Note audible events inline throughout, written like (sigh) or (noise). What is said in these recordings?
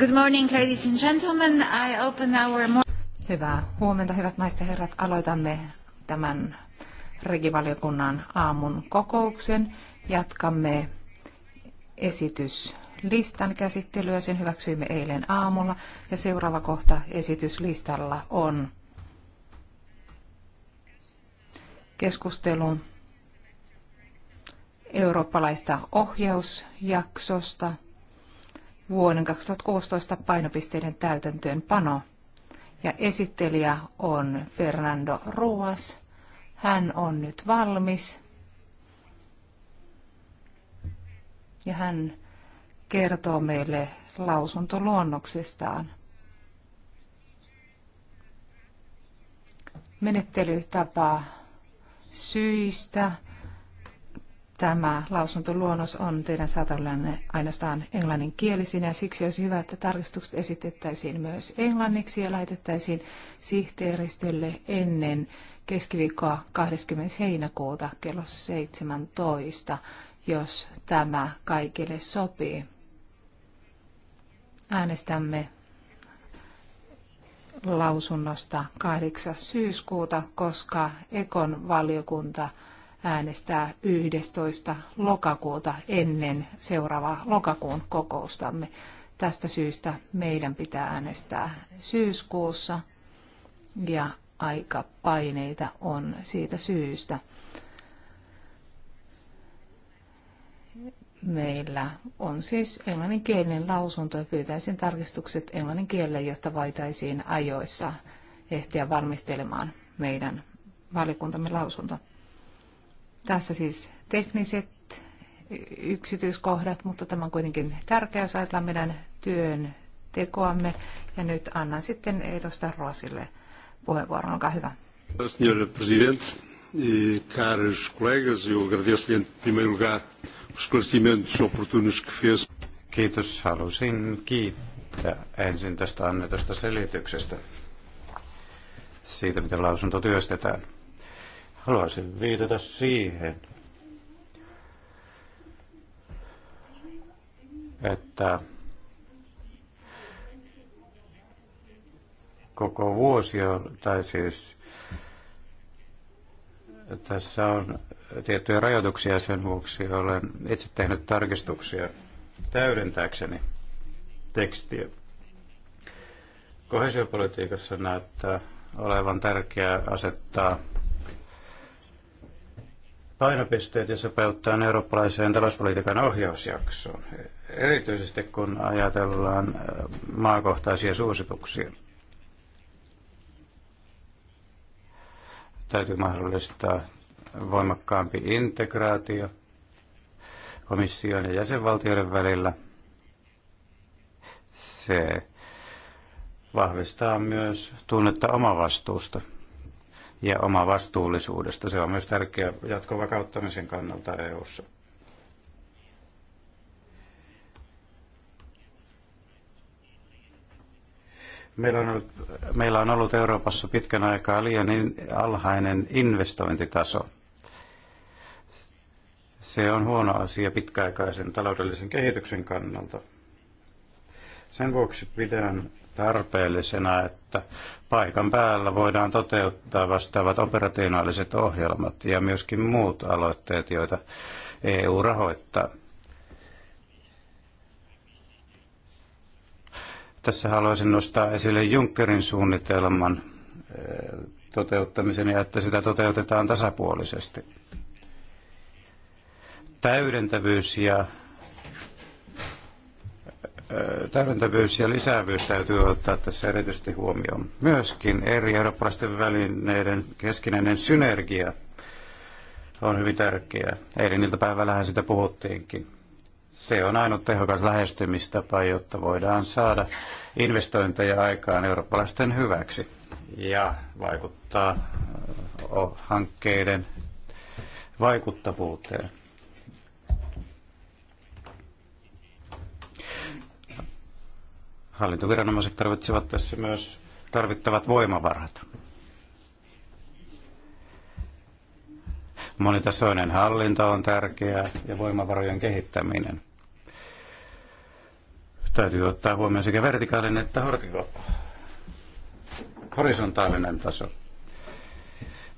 Good morning, ladies and gentlemen. I open our... Hyvää huomenta, hyvät naiset ja herrat. Aloitamme tämän regivaliokunnan aamun kokouksen. Jatkamme esityslistan käsittelyä. Sen hyväksyimme eilen aamulla. Ja seuraava kohta esityslistalla on keskustelun eurooppalaista ohjausjaksosta – vuoden 2016 painopisteiden täytäntöön pano Ja esittelijä on Fernando Ruas. Hän on nyt valmis. Ja hän kertoo meille lausuntoluonnoksestaan. Menettelytapa syistä, Tämä lausuntoluonnos on teidän saatavillanne ainoastaan englanninkielisinä ja siksi olisi hyvä, että tarkistukset esitettäisiin myös englanniksi ja lähetettäisiin sihteeristölle ennen keskiviikkoa 20. heinäkuuta kello 17, jos tämä kaikille sopii. Äänestämme lausunnosta 8. syyskuuta, koska Ekon valiokunta – äänestää 11. lokakuuta ennen seuraavaa lokakuun kokoustamme. Tästä syystä meidän pitää äänestää syyskuussa ja aika paineita on siitä syystä. Meillä on siis englanninkielinen lausunto ja pyytäisin tarkistukset englannin kielelle, jotta voitaisiin ajoissa ehtiä valmistelemaan meidän valikuntamme lausunto. Tässä siis tekniset yksityiskohdat, mutta tämä on kuitenkin tärkeä, jos ajatellaan meidän työn tekoamme. Ja nyt annan sitten edustaja Ruosille puheenvuoron. Olkaa hyvä. Presidente, eh, caros colegas, eu agradeço-lhe em lugar os esclarecimentos oportunos que fez. Kiitos. Haluaisin kiittää ensin tästä annetusta selityksestä siitä, miten lausunto työstetään. Haluaisin viitata siihen, että koko vuosi on, tai siis tässä on tiettyjä rajoituksia sen vuoksi olen itse tehnyt tarkistuksia täydentääkseni tekstiä. Kohesiopolitiikassa näyttää olevan tärkeää asettaa painopisteet ja sopeuttaa eurooppalaiseen talouspolitiikan ohjausjaksoon, erityisesti kun ajatellaan maakohtaisia suosituksia. Täytyy mahdollistaa voimakkaampi integraatio komission ja jäsenvaltioiden välillä. Se vahvistaa myös tunnetta omavastuusta. vastuusta ja oma vastuullisuudesta. Se on myös tärkeä jatkovakauttamisen kannalta EU:ssa. Meillä on, ollut, meillä on ollut Euroopassa pitkän aikaa liian alhainen investointitaso. Se on huono asia pitkäaikaisen taloudellisen kehityksen kannalta. Sen vuoksi pidän tarpeellisena, että paikan päällä voidaan toteuttaa vastaavat operationaaliset ohjelmat ja myöskin muut aloitteet, joita EU rahoittaa. Tässä haluaisin nostaa esille Junckerin suunnitelman eh, toteuttamisen ja että sitä toteutetaan tasapuolisesti. Täydentävyys ja täydentävyys ja lisäävyys täytyy ottaa tässä erityisesti huomioon. Myöskin eri eurooppalaisten välineiden keskinäinen synergia on hyvin tärkeää. Eilen iltapäivällähän sitä puhuttiinkin. Se on ainut tehokas lähestymistapa, jotta voidaan saada investointeja aikaan eurooppalaisten hyväksi ja vaikuttaa hankkeiden vaikuttavuuteen. Hallintoviranomaiset tarvitsevat tässä myös tarvittavat voimavarat. Monitasoinen hallinto on tärkeää ja voimavarojen kehittäminen. Täytyy ottaa huomioon sekä vertikaalinen että hortiko, horisontaalinen taso.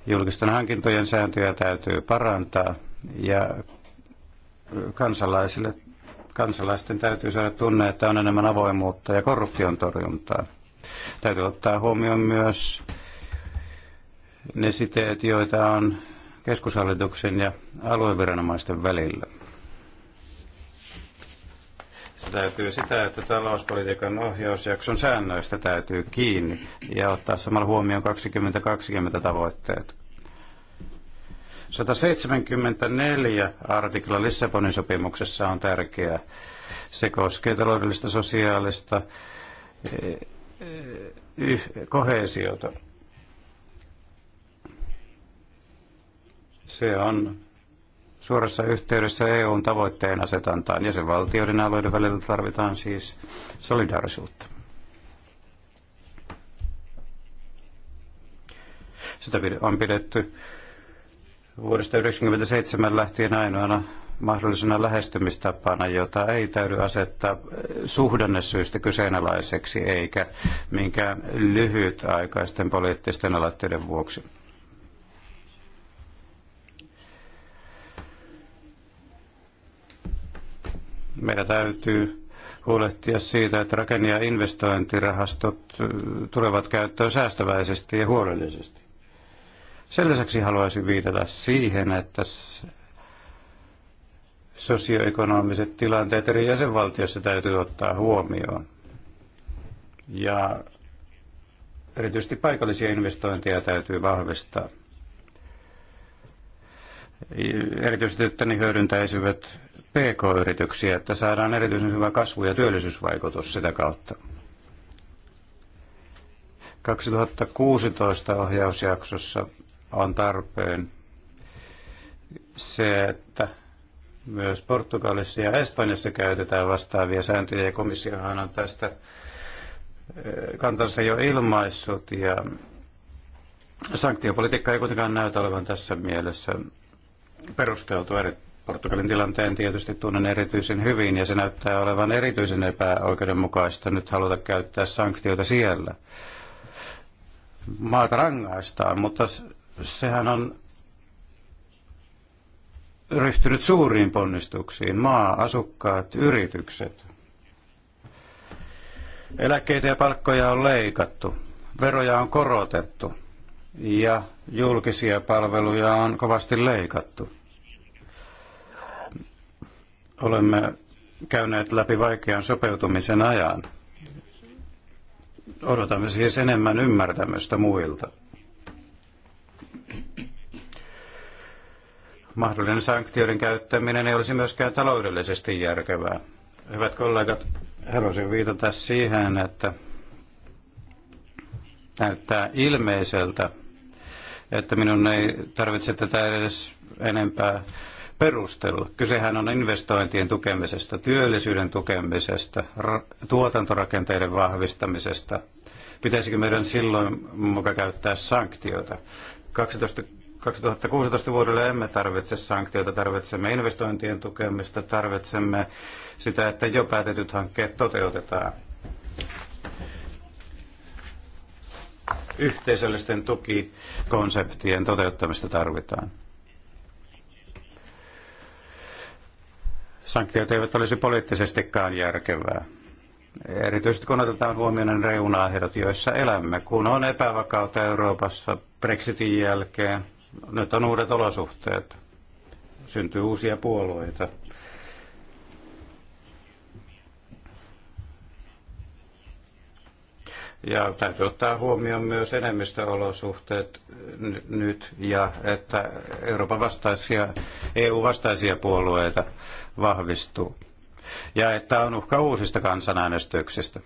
Julkisten hankintojen sääntöjä täytyy parantaa ja kansalaisille Kansalaisten täytyy saada tunne, että on enemmän avoimuutta ja korruption torjuntaa. Täytyy ottaa huomioon myös ne siteet, joita on keskushallituksen ja alueviranomaisten välillä. Se täytyy sitä, että talouspolitiikan ohjausjakson säännöistä täytyy kiinni ja ottaa samalla huomioon 2020 tavoitteet. 174 artikla Lissabonin sopimuksessa on tärkeä. Se koskee taloudellista, sosiaalista eh, eh, kohesiota. Se on suorassa yhteydessä EUn tavoitteen asetantaan. Jäsenvaltioiden ja alueiden välillä tarvitaan siis solidaarisuutta. Sitä on pidetty vuodesta 1997 lähtien ainoana mahdollisena lähestymistapana, jota ei täydy asettaa suhdannesyistä kyseenalaiseksi eikä minkään lyhytaikaisten poliittisten aloitteiden vuoksi. Meidän täytyy huolehtia siitä, että rakenne- ja investointirahastot tulevat käyttöön säästäväisesti ja huolellisesti. Sen lisäksi haluaisin viitata siihen, että sosioekonomiset tilanteet eri jäsenvaltioissa täytyy ottaa huomioon. Ja erityisesti paikallisia investointeja täytyy vahvistaa. Erityisesti, että ne hyödyntäisivät PK-yrityksiä, että saadaan erityisen hyvä kasvu- ja työllisyysvaikutus sitä kautta. 2016 ohjausjaksossa on tarpeen se, että myös Portugalissa ja Espanjassa käytetään vastaavia sääntöjä, ja komissiohan on tästä eh, kantansa jo ilmaissut, ja sanktiopolitiikka ei kuitenkaan näytä olevan tässä mielessä perusteltu. Portugalin tilanteen tietysti tunnen erityisen hyvin, ja se näyttää olevan erityisen epäoikeudenmukaista nyt haluta käyttää sanktioita siellä. Maata rangaistaan, mutta sehän on ryhtynyt suuriin ponnistuksiin. Maa, asukkaat, yritykset. Eläkkeitä ja palkkoja on leikattu, veroja on korotettu ja julkisia palveluja on kovasti leikattu. Olemme käyneet läpi vaikean sopeutumisen ajan. Odotamme siis enemmän ymmärtämystä muilta. mahdollinen sanktioiden käyttäminen ei olisi myöskään taloudellisesti järkevää. Hyvät kollegat, haluaisin viitata siihen, että näyttää ilmeiseltä, että minun ei tarvitse tätä edes enempää perustella. Kysehän on investointien tukemisesta, työllisyyden tukemisesta, tuotantorakenteiden vahvistamisesta. Pitäisikö meidän silloin muka käyttää sanktioita? 12 2016 vuodelle emme tarvitse sanktioita, tarvitsemme investointien tukemista, tarvitsemme sitä, että jo päätetyt hankkeet toteutetaan. Yhteisöllisten tukikonseptien toteuttamista tarvitaan. Sanktiot eivät olisi poliittisestikaan järkevää. Erityisesti kun otetaan huomioon reunaehdot, joissa elämme, kun on epävakautta Euroopassa Brexitin jälkeen, nyt on uudet olosuhteet. Syntyy uusia puolueita. Ja täytyy ottaa huomioon myös enemmistöolosuhteet nyt ja että Euroopan vastaisia, EU-vastaisia puolueita vahvistuu. Ja että on uhka uusista kansanäänestyksistä.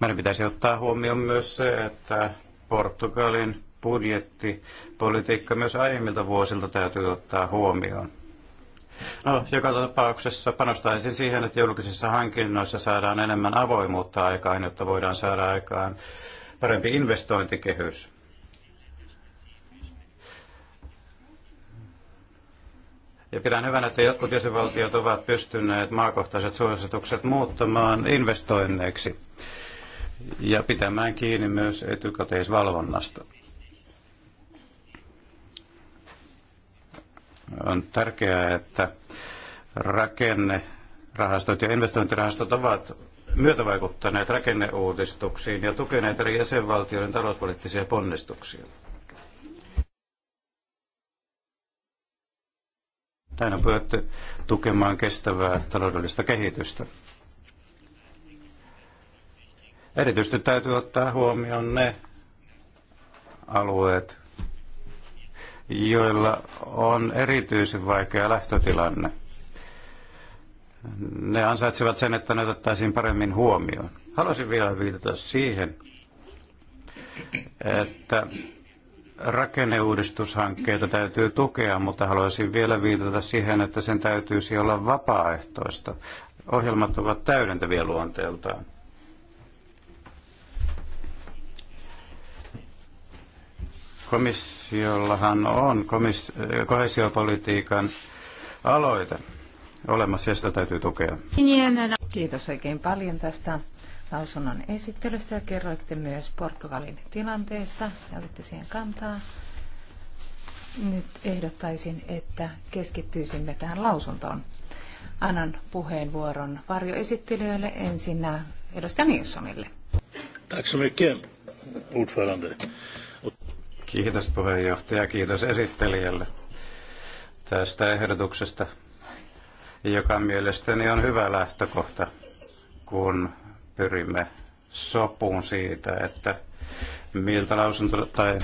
Meidän pitäisi ottaa huomioon myös se, että Portugalin budjettipolitiikka myös aiemmilta vuosilta täytyy ottaa huomioon. No, joka tapauksessa panostaisin siihen, että julkisissa hankinnoissa saadaan enemmän avoimuutta aikaan, jotta voidaan saada aikaan parempi investointikehys. Ja pidän hyvänä, että jotkut jäsenvaltiot ovat pystyneet maakohtaiset suositukset muuttamaan investoinneiksi ja pitämään kiinni myös etukäteisvalvonnasta. On tärkeää, että rakenne rahastot ja investointirahastot ovat myötävaikuttaneet rakenneuudistuksiin ja tukeneet eri jäsenvaltioiden talouspoliittisia ponnistuksia. Näin on pyritty tukemaan kestävää taloudellista kehitystä. Erityisesti täytyy ottaa huomioon ne alueet, joilla on erityisen vaikea lähtötilanne. Ne ansaitsevat sen, että ne otettaisiin paremmin huomioon. Haluaisin vielä viitata siihen, että rakenneuudistushankkeita täytyy tukea, mutta haluaisin vielä viitata siihen, että sen täytyisi olla vapaaehtoista. Ohjelmat ovat täydentäviä luonteeltaan. Komissiollahan on komis- kohesiopolitiikan aloite olemassa ja sitä täytyy tukea. Kiitos oikein paljon tästä lausunnon esittelystä ja kerroitte myös Portugalin tilanteesta ja olitte siihen kantaa. Nyt ehdottaisin, että keskittyisimme tähän lausuntoon. Annan puheenvuoron varjoesittelijöille ensinnä edustaja Nilssonille. Tack så mycket, ordförande. Kiitos puheenjohtaja, kiitos esittelijälle tästä ehdotuksesta, joka mielestäni on hyvä lähtökohta, kun pyrimme sopuun siitä, että miltä lausunto tai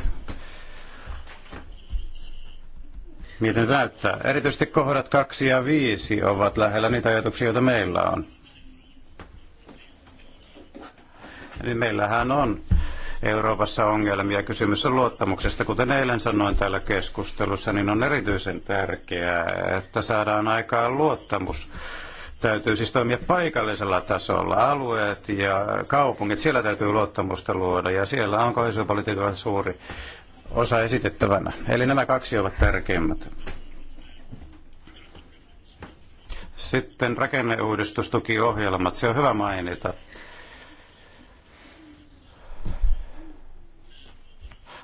miten näyttää. Erityisesti kohdat 2 ja 5 ovat lähellä niitä ajatuksia, joita meillä on. Eli meillähän on Euroopassa ongelmia. Kysymys on luottamuksesta. Kuten eilen sanoin täällä keskustelussa, niin on erityisen tärkeää, että saadaan aikaan luottamus täytyy siis toimia paikallisella tasolla. Alueet ja kaupungit, siellä täytyy luottamusta luoda ja siellä on kohesiopolitiikan suuri osa esitettävänä. Eli nämä kaksi ovat tärkeimmät. Sitten rakenneuudistustukiohjelmat, se on hyvä mainita.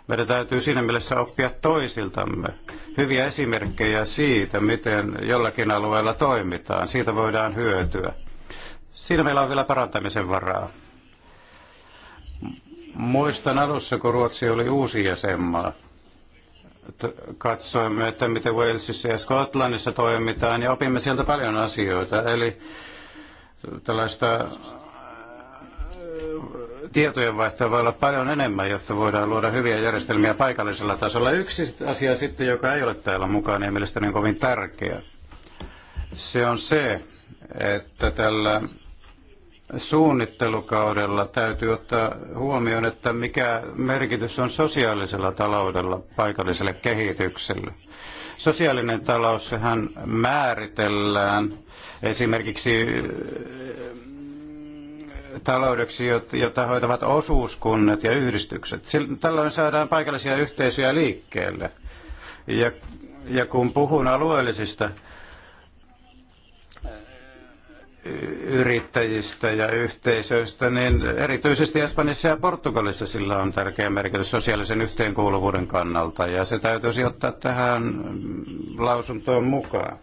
Meidän täytyy siinä mielessä oppia toisiltamme. Hyviä esimerkkejä siitä, miten jollakin alueella toimitaan. Siitä voidaan hyötyä. Siinä meillä on vielä parantamisen varaa. Muistan alussa, kun Ruotsi oli uusi jäsenmaa, katsoimme, että miten Walesissa ja Skotlannissa toimitaan, ja opimme sieltä paljon asioita. Eli tällaista tietojenvaihtoa voi olla paljon enemmän, jotta voidaan luoda hyviä järjestelmiä paikallisella tasolla. Yksi asia sitten, joka ei ole täällä mukana ja mielestäni on kovin tärkeä, se on se, että tällä suunnittelukaudella täytyy ottaa huomioon, että mikä merkitys on sosiaalisella taloudella paikalliselle kehitykselle. Sosiaalinen talous, sehän määritellään esimerkiksi taloudeksi, jota hoitavat osuuskunnat ja yhdistykset. Tällöin saadaan paikallisia yhteisöjä liikkeelle. Ja, ja kun puhun alueellisista yrittäjistä ja yhteisöistä, niin erityisesti Espanjassa ja Portugalissa sillä on tärkeä merkitys sosiaalisen yhteenkuuluvuuden kannalta, ja se täytyisi ottaa tähän lausuntoon mukaan.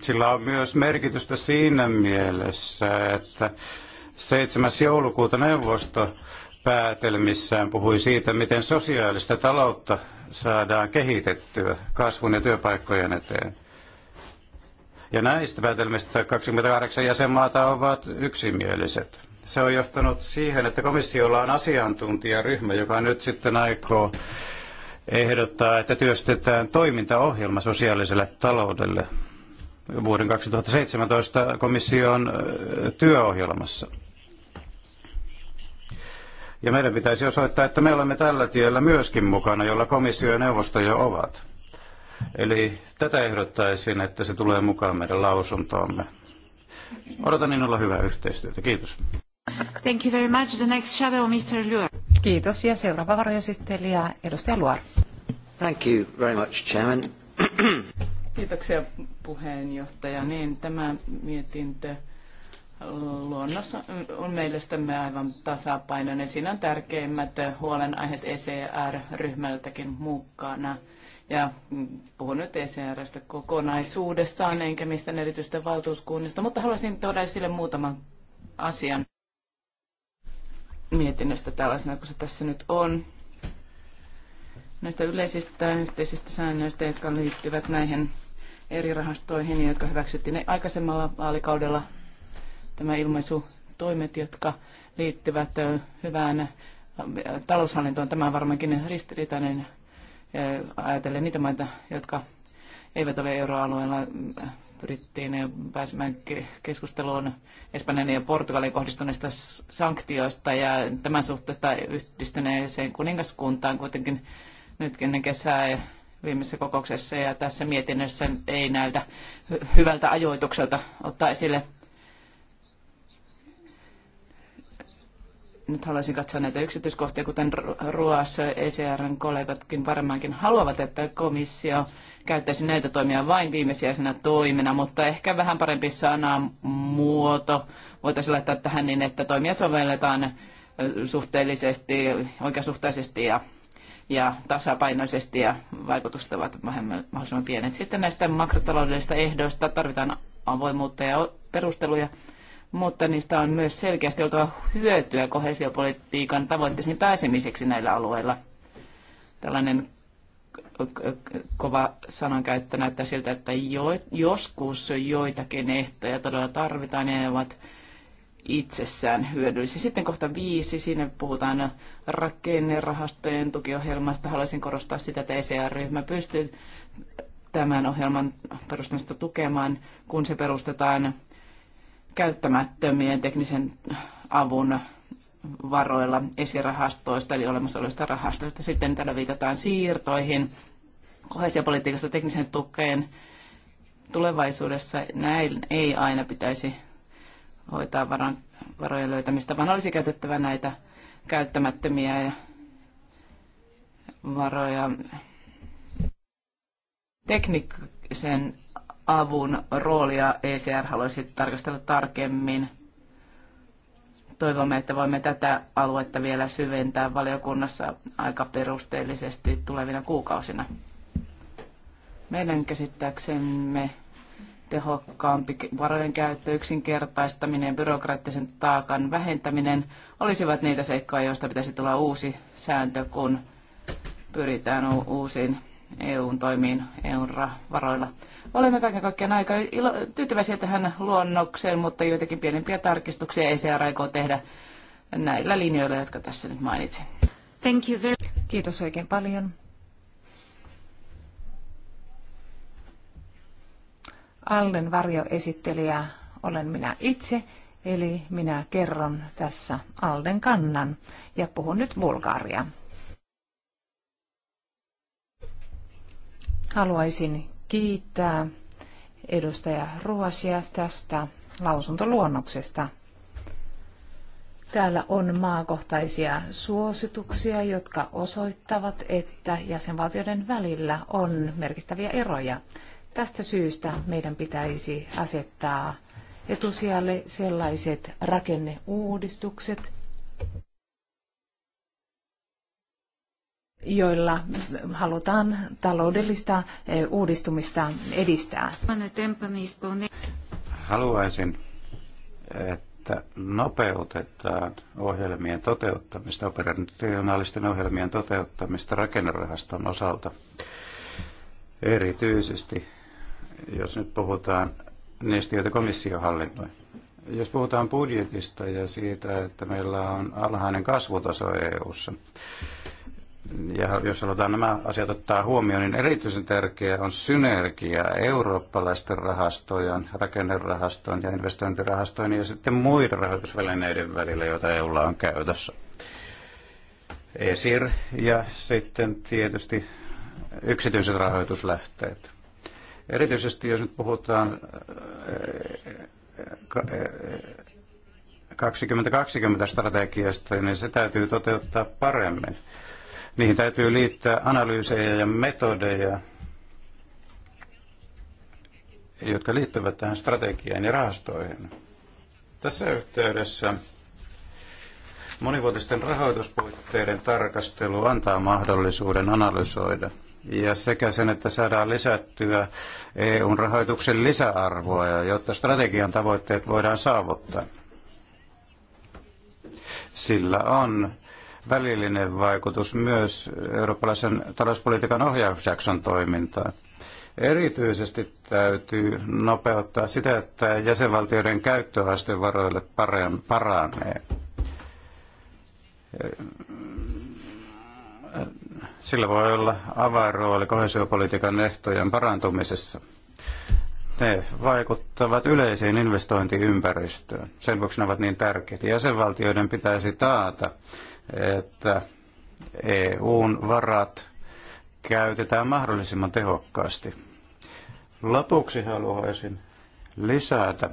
Sillä on myös merkitystä siinä mielessä, että 7. joulukuuta neuvosto päätelmissään puhui siitä, miten sosiaalista taloutta saadaan kehitettyä kasvun ja työpaikkojen eteen. Ja näistä päätelmistä 28 jäsenmaata ovat yksimieliset. Se on johtanut siihen, että komissiolla on asiantuntijaryhmä, joka nyt sitten aikoo ehdottaa, että työstetään toimintaohjelma sosiaaliselle taloudelle vuoden 2017 komission työohjelmassa. Ja meidän pitäisi osoittaa, että me olemme tällä tiellä myöskin mukana, jolla komissio ja neuvosto jo ovat. Eli tätä ehdottaisin, että se tulee mukaan meidän lausuntoomme. Odotan niin olla hyvää yhteistyötä. Kiitos. Thank you very much. The next shadow, Mr. Luar. Kiitos. Ja seuraava varjoesittelijä, edustaja Luar. Thank you very much, Chairman. (clears throat) Kiitoksia puheenjohtaja. Niin, tämä mietintö luonnos on mielestämme aivan tasapainoinen. Siinä on tärkeimmät huolenaiheet ECR-ryhmältäkin mukana. Ja puhun nyt ECRstä kokonaisuudessaan, enkä mistä erityistä valtuuskunnista, mutta haluaisin tuoda esille muutaman asian mietinnöstä tällaisena kun se tässä nyt on. Näistä yleisistä yhteisistä säännöistä, jotka liittyvät näihin eri rahastoihin, jotka hyväksyttiin aikaisemmalla vaalikaudella. Tämä ilmaisu toimet, jotka liittyvät hyvään taloushallintoon. Tämä on varmaankin ristiriitainen ajatellen niitä maita, jotka eivät ole euroalueella. Pyrittiin pääsemään keskusteluun Espanjan ja Portugalin kohdistuneista sanktioista ja tämän suhteesta yhdistyneeseen kuningaskuntaan kuitenkin nyt ennen kesää viimeisessä kokouksessa ja tässä mietinnössä ei näytä hyvältä ajoitukselta ottaa esille. Nyt haluaisin katsoa näitä yksityiskohtia, kuten Ruas, ECRn kollegatkin varmaankin haluavat, että komissio käyttäisi näitä toimia vain viimesijaisena toimena, mutta ehkä vähän parempi sanamuoto voitaisiin laittaa tähän niin, että toimia sovelletaan suhteellisesti, oikeasuhtaisesti ja ja tasapainoisesti ja vaikutusta ovat mahdollisimman pienet. Sitten näistä makrotaloudellisista ehdoista tarvitaan avoimuutta ja perusteluja, mutta niistä on myös selkeästi oltava hyötyä kohesiopolitiikan tavoitteisiin pääsemiseksi näillä alueilla. Tällainen kova sanankäyttö näyttää siltä, että joskus joitakin ehtoja todella tarvitaan ja ne ovat itsessään hyödyllisiä. Sitten kohta viisi, siinä puhutaan rakennerahastojen tukiohjelmasta. Haluaisin korostaa sitä, että ECR-ryhmä pystyy tämän ohjelman perustamista tukemaan, kun se perustetaan käyttämättömien teknisen avun varoilla esirahastoista, eli olemassa olevista rahastoista. Sitten täällä viitataan siirtoihin, kohesiopolitiikasta tekniseen tukeen. Tulevaisuudessa näin ei aina pitäisi hoitaa varan, varojen löytämistä, vaan olisi käytettävä näitä käyttämättömiä ja varoja teknisen avun roolia ECR haluaisi tarkastella tarkemmin. Toivomme, että voimme tätä aluetta vielä syventää valiokunnassa aika perusteellisesti tulevina kuukausina. Meidän käsittääksemme tehokkaampi varojen käyttö, yksinkertaistaminen, byrokraattisen taakan vähentäminen olisivat niitä seikkoja, joista pitäisi tulla uusi sääntö, kun pyritään uusiin EUn toimiin EUn varoilla. Olemme kaiken kaikkiaan aika ilo- tyytyväisiä tähän luonnokseen, mutta joitakin pienempiä tarkistuksia ECR aikoo tehdä näillä linjoilla, jotka tässä nyt mainitsin. Thank you very- Kiitos oikein paljon. Allen varjoesittelijä olen minä itse, eli minä kerron tässä Alden kannan ja puhun nyt Bulgaria. Haluaisin kiittää edustaja Ruosia tästä lausuntoluonnoksesta. Täällä on maakohtaisia suosituksia, jotka osoittavat, että jäsenvaltioiden välillä on merkittäviä eroja. Tästä syystä meidän pitäisi asettaa etusijalle sellaiset rakenneuudistukset, joilla halutaan taloudellista eh, uudistumista edistää. Haluaisin, että nopeutetaan ohjelmien toteuttamista, operationaalisten ohjelmien toteuttamista rakennerahaston osalta erityisesti jos nyt puhutaan niistä, joita komissio hallinnoi. Jos puhutaan budjetista ja siitä, että meillä on alhainen kasvutaso EU:ssa, ja jos halutaan nämä asiat ottaa huomioon, niin erityisen tärkeää on synergia eurooppalaisten rahastojen, rakennerahastojen ja investointirahastojen ja sitten muiden rahoitusvälineiden välillä, joita EUlla on käytössä. ESIR ja sitten tietysti yksityiset rahoituslähteet. Erityisesti jos nyt puhutaan 2020-strategiasta, äh, äh, niin se täytyy toteuttaa paremmin. Niihin täytyy liittää analyysejä ja metodeja, jotka liittyvät tähän strategiaan ja rahastoihin. Tässä yhteydessä monivuotisten rahoituspuitteiden tarkastelu antaa mahdollisuuden analysoida – ja sekä sen, että saadaan lisättyä EUn rahoituksen lisäarvoa, jotta strategian tavoitteet voidaan saavuttaa. Sillä on välillinen vaikutus myös eurooppalaisen talouspolitiikan ohjausjakson toimintaan. Erityisesti täytyy nopeuttaa sitä, että jäsenvaltioiden käyttöaste varoille paranee sillä voi olla avainrooli kohesiopolitiikan ehtojen parantumisessa. Ne vaikuttavat yleiseen investointiympäristöön. Sen vuoksi ne ovat niin tärkeitä. Jäsenvaltioiden pitäisi taata, että EUn varat käytetään mahdollisimman tehokkaasti. Lopuksi haluaisin lisätä,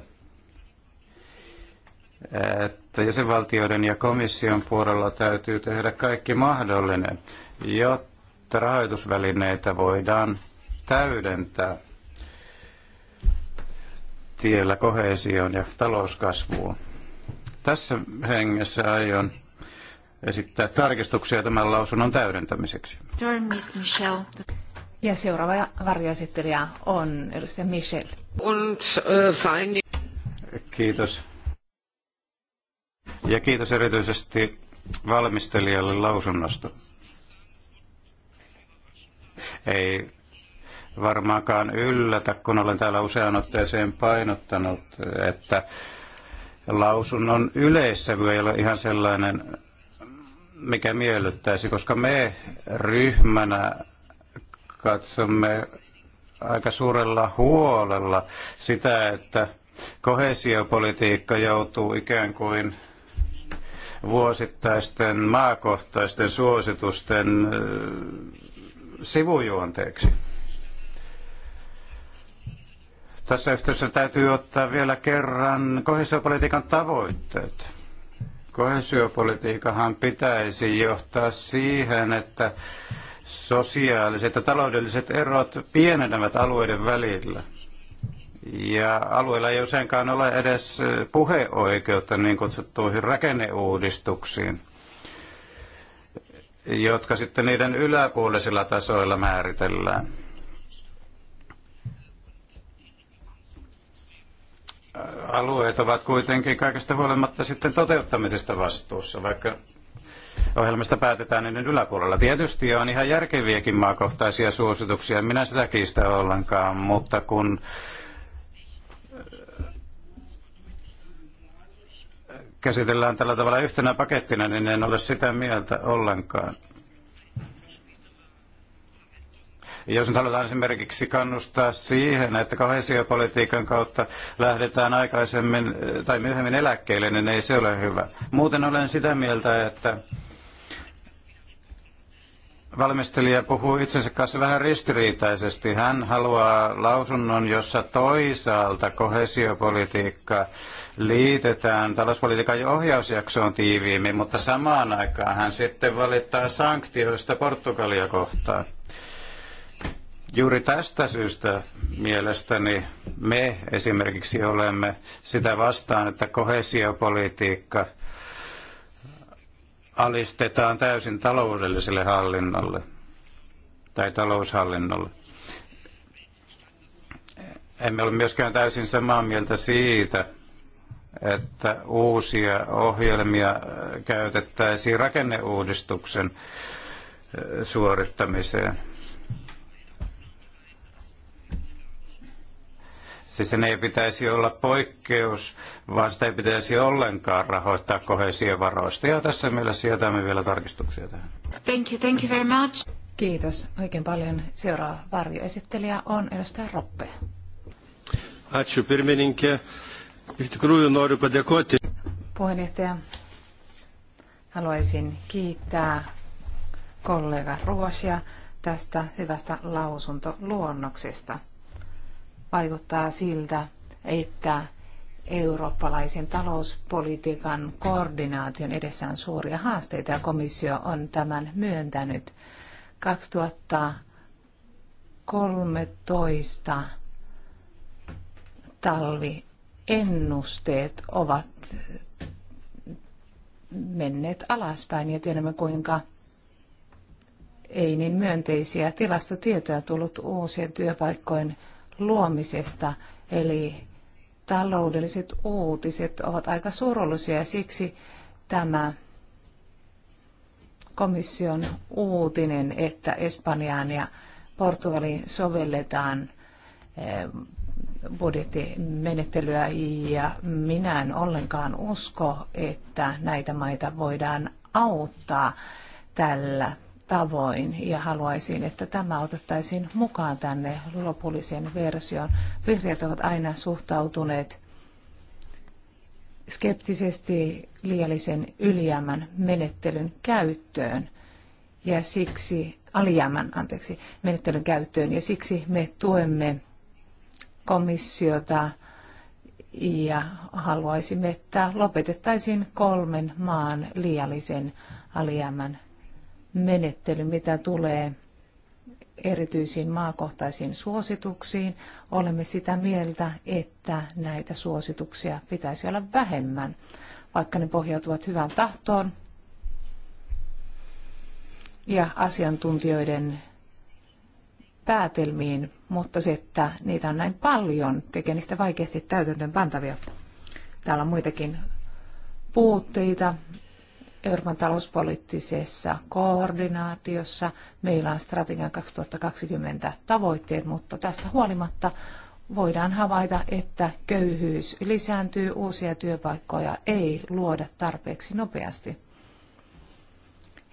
että jäsenvaltioiden ja komission puolella täytyy tehdä kaikki mahdollinen, jotta rahoitusvälineitä voidaan täydentää tiellä kohesioon ja talouskasvuun. Tässä hengessä aion esittää tarkistuksia tämän lausunnon täydentämiseksi. Ja seuraava varjoesittelijä on edustaja Michel. Äh, kiitos. Ja kiitos erityisesti valmistelijalle lausunnosta. Ei varmaankaan yllätä, kun olen täällä usean otteeseen painottanut, että lausunnon yleissävy ei ole ihan sellainen, mikä miellyttäisi, koska me ryhmänä katsomme aika suurella huolella sitä, että kohesiopolitiikka joutuu ikään kuin vuosittaisten maakohtaisten suositusten sivujuonteeksi. Tässä yhteydessä täytyy ottaa vielä kerran kohesiopolitiikan tavoitteet. Kohesiopolitiikahan pitäisi johtaa siihen, että sosiaaliset ja taloudelliset erot pienenevät alueiden välillä. Ja alueilla ei useinkaan ole edes puheoikeutta niin kutsuttuihin rakenneuudistuksiin – jotka sitten niiden yläpuolisilla tasoilla määritellään. Alueet ovat kuitenkin kaikesta huolimatta sitten toteuttamisesta vastuussa, vaikka ohjelmista päätetään niiden yläpuolella. Tietysti on ihan järkeviäkin maakohtaisia suosituksia, minä sitä kiistä ollenkaan, mutta kun käsitellään tällä tavalla yhtenä pakettina, niin en ole sitä mieltä ollenkaan. Jos nyt halutaan esimerkiksi kannustaa siihen, että kohesiopolitiikan kautta lähdetään aikaisemmin eh, tai myöhemmin eläkkeelle, niin ei se ole hyvä. Muuten olen sitä mieltä, että valmistelija puhuu itsensä kanssa vähän ristiriitaisesti. Hän haluaa lausunnon, jossa toisaalta kohesiopolitiikka liitetään talouspolitiikan ja ohjausjaksoon tiiviimmin, mutta samaan aikaan hän sitten valittaa sanktioista Portugalia kohtaan. Juuri tästä syystä mielestäni me esimerkiksi olemme sitä vastaan, että kohesiopolitiikka – alistetaan täysin taloudelliselle hallinnolle tai taloushallinnolle. Emme ole myöskään täysin samaa mieltä siitä, että uusia ohjelmia käytettäisiin rakenneuudistuksen suorittamiseen Siis sen ei pitäisi olla poikkeus, vaan sitä ei pitäisi ollenkaan rahoittaa kohesiovaroista. Ja tässä mielessä jotain vielä tarkistuksia tähän. Thank you, thank you very much. Kiitos oikein paljon. Seuraava varjoesittelijä on edustaja Roppe. Ačiū pirmininkė. Iš tikrųjų noriu padėkoti. Puheenjohtaja, haluaisin kiittää kollega Ruosia tästä hyvästä lausuntoluonnoksesta vaikuttaa siltä, että eurooppalaisen talouspolitiikan koordinaation edessä on suuria haasteita ja komissio on tämän myöntänyt. 2013 talviennusteet ovat menneet alaspäin ja tiedämme kuinka ei niin myönteisiä tilastotietoja tullut uusien työpaikkojen luomisesta. Eli taloudelliset uutiset ovat aika surullisia ja siksi tämä komission uutinen, että Espanjaan ja Portugaliin sovelletaan eh, budjettimenettelyä ja minä en ollenkaan usko, että näitä maita voidaan auttaa tällä tavoin ja haluaisin, että tämä otettaisiin mukaan tänne lopulliseen versioon. Vihreät ovat aina suhtautuneet skeptisesti liiallisen ylijäämän menettelyn käyttöön ja siksi alijäämän, anteeksi, menettelyn käyttöön ja siksi me tuemme komissiota ja haluaisimme, että lopetettaisiin kolmen maan liiallisen alijäämän menettely, mitä tulee erityisiin maakohtaisiin suosituksiin. Olemme sitä mieltä, että näitä suosituksia pitäisi olla vähemmän, vaikka ne pohjautuvat hyvään tahtoon ja asiantuntijoiden päätelmiin, mutta se, että niitä on näin paljon, tekee niistä vaikeasti täytäntöön pantavia. Täällä on muitakin puutteita, Euroopan talouspoliittisessa koordinaatiossa. Meillä on strategian 2020 tavoitteet, mutta tästä huolimatta voidaan havaita, että köyhyys lisääntyy, uusia työpaikkoja ei luoda tarpeeksi nopeasti.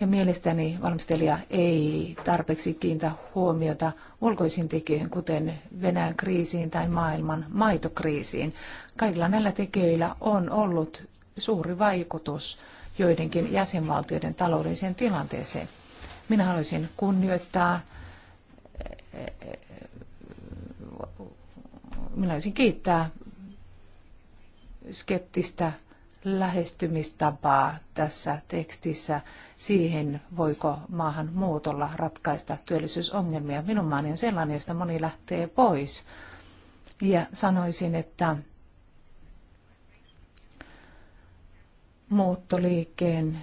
Ja mielestäni valmistelija ei tarpeeksi kiinnitä huomiota ulkoisiin tekijöihin, kuten Venäjän kriisiin tai maailman maitokriisiin. Kaikilla näillä tekijöillä on ollut suuri vaikutus joidenkin jäsenvaltioiden taloudelliseen tilanteeseen. Minä haluaisin kunnioittaa, minä haluaisin kiittää skeptistä lähestymistapaa tässä tekstissä siihen, voiko maahanmuutolla ratkaista työllisyysongelmia. Minun maani on sellainen, josta moni lähtee pois. Ja sanoisin, että muuttoliikkeen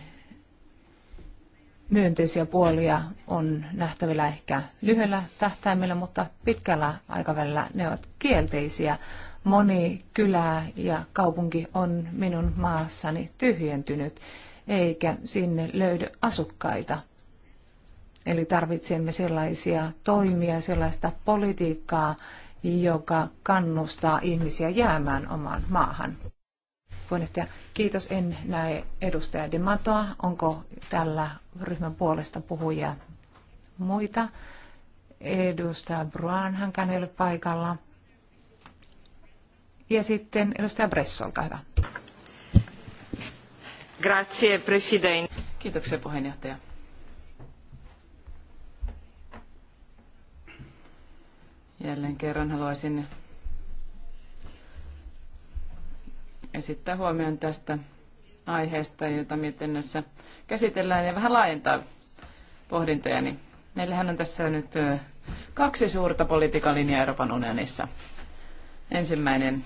myönteisiä puolia on nähtävillä ehkä lyhyellä tähtäimellä, mutta pitkällä aikavälillä ne ovat kielteisiä. Moni kylä ja kaupunki on minun maassani tyhjentynyt, eikä sinne löydy asukkaita. Eli tarvitsemme sellaisia toimia, sellaista politiikkaa, joka kannustaa ihmisiä jäämään omaan maahan. Puheenjohtaja, kiitos. En näe edustaja Dematoa. Onko tällä ryhmän puolesta puhujia muita? Edustaja Bruan, hän ei ole paikalla. Ja sitten edustaja Bresso, olkaa hyvä. Grazie, president. Kiitoksia puheenjohtaja. Jälleen kerran haluaisin esittää huomioon tästä aiheesta, jota mietinnössä käsitellään ja vähän laajentaa Niin Meillähän on tässä nyt kaksi suurta politiikan Euroopan unionissa. Ensimmäinen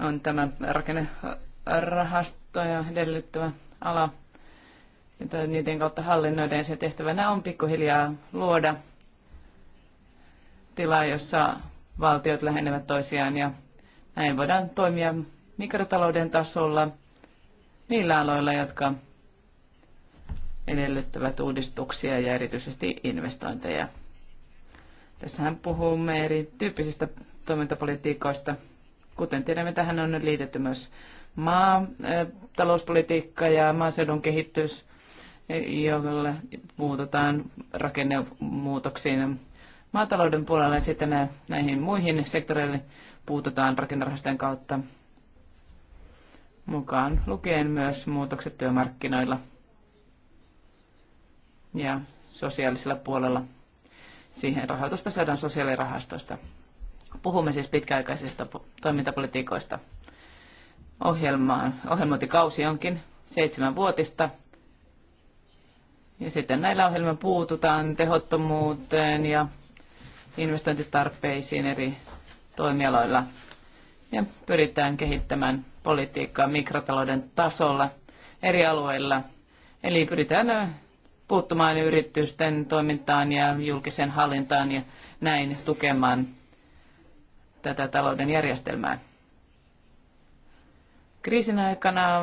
on tämä rakennerahastoja edellyttävä ala, jota niiden kautta hallinnoiden Se tehtävänä on pikkuhiljaa luoda tilaa, jossa valtiot lähenevät toisiaan ja näin voidaan toimia mikrotalouden tasolla niillä aloilla, jotka edellyttävät uudistuksia ja erityisesti investointeja. Tässähän puhumme erityyppisistä toimintapolitiikoista. Kuten tiedämme, tähän on liitetty myös maa, talouspolitiikka ja maaseudun kehitys, jolla muutetaan rakennemuutoksiin maatalouden puolella ja sitten näihin muihin sektoreille puututaan rakennerahastojen kautta mukaan lukien myös muutokset työmarkkinoilla ja sosiaalisella puolella. Siihen rahoitusta saadaan sosiaalirahastosta. Puhumme siis pitkäaikaisista toimintapolitiikoista. Ohjelmaan, ohjelmointikausi onkin vuotista. Ja sitten näillä ohjelmilla puututaan tehottomuuteen ja investointitarpeisiin eri toimialoilla ja pyritään kehittämään politiikkaa mikrotalouden tasolla eri alueilla. Eli pyritään puuttumaan yritysten toimintaan ja julkisen hallintaan ja näin tukemaan tätä talouden järjestelmää. Kriisin aikana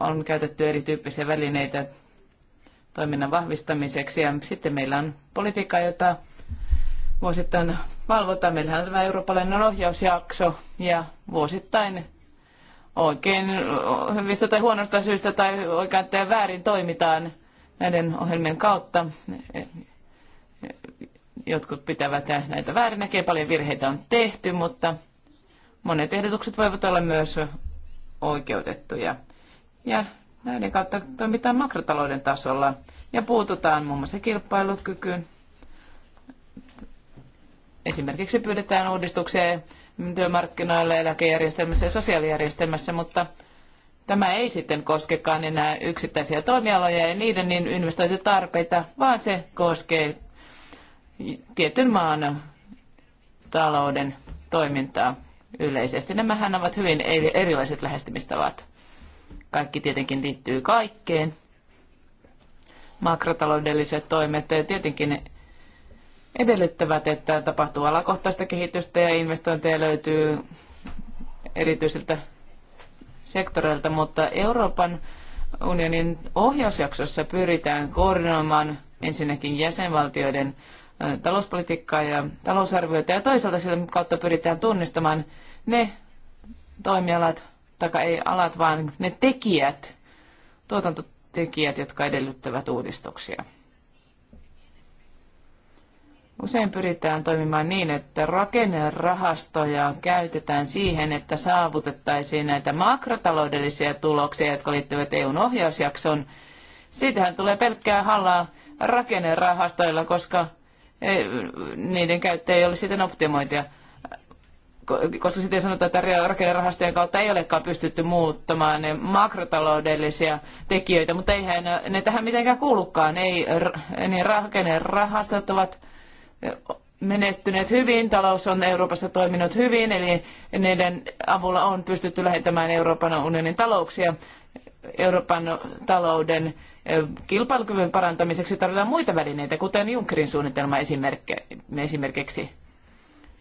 on käytetty erityyppisiä välineitä toiminnan vahvistamiseksi ja sitten meillä on politiikkaa, jota vuosittain valvotaan. Meillähän on tämä eurooppalainen ohjausjakso ja vuosittain oikein hyvistä tai huonosta syystä tai oikein tai väärin toimitaan näiden ohjelmien kautta. Jotkut pitävät näitä väärinäkin ja paljon virheitä on tehty, mutta monet ehdotukset voivat olla myös oikeutettuja. Ja näiden kautta toimitaan makrotalouden tasolla ja puututaan muun muassa kilpailukykyyn, Esimerkiksi pyydetään uudistuksia työmarkkinoilla eläkejärjestelmässä ja sosiaalijärjestelmässä, mutta tämä ei sitten koskekaan enää yksittäisiä toimialoja ja niiden niin investointitarpeita, vaan se koskee tietyn maan talouden toimintaa yleisesti. Nämähän ovat hyvin erilaiset lähestymistavat. Kaikki tietenkin liittyy kaikkeen. Makrotaloudelliset toimet tietenkin edellyttävät, että tapahtuu alakohtaista kehitystä ja investointeja löytyy erityisiltä sektoreilta, mutta Euroopan unionin ohjausjaksossa pyritään koordinoimaan ensinnäkin jäsenvaltioiden talouspolitiikkaa ja talousarvioita ja toisaalta sillä kautta pyritään tunnistamaan ne toimialat, tai ei alat, vaan ne tekijät, tuotantotekijät, jotka edellyttävät uudistuksia. Usein pyritään toimimaan niin, että rakennerahastoja käytetään siihen, että saavutettaisiin näitä makrotaloudellisia tuloksia, jotka liittyvät EUn ohjausjakson. Siitähän tulee pelkkää hallaa rakennerahastoilla, koska e, niiden käyttö ei ole sitten optimointia. Koska sitten sanotaan, että rakennerahastojen kautta ei olekaan pystytty muuttamaan ne makrotaloudellisia tekijöitä, mutta eihän ne tähän mitenkään kuulukaan. Ei, niin rakennerahastot ovat menestyneet hyvin, talous on Euroopassa toiminut hyvin, eli niiden avulla on pystytty lähettämään Euroopan unionin talouksia Euroopan talouden kilpailukyvyn parantamiseksi tarvitaan muita välineitä, kuten Junckerin suunnitelma esimerkiksi.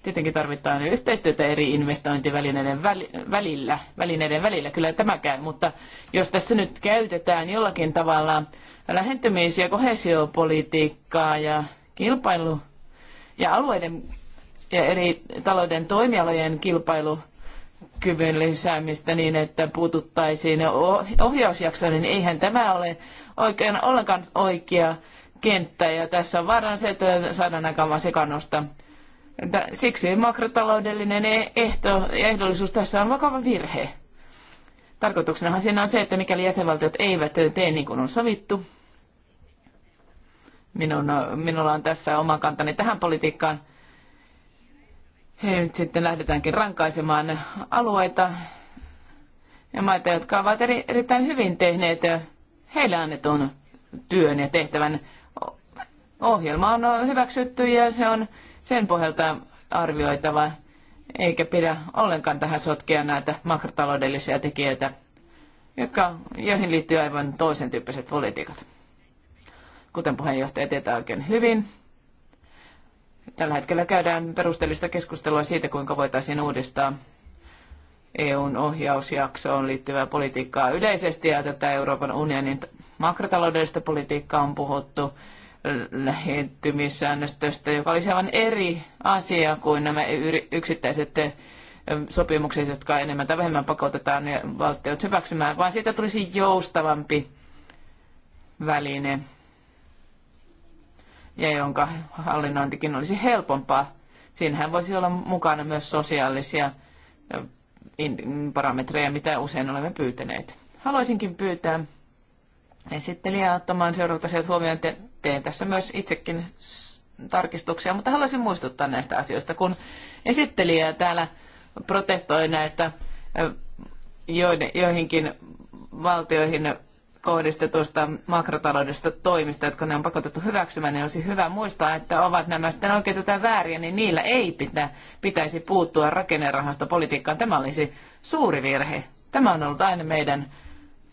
Tietenkin tarvitaan yhteistyötä eri investointivälineiden välillä, välineiden välillä, kyllä tämäkään, mutta jos tässä nyt käytetään jollakin tavalla lähentymis- ja kohesiopolitiikkaa ja kilpailu ja alueiden ja eri talouden toimialojen kilpailukyvyn lisäämistä niin, että puututtaisiin ohjausjaksoon, niin eihän tämä ole oikein, ollenkaan oikea kenttä. Ja tässä on vaarana se, että saadaan aikaan vaan sekannosta. Siksi makrotaloudellinen e-, ehto ja ehdollisuus tässä on vakava virhe. Tarkoituksenahan siinä on se, että mikäli jäsenvaltiot eivät tee niin kuin on sovittu, Minun, minulla on tässä oma kantani tähän politiikkaan. He nyt sitten lähdetäänkin rankaisemaan alueita ja maita, jotka ovat eri, erittäin hyvin tehneet heille annetun työn ja tehtävän. Ohjelma on hyväksytty ja se on sen pohjalta arvioitava, eikä pidä ollenkaan tähän sotkea näitä makrotaloudellisia tekijöitä, jotka, joihin liittyy aivan toisen tyyppiset politiikat kuten puheenjohtaja tietää oikein hyvin. Tällä hetkellä käydään perusteellista keskustelua siitä, kuinka voitaisiin uudistaa EUn ohjausjaksoon liittyvää politiikkaa yleisesti ja tätä Euroopan unionin makrotaloudellista politiikkaa on puhuttu lähentymissäännöstöstä, joka olisi aivan eri asia kuin nämä yksittäiset sopimukset, jotka enemmän tai vähemmän pakotetaan valtiot hyväksymään, vaan siitä tulisi joustavampi väline ja jonka hallinnointikin olisi helpompaa. Siinähän voisi olla mukana myös sosiaalisia parametreja, mitä usein olemme pyytäneet. Haluaisinkin pyytää esittelijää ottamaan seuraavat asiat huomioon. Te, teen tässä myös itsekin tarkistuksia, mutta haluaisin muistuttaa näistä asioista, kun esittelijä täällä protestoi näistä joiden, joihinkin valtioihin kohdistetusta makrotaloudesta toimista, jotka ne on pakotettu hyväksymään, niin olisi hyvä muistaa, että ovat nämä sitten oikeita tai vääriä, niin niillä ei pitä, pitäisi puuttua rakennerahasta politiikkaan. Tämä olisi suuri virhe. Tämä on ollut aina meidän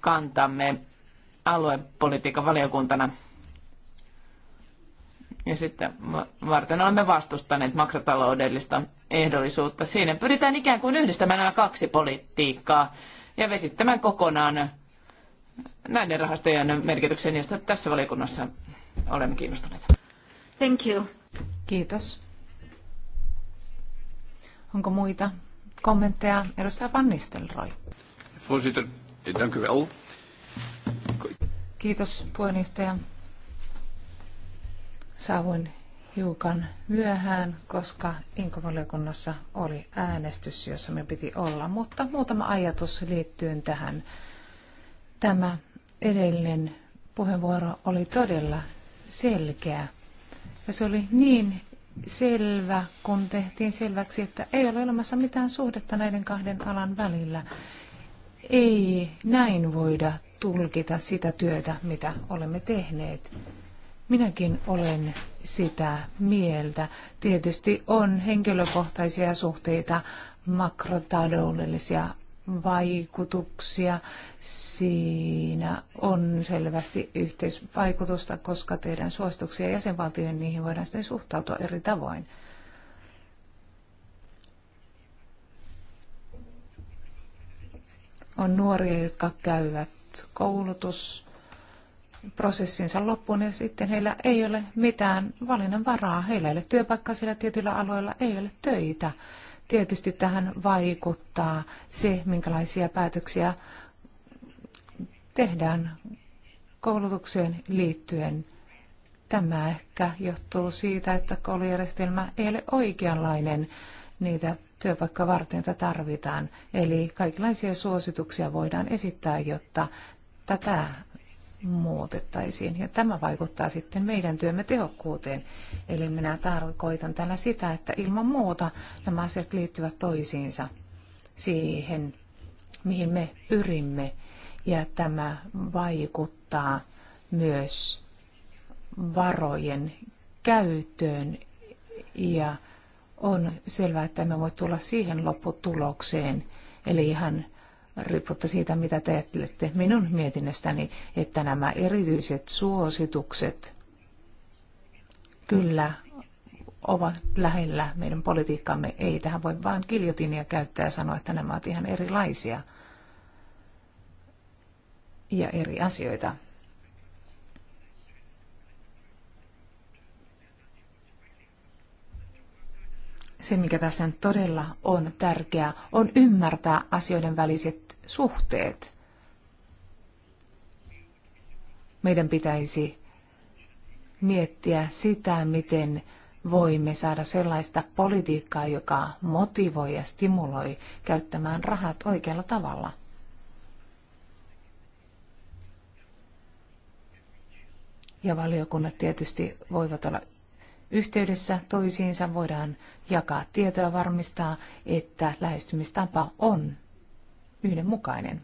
kantamme aluepolitiikan valiokuntana. Ja sitten varten olemme vastustaneet makrotaloudellista ehdollisuutta. Siinä pyritään ikään kuin yhdistämään nämä kaksi politiikkaa ja vesittämään kokonaan näiden rahastojen merkityksen josta tässä valiokunnassa olemme kiinnostuneita. Thank you. Kiitos. Onko muita kommentteja? Edustaja Van Nistelrooy. Voorzitter, eh, dank u wel. Kiitos puheenjohtaja. Saavuin hiukan myöhään, koska Inkovaliokunnassa oli äänestys, jossa me piti olla, mutta muutama ajatus liittyen tähän Tämä edellinen puheenvuoro oli todella selkeä. Ja se oli niin selvä, kun tehtiin selväksi, että ei ole olemassa mitään suhdetta näiden kahden alan välillä. Ei näin voida tulkita sitä työtä, mitä olemme tehneet. Minäkin olen sitä mieltä. Tietysti on henkilökohtaisia suhteita, makrotaloudellisia vaikutuksia. Siinä on selvästi yhteisvaikutusta, koska tehdään suosituksia jäsenvaltioihin, niihin voidaan sitten suhtautua eri tavoin. On nuoria, jotka käyvät koulutusprosessinsa loppuun ja sitten heillä ei ole mitään valinnanvaraa. Heillä ei ole työpaikkaa sillä tietyillä alueilla ei ole töitä. Tietysti tähän vaikuttaa se, minkälaisia päätöksiä tehdään koulutukseen liittyen. Tämä ehkä johtuu siitä, että koulujärjestelmä ei ole oikeanlainen niitä työpaikkaa varten, joita tarvitaan. Eli kaikenlaisia suosituksia voidaan esittää, jotta tätä muutettaisiin. Ja tämä vaikuttaa sitten meidän työmme tehokkuuteen. Eli minä tarkoitan tällä sitä, että ilman muuta nämä asiat liittyvät toisiinsa siihen, mihin me pyrimme. Ja tämä vaikuttaa myös varojen käyttöön ja on selvää, että me voi tulla siihen lopputulokseen, eli ihan riippuutta siitä, mitä te ajattelette minun mietinnöstäni, että nämä erityiset suositukset kyllä ovat lähellä meidän politiikkamme. Ei tähän voi vain kiljotinia käyttää ja sanoa, että nämä ovat ihan erilaisia ja eri asioita. se, mikä tässä nyt todella on tärkeää, on ymmärtää asioiden väliset suhteet. Meidän pitäisi miettiä sitä, miten voimme saada sellaista politiikkaa, joka motivoi ja stimuloi käyttämään rahat oikealla tavalla. Ja valiokunnat tietysti voivat olla yhteydessä toisiinsa voidaan jakaa tietoa ja varmistaa, että lähestymistapa on yhdenmukainen.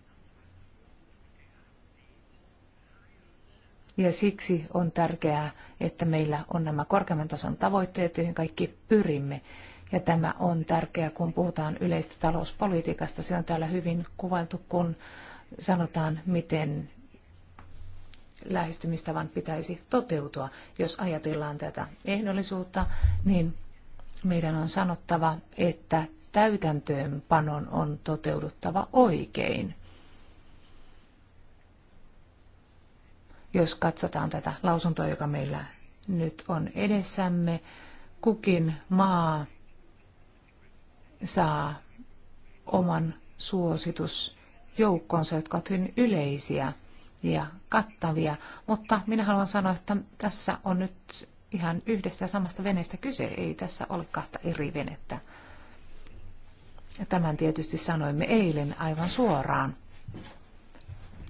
Ja siksi on tärkeää, että meillä on nämä korkeamman tason tavoitteet, joihin kaikki pyrimme. Ja tämä on tärkeää, kun puhutaan yleistä talouspolitiikasta. Se on täällä hyvin kuvailtu, kun sanotaan, miten lähestymistavan pitäisi toteutua. Jos ajatellaan tätä ehdollisuutta, niin meidän on sanottava, että täytäntöönpanon on toteuduttava oikein. Jos katsotaan tätä lausuntoa, joka meillä nyt on edessämme, kukin maa saa oman suositusjoukkonsa, jotka ovat hyvin yleisiä – ja kattavia, mutta minä haluan sanoa, että tässä on nyt ihan yhdestä ja samasta veneestä kyse, ei tässä ole kahta eri venettä. Ja tämän tietysti sanoimme eilen aivan suoraan.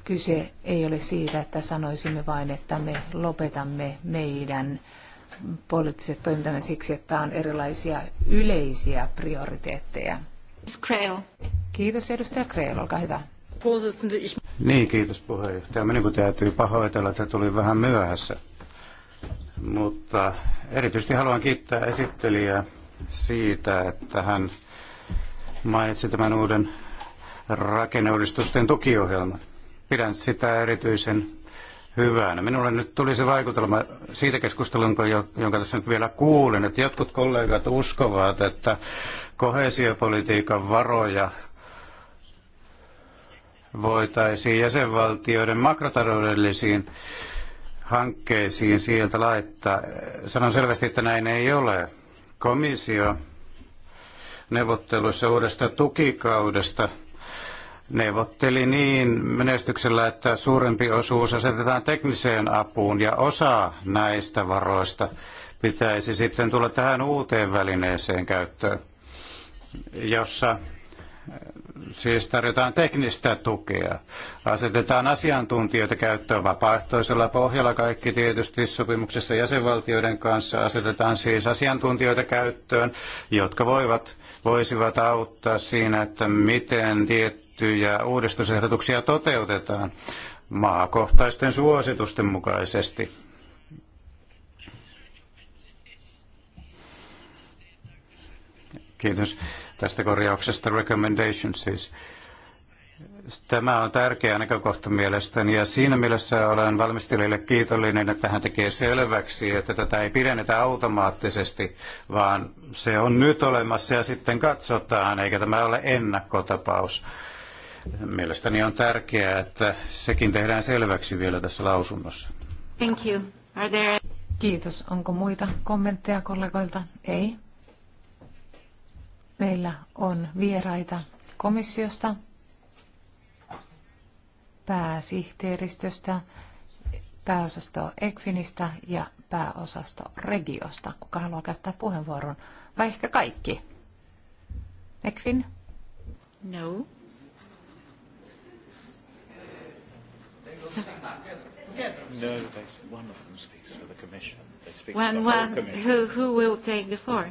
Kyse ei ole siitä, että sanoisimme vain, että me lopetamme meidän poliittiset toimintamme siksi, että on erilaisia yleisiä prioriteetteja. Kreel. Kiitos edustaja Kreel, olkaa hyvä. Niin, kiitos puheenjohtaja. Minun täytyy pahoitella, että tulin vähän myöhässä. Mutta erityisesti haluan kiittää esittelijää siitä, että hän mainitsi tämän uuden rakenneuudistusten tukiohjelman. Pidän sitä erityisen hyvänä. Minulle nyt tuli se vaikutelma siitä keskustelusta, jonka tässä nyt vielä kuulin, että jotkut kollegat uskovat, että kohesiopolitiikan varoja voitaisiin jäsenvaltioiden makrotaloudellisiin hankkeisiin sieltä laittaa. Sanon selvästi, että näin ei ole. Komissio neuvotteluissa uudesta tukikaudesta neuvotteli niin menestyksellä, että suurempi osuus asetetaan tekniseen apuun ja osa näistä varoista pitäisi sitten tulla tähän uuteen välineeseen käyttöön, jossa siis tarjotaan teknistä tukea. Asetetaan asiantuntijoita käyttöön vapaaehtoisella pohjalla kaikki tietysti sopimuksessa jäsenvaltioiden kanssa. Asetetaan siis asiantuntijoita käyttöön, jotka voivat, voisivat auttaa siinä, että miten tiettyjä uudistusehdotuksia toteutetaan maakohtaisten suositusten mukaisesti. Kiitos tästä korjauksesta, recommendation siis. Tämä on tärkeä näkökohta mielestäni ja siinä mielessä olen valmistelijalle kiitollinen, että hän tekee selväksi, että tätä ei pidennetä automaattisesti, vaan se on nyt olemassa ja sitten katsotaan, eikä tämä ole ennakkotapaus. Mielestäni on tärkeää, että sekin tehdään selväksi vielä tässä lausunnossa. Thank you. Are there... Kiitos. Onko muita kommentteja kollegoilta? Ei. Meillä on vieraita komissiosta, pääsihteeristöstä, pääosasto Ekfinistä ja pääosasto Regiosta. Kuka haluaa käyttää puheenvuoron? Vai ehkä kaikki? Ekfin? No. So. No, one of them speaks for the Commission. They speak when, for the whole one, commission. Who, who will take the floor?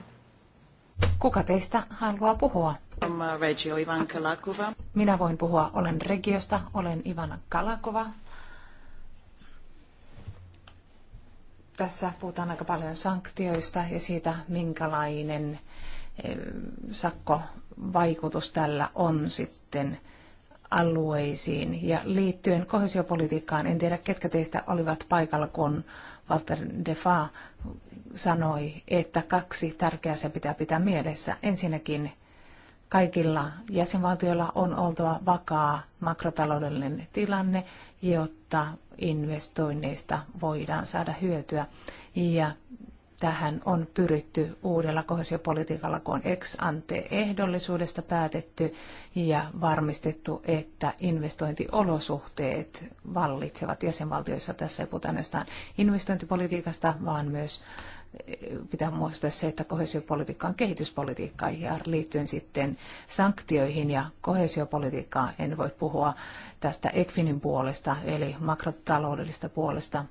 Kuka teistä haluaa puhua? Uh, Minä voin puhua. Olen Regiosta. Olen Ivana Kalakova. Tässä puhutaan aika paljon sanktioista ja siitä, minkälainen eh, sakkovaikutus tällä on sitten alueisiin. Ja liittyen kohesiopolitiikkaan, en tiedä ketkä teistä olivat paikalla, kun Walter Defa sanoi, että kaksi tärkeää se pitää pitää mielessä. Ensinnäkin kaikilla jäsenvaltioilla on oltava vakaa makrotaloudellinen tilanne, jotta investoinneista voidaan saada hyötyä. Ja Tähän on pyritty uudella kohesiopolitiikalla, kun on ex ante ehdollisuudesta päätetty ja varmistettu, että investointiolosuhteet vallitsevat jäsenvaltioissa. Tässä ei puhuta ainoastaan investointipolitiikasta, vaan myös eh, pitää muistaa se, että kohesiopolitiikka on kehityspolitiikkaa ja liittyen sitten sanktioihin ja kohesiopolitiikkaan en voi puhua tästä ECFINin puolesta eli makrotaloudellista puolesta –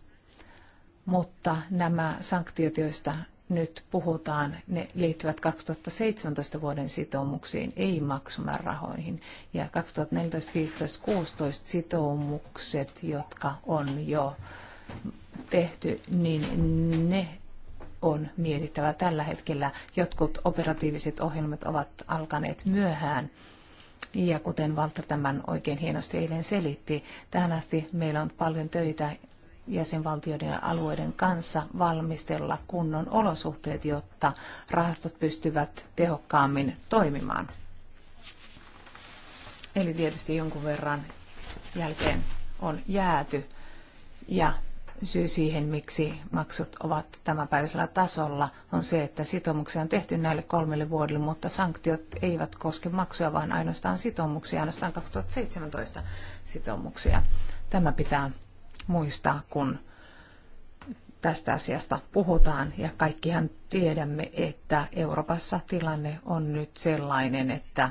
mutta nämä sanktiot, joista nyt puhutaan, ne liittyvät 2017 vuoden sitoumuksiin, ei maksumäärärahoihin. Ja 2014, 15, 16 sitoumukset, jotka on jo tehty, niin ne on mietittävä tällä hetkellä. Jotkut operatiiviset ohjelmat ovat alkaneet myöhään. Ja kuten Valta tämän oikein hienosti eilen selitti, tähän asti meillä on paljon töitä jäsenvaltioiden ja alueiden kanssa valmistella kunnon olosuhteet, jotta rahastot pystyvät tehokkaammin toimimaan. Eli tietysti jonkun verran jälkeen on jääty ja syy siihen, miksi maksut ovat tämänpäiväisellä tasolla, on se, että sitoumuksia on tehty näille kolmelle vuodelle, mutta sanktiot eivät koske maksuja, vaan ainoastaan sitoumuksia, ainoastaan 2017 sitoumuksia. Tämä pitää muistaa, kun tästä asiasta puhutaan. Ja kaikkihan tiedämme, että Euroopassa tilanne on nyt sellainen, että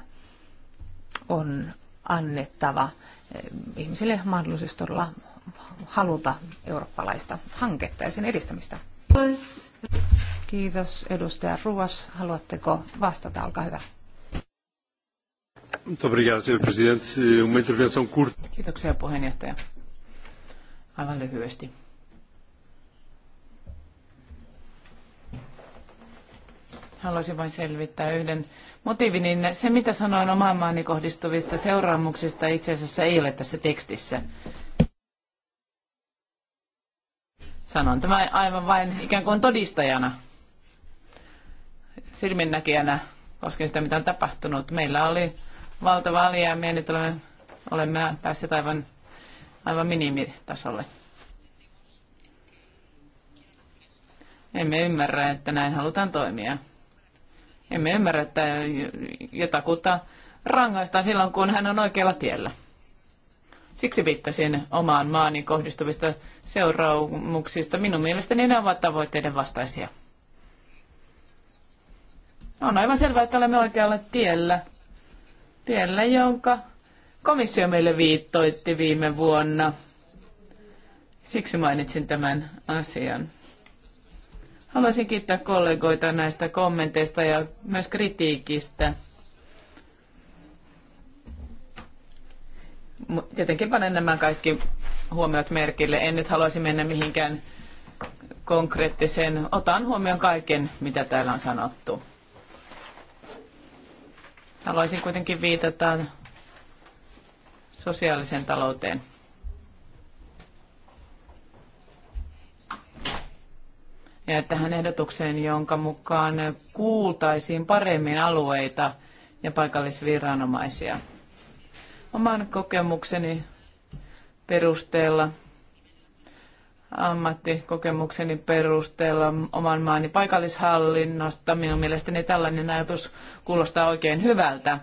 on annettava eh, ihmisille mahdollisuus todella haluta eurooppalaista hanketta ja sen edistämistä. Kiitos edustaja Ruas. Haluatteko vastata? Olkaa hyvä. Kiitoksia puheenjohtaja aivan lyhyesti. Haluaisin vain selvittää yhden motiivin. Niin se, mitä sanoin omaan maani kohdistuvista seuraamuksista, itse asiassa ei ole tässä tekstissä. Sanon tämä aivan vain ikään kuin todistajana, silminnäkijänä koskien sitä, mitä on tapahtunut. Meillä oli valtava alijäämiä, ja nyt olemme, olemme päässeet aivan aivan minimitasolle. Emme ymmärrä, että näin halutaan toimia. Emme ymmärrä, että jotakuta rangaistaan silloin, kun hän on oikealla tiellä. Siksi viittasin omaan maani kohdistuvista seuraamuksista. Minun mielestäni ne ovat tavoitteiden vastaisia. On aivan selvää, että olemme oikealla tiellä. Tiellä, jonka komissio meille viittoitti viime vuonna. Siksi mainitsin tämän asian. Haluaisin kiittää kollegoita näistä kommenteista ja myös kritiikistä. Tietenkin panen nämä kaikki huomiot merkille. En nyt haluaisi mennä mihinkään konkreettiseen. Otan huomioon kaiken, mitä täällä on sanottu. Haluaisin kuitenkin viitata sosiaaliseen talouteen. Ja tähän ehdotukseen, jonka mukaan kuultaisiin paremmin alueita ja paikallisviranomaisia. Oman kokemukseni perusteella, ammattikokemukseni perusteella oman maani paikallishallinnosta, minun mielestäni tällainen ajatus kuulostaa oikein hyvältä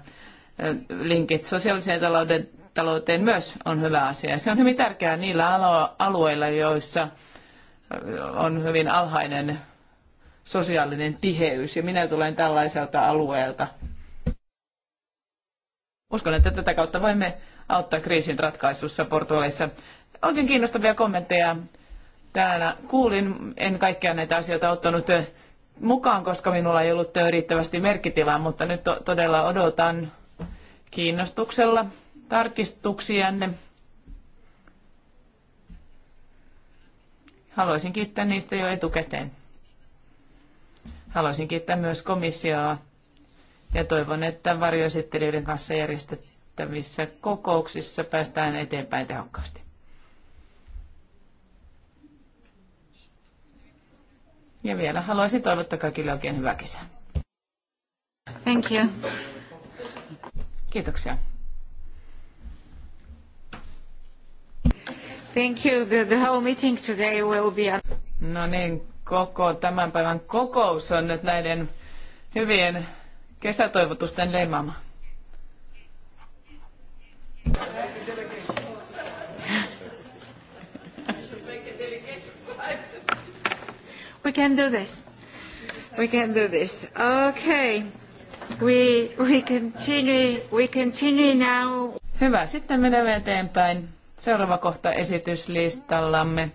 linkit sosiaaliseen talouden, talouteen myös on hyvä asia. Se on hyvin tärkeää niillä alueilla, joissa on hyvin alhainen sosiaalinen tiheys. Ja minä tulen tällaiselta alueelta. Uskon, että tätä kautta voimme auttaa kriisin ratkaisussa Portugalissa. Oikein kiinnostavia kommentteja täällä kuulin. En kaikkia näitä asioita ottanut mukaan, koska minulla ei ollut riittävästi merkkitilaa, mutta nyt todella odotan kiinnostuksella tarkistuksianne. Haluaisin kiittää niistä jo etukäteen. Haluaisin kiittää myös komissiaa ja toivon, että varjoesittelijöiden kanssa järjestettävissä kokouksissa päästään eteenpäin tehokkaasti. Ja vielä haluaisin toivottaa kaikille oikein hyvää kesää. Thank you. Kiitoksia. Thank you. The, whole meeting today will be... No niin, koko tämän päivän kokous on nyt näiden hyvien kesätoivotusten leimaama. We can do this. We can do this. Okay. We, we, continue, we continue now. Hyvä, sitten menemme eteenpäin. Seuraava kohta esityslistallamme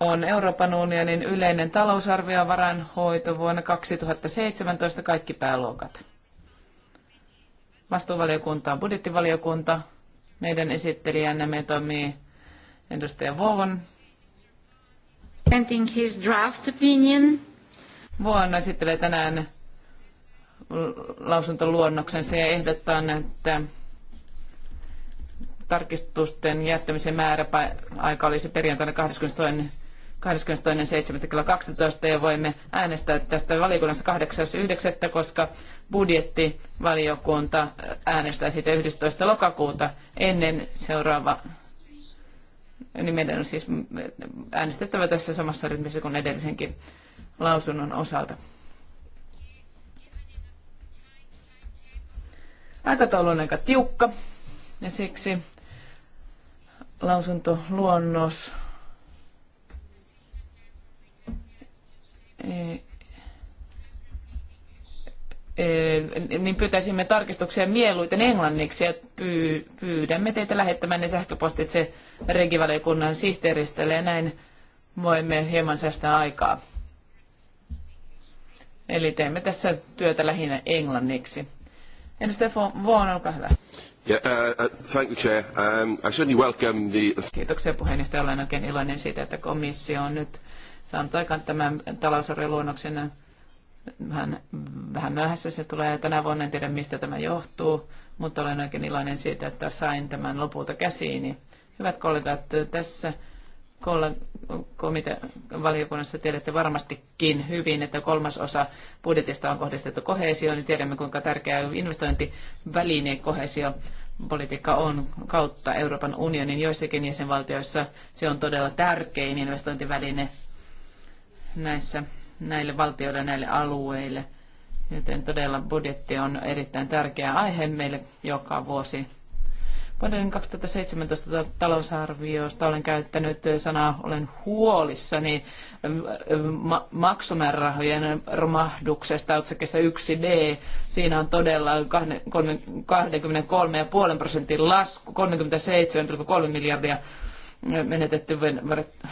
on Euroopan unionin yleinen talousarvio varainhoito vuonna 2017 kaikki pääluokat. Vastuuvaliokunta on budjettivaliokunta. Meidän esittelijänämme toimii edustaja Vovon. Presenting his draft opinion. Vuonna esittelee tänään lausuntoluonnoksensa ja ehdottaa, että tarkistusten jättämisen määräaika olisi perjantaina 22. 22.7. kello 12 ja voimme äänestää tästä valiokunnassa 8.9., koska budjettivaliokunta äänestää siitä 11. lokakuuta ennen seuraava niin meidän on siis äänestettävä tässä samassa rytmissä kuin edellisenkin lausunnon osalta. Aikataulu on aika tiukka ja siksi lausuntoluonnos e, e, niin pyytäisimme tarkistuksia mieluiten englanniksi ja pyydämme teitä lähettämään ne sähköpostitse regivaliokunnan sihteeristölle ja näin voimme hieman säästää aikaa. Eli teemme tässä työtä lähinnä englanniksi. Edustaja Vaughan, olkaa hyvä. Yeah, uh, uh, thank you, Chair. Um, I certainly welcome the... Kiitoksia puheenjohtaja. Olen oikein iloinen siitä, että komissio on nyt saanut aikaan tämän talousarvioluonnoksen vähän, vähän myöhässä. Se tulee tänä vuonna, en tiedä mistä tämä johtuu, mutta olen oikein iloinen siitä, että sain tämän lopulta käsiini. Hyvät kollegat, tässä valiokunnassa tiedätte varmastikin hyvin, että kolmas osa budjetista on kohdistettu kohesioon. Niin tiedämme, kuinka tärkeä investointiväline kohesio politiikka on kautta Euroopan unionin joissakin jäsenvaltioissa. Se on todella tärkein investointiväline näissä, näille valtioille ja näille alueille. Joten todella budjetti on erittäin tärkeä aihe meille joka vuosi Vuoden 2017 talousarviosta olen käyttänyt sanaa olen huolissani ma- maksumäärärahojen romahduksesta otsakkeessa 1b. Siinä on todella 23,5 prosentin lasku, 37,3 miljardia menetetty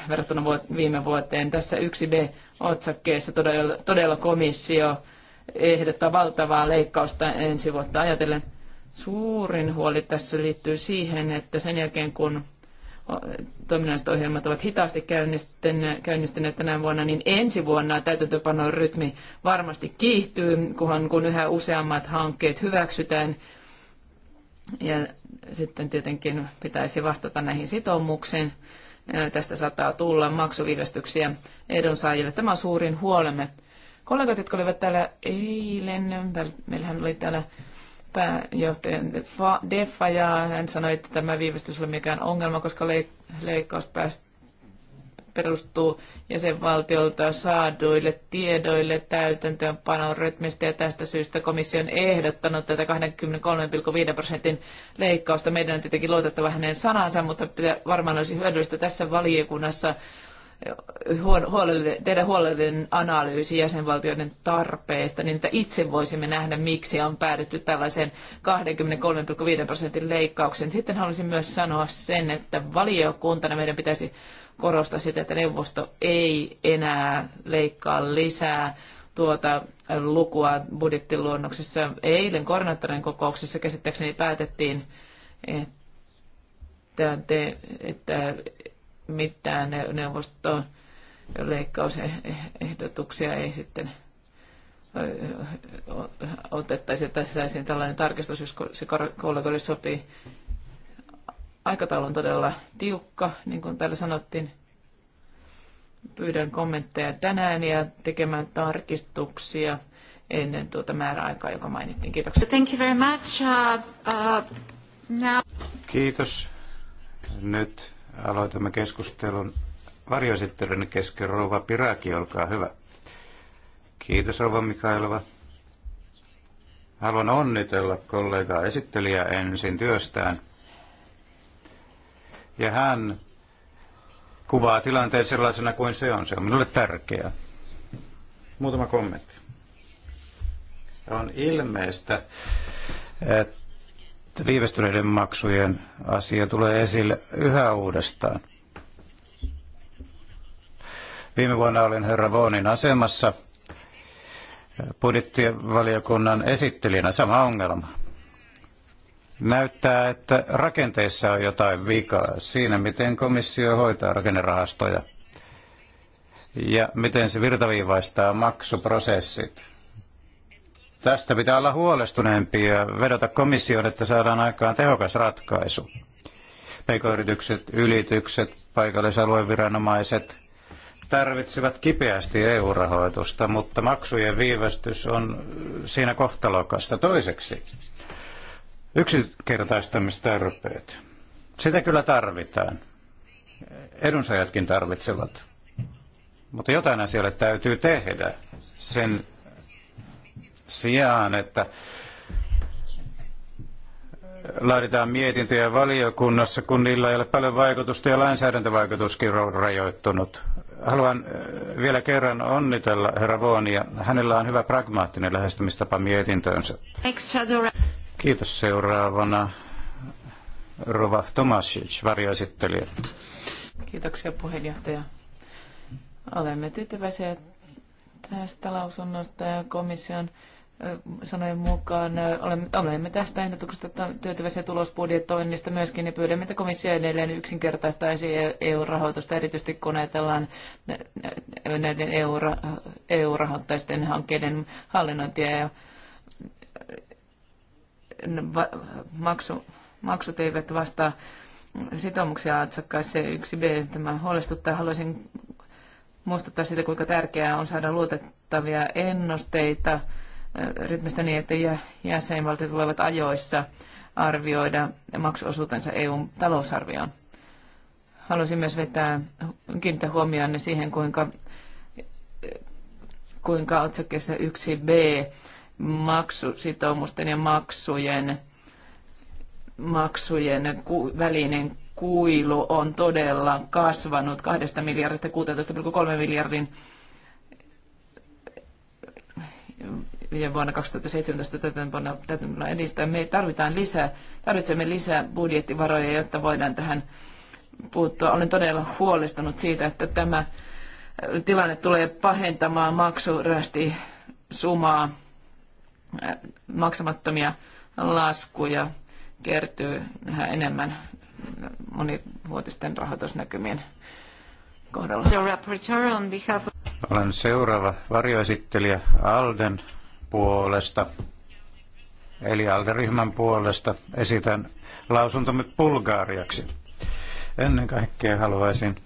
verrattuna viime vuoteen. Tässä 1b-otsakkeessa todella, todella komissio ehdottaa valtavaa leikkausta ensi vuotta ajatellen Suurin huoli tässä liittyy siihen, että sen jälkeen kun toiminnalliset ohjelmat ovat hitaasti käynnistyneet tänä vuonna, niin ensi vuonna täytäntöpanon rytmi varmasti kiihtyy, kunhan kun yhä useammat hankkeet hyväksytään. Ja sitten tietenkin pitäisi vastata näihin sitoumuksiin. Tästä saattaa tulla maksuviivästyksiä edunsaajille. Tämä on suurin huolemme. Kollegat, jotka olivat täällä eilen, meillähän oli täällä pääjohtajan Defa ja hän sanoi, että tämä viivästys on mikään ongelma, koska leikkaus perustuu jäsenvaltiolta saaduille tiedoille täytäntöönpanon rytmistä ja tästä syystä komissio on ehdottanut tätä 23,5 prosentin leikkausta. Meidän on tietenkin luotettava hänen sanansa, mutta varmaan olisi hyödyllistä tässä valiokunnassa huolellinen, tehdä huolellinen analyysi jäsenvaltioiden tarpeista, niin että itse voisimme nähdä, miksi on päädytty tällaiseen 23,5 prosentin leikkaukseen. Sitten haluaisin myös sanoa sen, että valiokuntana meidän pitäisi korostaa sitä, että neuvosto ei enää leikkaa lisää tuota lukua budjettiluonnoksessa. Eilen koordinaattorin kokouksessa käsittääkseni päätettiin, että, te, että mitään neuvostoon leikkausehdotuksia ei sitten otettaisiin tässä esiin tällainen tarkistus, jos se kollegoille sopii. Aikataulu on todella tiukka, niin kuin täällä sanottiin. Pyydän kommentteja tänään ja tekemään tarkistuksia ennen tuota määräaikaa, joka mainittiin. Kiitoksia. Thank you very much. Uh, uh, now... Kiitos. Nyt Aloitamme keskustelun varjoesittelyn kesken. Rouva Piraki, olkaa hyvä. Kiitos Rouva Mikailova. Haluan onnitella kollegaa esittelijää ensin työstään. Ja hän kuvaa tilanteen sellaisena kuin se on. Se on minulle tärkeää. Muutama kommentti. On ilmeistä, että viivästyneiden maksujen asia tulee esille yhä uudestaan. Viime vuonna olin herra Voonin asemassa budjettivaliokunnan esittelijänä sama ongelma. Näyttää, että rakenteissa on jotain vikaa siinä, miten komissio hoitaa rakennerahastoja ja miten se virtaviivaistaa maksuprosessit Tästä pitää olla huolestuneempi ja vedota komissioon, että saadaan aikaan tehokas ratkaisu. Pk-yritykset, ylitykset, paikallisalueen viranomaiset tarvitsevat kipeästi EU-rahoitusta, mutta maksujen viivästys on siinä kohtalokasta toiseksi. Yksinkertaistamistarpeet. Sitä kyllä tarvitaan. Edunsaajatkin tarvitsevat. Mutta jotain asialle täytyy tehdä sen sijaan, että laaditaan mietintöjä valiokunnassa, kun niillä ei ole paljon vaikutusta ja lainsäädäntövaikutuskin on rajoittunut. Haluan äh, vielä kerran onnitella herra Vuonia. Hänellä on hyvä pragmaattinen lähestymistapa mietintöönsä. Kiitos seuraavana. Rova Tomasic, varjoesittelijä. Kiitoksia puheenjohtaja. Olemme tyytyväisiä tästä lausunnosta ja komission sanojen mukaan olemme tästä ehdotuksesta tyytyväisiä tulosbudjetoinnista myöskin ja pyydämme, että komissio edelleen yksinkertaistaisi e- EU-rahoitusta, erityisesti kun ajatellaan näiden eu rahoitteisten hankkeiden hallinnointia ja maksu, maksut eivät vastaa sitoumuksia otsakkaissa 1b. Tämä huolestuttaa. Haluaisin muistuttaa siitä, kuinka tärkeää on saada luotettavia ennusteita rytmistä niin, että jäsenvaltiot voivat ajoissa arvioida maksuosuutensa EUn talousarvioon. Haluaisin myös vetää, kiinnittää huomioon siihen, kuinka, kuinka otsakkeessa 1b maksusitoumusten ja maksujen, maksujen ku, välinen kuilu on todella kasvanut 2 miljardista 16,3 miljardin ja vuonna 2017 täytäntöönpanoa edistää. Me tarvitaan lisää, tarvitsemme lisää budjettivaroja, jotta voidaan tähän puuttua. Olen todella huolestunut siitä, että tämä äh, tilanne tulee pahentamaan maksurästi sumaa, äh, maksamattomia laskuja kertyy yhä enemmän monivuotisten rahoitusnäkymien kohdalla. Olen seuraava varjoesittelijä Alden puolesta, eli ALDE-ryhmän puolesta, esitän lausuntomme bulgaariaksi. Ennen kaikkea haluaisin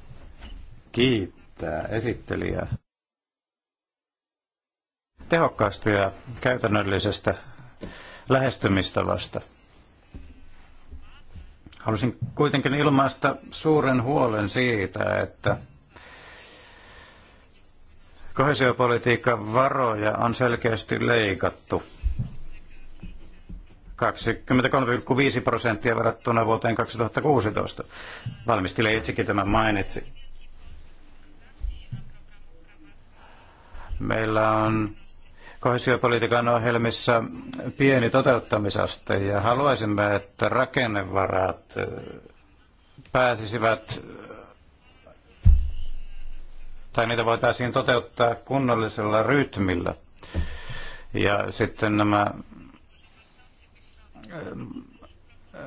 kiittää esittelijää tehokkaasta ja käytännöllisestä lähestymistavasta. Halusin kuitenkin ilmaista suuren huolen siitä, että Kohesiopolitiikan varoja on selkeästi leikattu. 23,5 prosenttia verrattuna vuoteen 2016. valmistille itsekin tämän mainitsi. Meillä on kohesiopolitiikan ohjelmissa pieni toteuttamisaste ja haluaisimme, että rakennevarat äh, pääsisivät tai niitä voitaisiin toteuttaa kunnollisella rytmillä. Ja sitten nämä äh,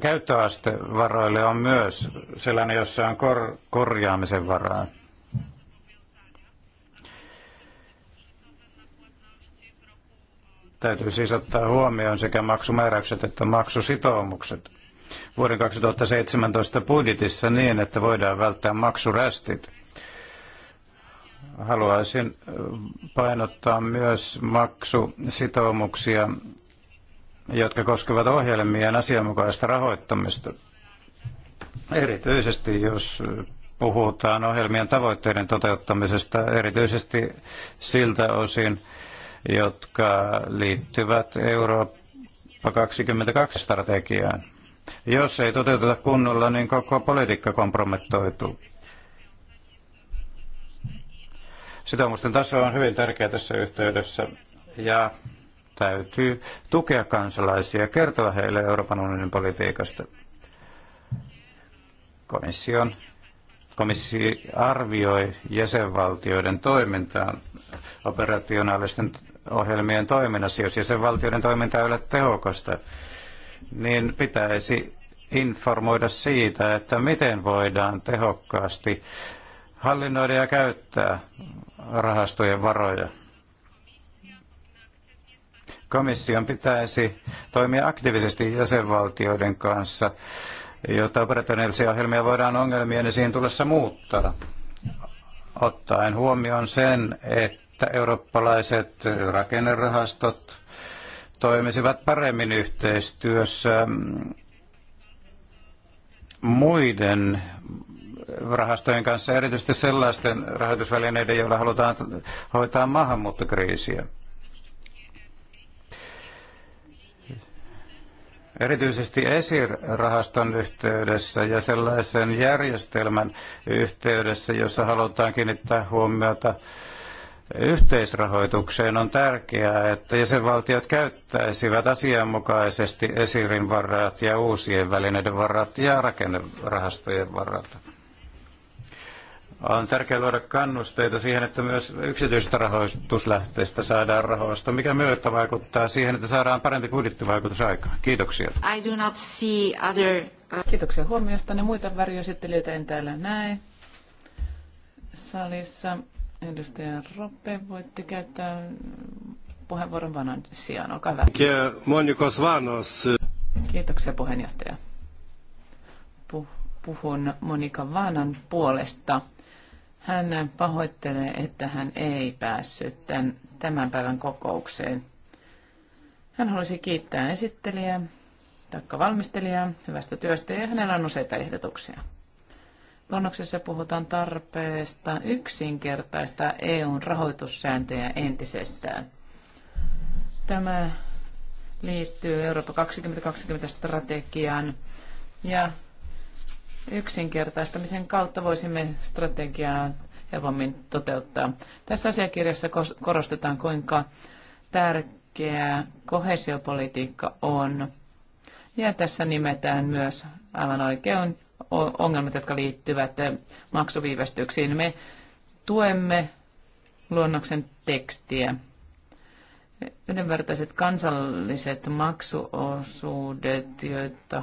käyttöastevaroille on myös sellainen, jossa on kor- korjaamisen varaa. Täytyy siis ottaa huomioon sekä maksumääräykset että maksusitoumukset vuoden 2017 budjetissa niin, että voidaan välttää maksurästit. Haluaisin painottaa myös maksusitoumuksia, jotka koskevat ohjelmien asianmukaista rahoittamista. Erityisesti jos puhutaan ohjelmien tavoitteiden toteuttamisesta, erityisesti siltä osin, jotka liittyvät Eurooppa 22 strategiaan. Jos ei toteuteta kunnolla, niin koko politiikka kompromettoituu. Sitoumusten taso on hyvin tärkeä tässä yhteydessä ja täytyy tukea kansalaisia ja kertoa heille Euroopan unionin politiikasta. Komission komissio arvioi jäsenvaltioiden toimintaa operationaalisten ohjelmien toiminnassa, jos jäsenvaltioiden toiminta ei ole tehokasta, niin pitäisi informoida siitä, että miten voidaan tehokkaasti hallinnoida ja käyttää rahastojen varoja. Komission pitäisi toimia aktiivisesti jäsenvaltioiden kanssa, jotta operationeellisia ohjelmia voidaan ongelmien esiin tullessa muuttaa, ottaen huomioon sen, että eurooppalaiset rakennerahastot toimisivat paremmin yhteistyössä muiden rahastojen kanssa, erityisesti sellaisten rahoitusvälineiden, joilla halutaan hoitaa maahanmuuttokriisiä. Erityisesti ESIR-rahaston yhteydessä ja sellaisen järjestelmän yhteydessä, jossa halutaan kiinnittää huomiota yhteisrahoitukseen on tärkeää, että jäsenvaltiot käyttäisivät asianmukaisesti esirin varat ja uusien välineiden varat ja rakennerahastojen varat. On tärkeää luoda kannusteita siihen, että myös yksityisistä rahoituslähteistä saadaan rahoista, mikä myötä vaikuttaa siihen, että saadaan parempi budjettivaikutus aikaan. Kiitoksia. I do not see other... Uh, Kiitoksia huomiosta. Ne muita väriesittelijöitä en täällä näe. Salissa edustaja Roppe, voitte käyttää puheenvuoron vanan sijaan. Olkaa hyvä. Kiitoksia puheenjohtaja. Puh- puhun Monika Vaanan puolesta. Hän pahoittelee, että hän ei päässyt tämän, tämän päivän kokoukseen. Hän halusi kiittää esittelijää, taikka valmistelijaa, hyvästä työstä ja hänellä on useita ehdotuksia. Luonnoksessa puhutaan tarpeesta yksinkertaistaa EUn rahoitussääntöjä entisestään. Tämä liittyy Eurooppa 2020 strategiaan ja yksinkertaistamisen kautta voisimme strategiaa helpommin toteuttaa. Tässä asiakirjassa korostetaan, kuinka tärkeää kohesiopolitiikka on. Ja tässä nimetään myös aivan oikein ongelmat, jotka liittyvät maksuviivästyksiin. Me tuemme luonnoksen tekstiä. Yhdenvertaiset kansalliset maksuosuudet, joita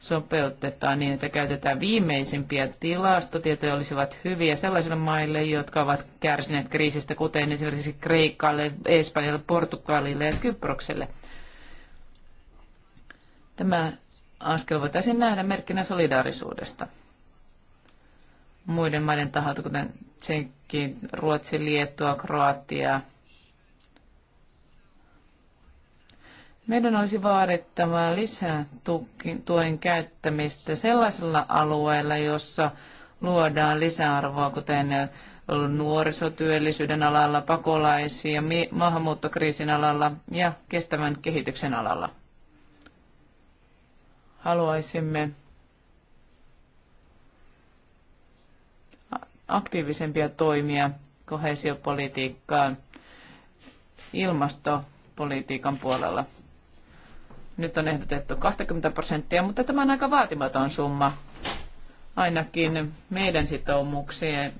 sopeutetaan niin, että käytetään viimeisimpiä tilastotietoja, olisivat hyviä sellaisille maille, jotka ovat kärsineet kriisistä, kuten esimerkiksi Kreikalle, Espanjalle, Portugalille ja Kyprokselle. Tämä askel voitaisiin nähdä merkkinä solidaarisuudesta muiden maiden taholta, kuten Tsekki, Ruotsi, Liettua, Kroatia, Meidän olisi vaadittava lisää tuen käyttämistä sellaisilla alueilla, jossa luodaan lisäarvoa, kuten nuorisotyöllisyyden alalla, pakolaisia, maahanmuuttokriisin alalla ja kestävän kehityksen alalla. Haluaisimme aktiivisempia toimia kohesiopolitiikkaan ilmastopolitiikan puolella. Nyt on ehdotettu 20 prosenttia, mutta tämä on aika vaatimaton summa ainakin meidän sitoumuksien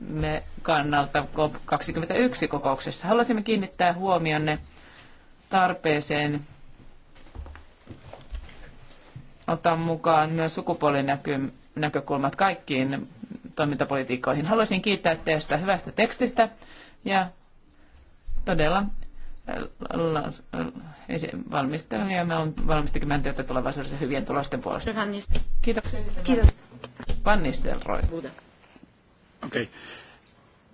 me kannalta 21 kokouksessa. Haluaisimme kiinnittää huomionne tarpeeseen ottaa mukaan myös sukupuolinäkökulmat kaikkiin toimintapolitiikkoihin. Haluaisin kiittää teistä hyvästä tekstistä ja todella Äh, äh, äh, valmistelun ja me on valmistakin työtä tulevaisuudessa hyvien tulosten puolesta. Kiitos. Kiitos. Van Okay.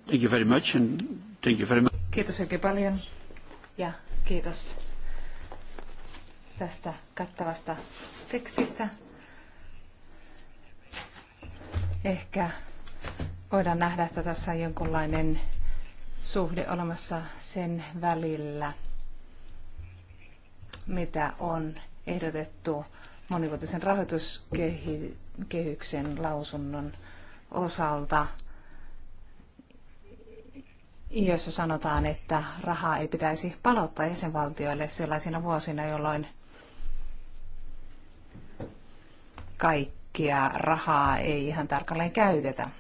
Thank you very much and thank you very much. Kiitos oikein paljon ja kiitos tästä kattavasta tekstistä. Ehkä voidaan nähdä, että tässä on jonkunlainen suhde olemassa sen välillä, mitä on ehdotettu monivuotisen rahoituskehyksen lausunnon osalta, jossa sanotaan, että rahaa ei pitäisi palauttaa jäsenvaltioille sellaisina vuosina, jolloin kaikkia rahaa ei ihan tarkalleen käytetä.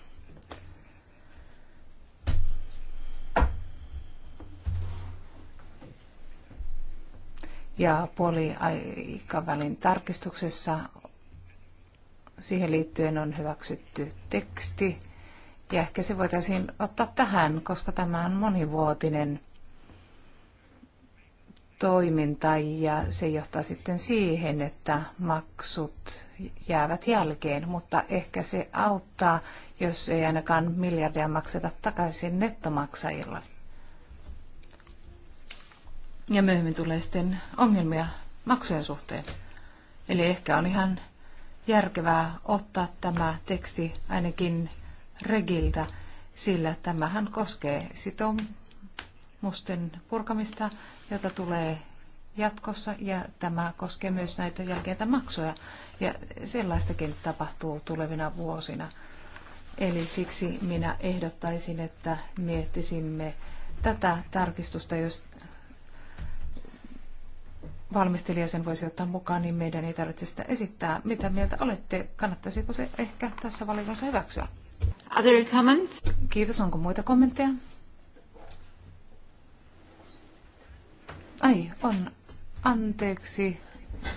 ja puoliaikavälin tarkistuksessa siihen liittyen on hyväksytty teksti. Ja ehkä se voitaisiin ottaa tähän, koska tämä on monivuotinen toiminta ja se johtaa sitten siihen, että maksut jäävät jälkeen, mutta ehkä se auttaa, jos ei ainakaan miljardia makseta takaisin nettomaksajilla. Ja myöhemmin tulee sitten ongelmia maksujen suhteen. Eli ehkä on ihan järkevää ottaa tämä teksti ainakin Regiltä, sillä tämähän koskee sitoumusten purkamista, jota tulee jatkossa, ja tämä koskee myös näitä jälkeitä maksuja, ja sellaistakin tapahtuu tulevina vuosina. Eli siksi minä ehdottaisin, että miettisimme tätä tarkistusta, jos valmistelija sen voisi ottaa mukaan, niin meidän ei tarvitse sitä esittää. Mitä mieltä olette? Kannattaisiko se ehkä tässä valinnossa hyväksyä? Other comments? Kiitos. Onko muita kommentteja? Ai, on. Anteeksi.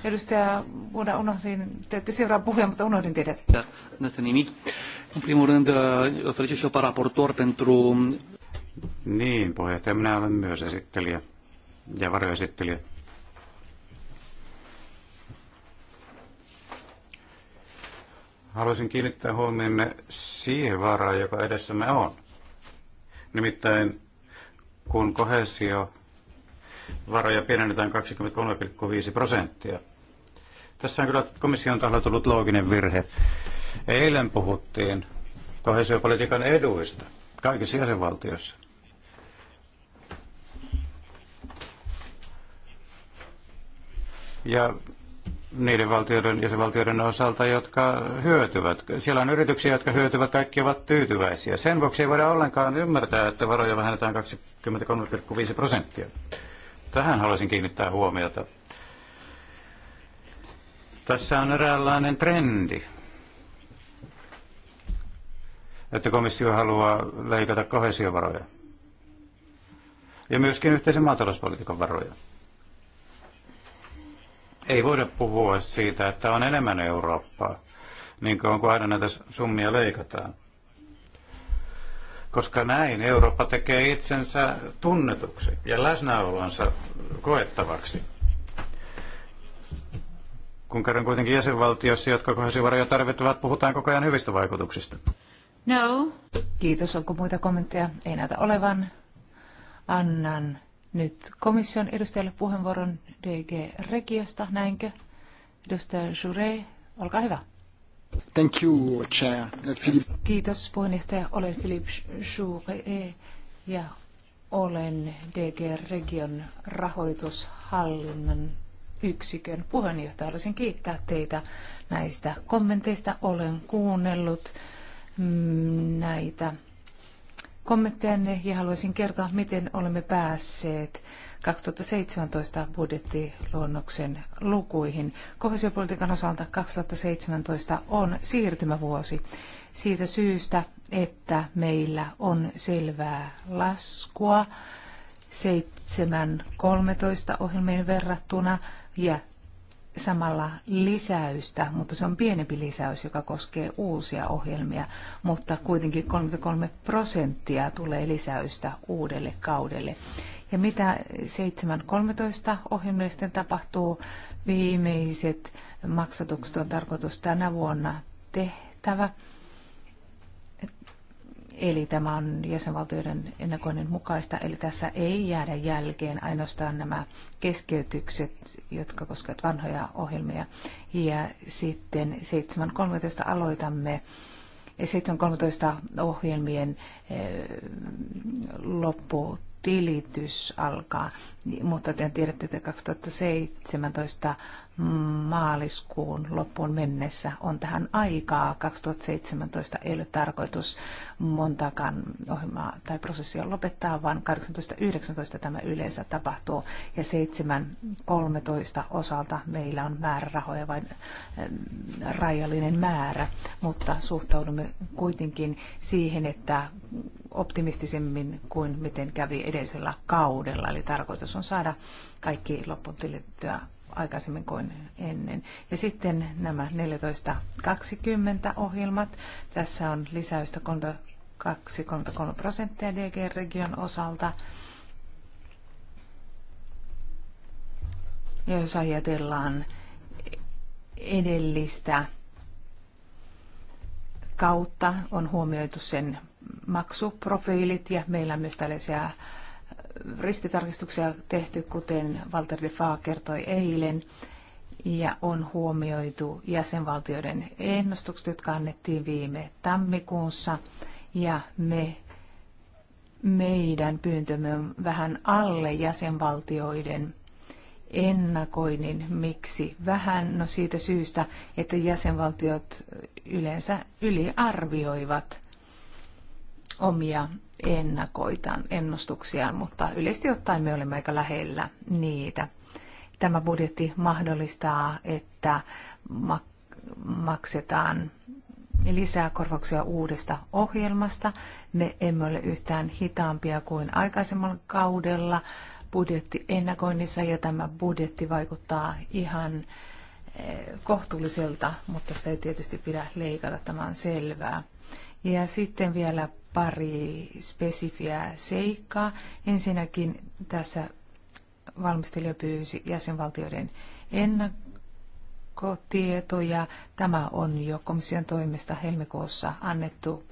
Edustaja Vuoda, unohdin, te ette seuraa puhuja, mutta unohdin teidät. Näistä nimi. În primul rând, felicit și eu pe raportor pentru... Niin, puheenjohtaja, minä olen myös esittelijä ja varjoesittelijä haluaisin kiinnittää huomioon siihen vaaraan, joka edessämme on. Nimittäin kun kohesio varoja pienennetään 23,5 prosenttia. Tässä on kyllä komission taholla tullut looginen virhe. Eilen puhuttiin kohesiopolitiikan eduista kaikissa jäsenvaltioissa. Ja niiden valtioiden, ja jäsenvaltioiden osalta, jotka hyötyvät. Siellä on yrityksiä, jotka hyötyvät, kaikki ovat tyytyväisiä. Sen vuoksi ei voida ollenkaan ymmärtää, että varoja vähennetään 23,5 prosenttia. Tähän haluaisin kiinnittää huomiota. Tässä on eräänlainen trendi, että komissio haluaa leikata kohesiovaroja ja myöskin yhteisen maatalouspolitiikan varoja ei voida puhua siitä, että on enemmän Eurooppaa, niin kuin onko aina näitä summia leikataan. Koska näin Eurooppa tekee itsensä tunnetuksi ja läsnäolonsa koettavaksi. Kun kerran kuitenkin jäsenvaltiossa, jotka kohesivaroja tarvittavat puhutaan koko ajan hyvistä vaikutuksista. No. Kiitos. Onko muita kommentteja? Ei näytä olevan. Annan nyt komission edustajalle puheenvuoron DG Regiosta, näinkö? Edustaja Jure, olkaa hyvä. Thank you, Chair. Philippe. Kiitos puheenjohtaja. Olen Philippe Jure ja olen DG Region rahoitushallinnan yksikön puheenjohtaja. Haluaisin kiittää teitä näistä kommenteista. Olen kuunnellut mm, näitä kommenttejanne ja haluaisin kertoa, miten olemme päässeet 2017 budjettiluonnoksen lukuihin. Kohesiopolitiikan osalta 2017 on siirtymävuosi siitä syystä, että meillä on selvää laskua 7.13 ohjelmien verrattuna ja samalla lisäystä, mutta se on pienempi lisäys, joka koskee uusia ohjelmia, mutta kuitenkin 33 prosenttia tulee lisäystä uudelle kaudelle. Ja mitä 7.13 ohjelmille sitten tapahtuu, viimeiset maksatukset on tarkoitus tänä vuonna tehtävä Eli tämä on jäsenvaltioiden ennakoinnin mukaista, eli tässä ei jäädä jälkeen ainoastaan nämä keskeytykset, jotka koskevat vanhoja ohjelmia. Ja sitten 7.13 aloitamme 7.13 ohjelmien eh, lopputilitys alkaa, mutta te tiedätte, että 2017 maaliskuun loppuun mennessä on tähän aikaa. 2017 ei ole tarkoitus montakaan ohjelmaa tai prosessia lopettaa, vaan 2019 tämä yleensä tapahtuu. Ja 7 osalta meillä on määrärahoja vain rajallinen määrä, mutta suhtaudumme kuitenkin siihen, että optimistisemmin kuin miten kävi edellisellä kaudella. Eli tarkoitus on saada kaikki loppuun aikaisemmin kuin ennen. Ja sitten nämä 14.20 ohjelmat. Tässä on lisäystä 2,33 prosenttia DG-region osalta. Ja jos ajatellaan edellistä kautta, on huomioitu sen maksuprofiilit ja meillä on myös tällaisia ristitarkistuksia tehty, kuten Walter de Faa kertoi eilen, ja on huomioitu jäsenvaltioiden ennustukset, jotka annettiin viime tammikuussa, ja me, meidän pyyntömme on vähän alle jäsenvaltioiden ennakoinnin. Miksi vähän? No siitä syystä, että jäsenvaltiot yleensä yliarvioivat omia ennakoitaan ennustuksiaan, mutta yleisesti ottaen me olemme aika lähellä niitä. Tämä budjetti mahdollistaa, että maksetaan lisää korvauksia uudesta ohjelmasta. Me emme ole yhtään hitaampia kuin aikaisemmalla kaudella budjetti-ennakoinnissa ja tämä budjetti vaikuttaa ihan eh, kohtuulliselta, mutta sitä ei tietysti pidä leikata, tämä on selvää. Ja sitten vielä pari spesifiä seikkaa. Ensinnäkin tässä valmistelija pyysi jäsenvaltioiden ennakkotietoja. Tämä on jo komission toimesta helmikuussa annettu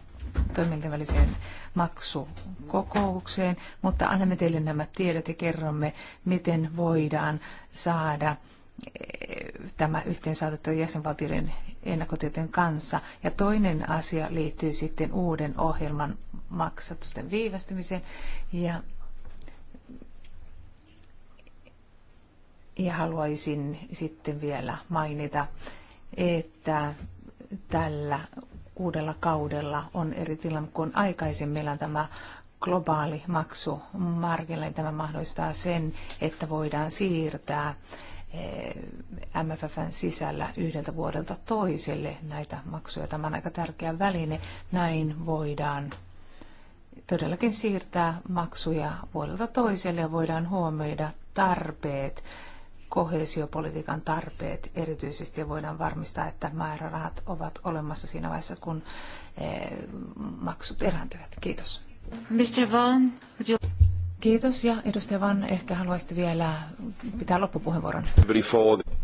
toimintaväliseen maksukokoukseen, mutta annamme teille nämä tiedot ja kerromme, miten voidaan saada tämä yhteensaatettujen jäsenvaltioiden ennakkotietojen kanssa. Ja toinen asia liittyy sitten uuden ohjelman maksatusten viivästymiseen. Ja, ja haluaisin sitten vielä mainita, että tällä uudella kaudella on eri tilanne kuin aikaisemmin. Meillä on tämä globaali maksu markkinoille. Tämä mahdollistaa sen, että voidaan siirtää Eh, MFFn sisällä yhdeltä vuodelta toiselle näitä maksuja. Tämä on aika tärkeä väline. Näin voidaan todellakin siirtää maksuja vuodelta toiselle ja voidaan huomioida tarpeet, kohesiopolitiikan tarpeet erityisesti ja voidaan varmistaa, että määrärahat ovat olemassa siinä vaiheessa, kun eh, maksut erääntyvät. Kiitos. Mr. Vaughan, would you... Kiitos. Ja edustaja Van, ehkä haluaisitte vielä pitää loppupuheenvuoron.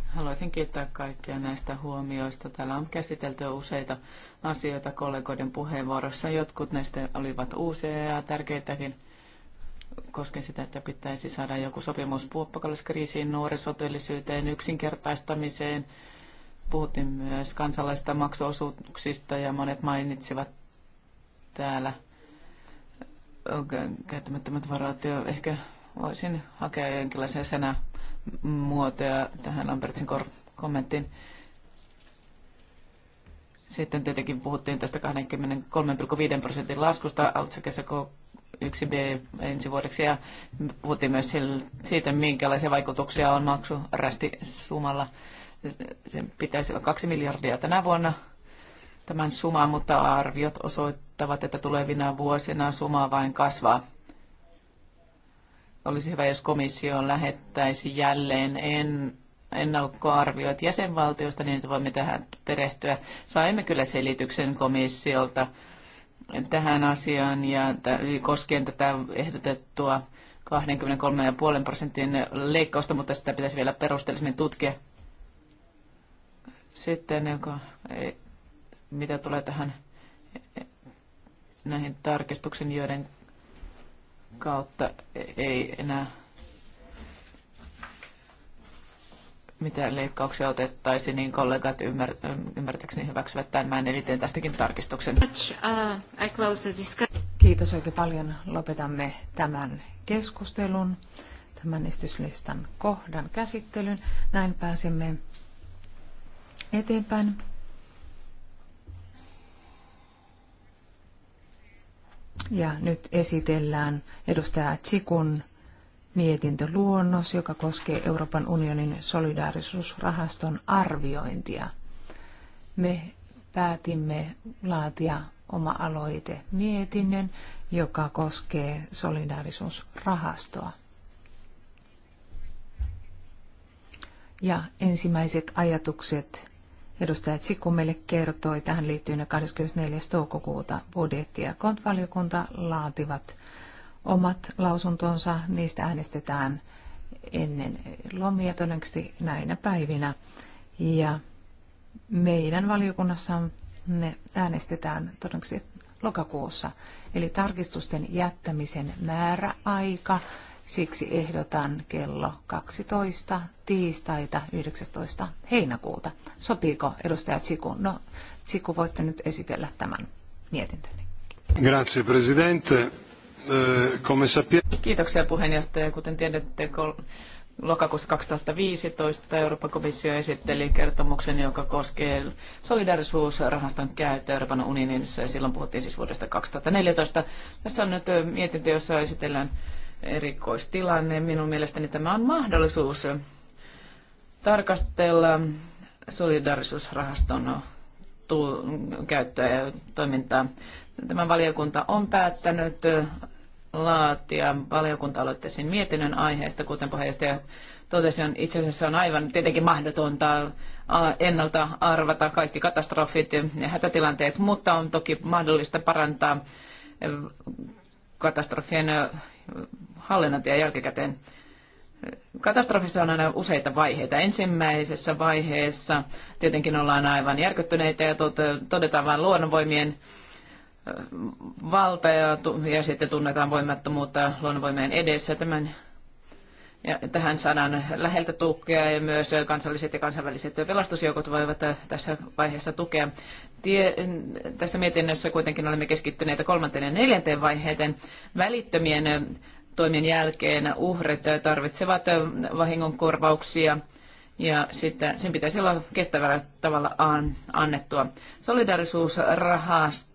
Haluaisin kiittää kaikkia näistä huomioista. Täällä on käsitelty useita asioita kollegoiden puheenvuorossa. Jotkut näistä olivat uusia ja tärkeitäkin Koskin sitä, että pitäisi saada joku sopimus puoppakalliskriisiin, nuorisotyöllisyyteen, yksinkertaistamiseen. Puhuttiin myös kansalaisista maksuosuuksista ja monet mainitsivat täällä – käyttämättömät varat ja ehkä voisin hakea jonkinlaisia senä muotoja tähän Lambertsin kommenttiin. Sitten tietenkin puhuttiin tästä 23,5 prosentin laskusta otsakessa K1B ensi vuodeksi ja puhuttiin myös siitä, minkälaisia vaikutuksia on rästi sumalla. Sen pitäisi olla 2 miljardia tänä vuonna tämän suman, mutta arviot osoittavat, että tulevina vuosina suma vain kasvaa. Olisi hyvä, jos komissio lähettäisi jälleen en, ennakkoarviot jäsenvaltiosta, niin että voimme tähän perehtyä. Saimme kyllä selityksen komissiolta tähän asiaan ja koskien tätä ehdotettua 23,5 prosentin leikkausta, mutta sitä pitäisi vielä perusteellisemmin tutkia. Sitten joka mitä tulee tähän näihin tarkistuksiin, joiden kautta ei enää mitään leikkauksia otettaisi, niin kollegat ymmär, ymmärtääkseni hyväksyvät tämän, eli teen tästäkin tarkistuksen. Uh, Kiitos oikein paljon. Lopetamme tämän keskustelun, tämän esityslistan kohdan käsittelyn. Näin pääsemme eteenpäin. Ja nyt esitellään edustaja Tsikun mietintöluonnos, joka koskee Euroopan unionin solidaarisuusrahaston arviointia. Me päätimme laatia oma aloite mietinnön, joka koskee solidaarisuusrahastoa. Ja ensimmäiset ajatukset edustaja Tsikku meille kertoi. Tähän liittyy ne 24. toukokuuta budjetti- ja kontvaliokunta laativat omat lausuntonsa. Niistä äänestetään ennen lomia todennäköisesti näinä päivinä. Ja meidän valiokunnassa ne äänestetään todennäköisesti lokakuussa. Eli tarkistusten jättämisen määräaika Siksi ehdotan kello 12 tiistaita 19. heinäkuuta. Sopiiko edustaja Tsiku? No, Tsiku, voitte nyt esitellä tämän mietintöni. Grazie, presidente. Eh, Kiitoksia puheenjohtaja. Kuten tiedätte, lokakuussa 2015 Euroopan komissio esitteli kertomuksen, joka koskee solidarisuusrahaston käyttöä Euroopan unionissa. Ja silloin puhuttiin siis vuodesta 2014. Tässä on nyt eh, mietintö, jossa esitellään erikoistilanne. Minun mielestäni tämä on mahdollisuus tarkastella solidarisuusrahaston käyttöä ja toimintaa. Tämä valiokunta on päättänyt laatia valiokunta aloitteisiin mietinnön aiheesta, kuten puheenjohtaja totesi, on itse asiassa on aivan tietenkin mahdotonta ennalta arvata kaikki katastrofit ja hätätilanteet, mutta on toki mahdollista parantaa katastrofien hallinnointia jälkikäteen. Katastrofissa on aina useita vaiheita. Ensimmäisessä vaiheessa tietenkin ollaan aivan järkyttyneitä ja todetaan vain luonnonvoimien valta ja, ja sitten tunnetaan voimattomuutta luonnonvoimien edessä. Tämän ja tähän sanan läheltä tukea ja myös kansalliset ja kansainväliset pelastusjoukot voivat äh, tässä vaiheessa tukea. Tie, tässä mietinnössä kuitenkin olemme keskittyneet kolmanteen ja neljänteen vaiheeseen välittömien äh, toimien jälkeen uhret äh, tarvitsevat vahingonkorvauksia ja sitten sen pitäisi olla kestävällä tavalla annettua. Solidarisuusrahasto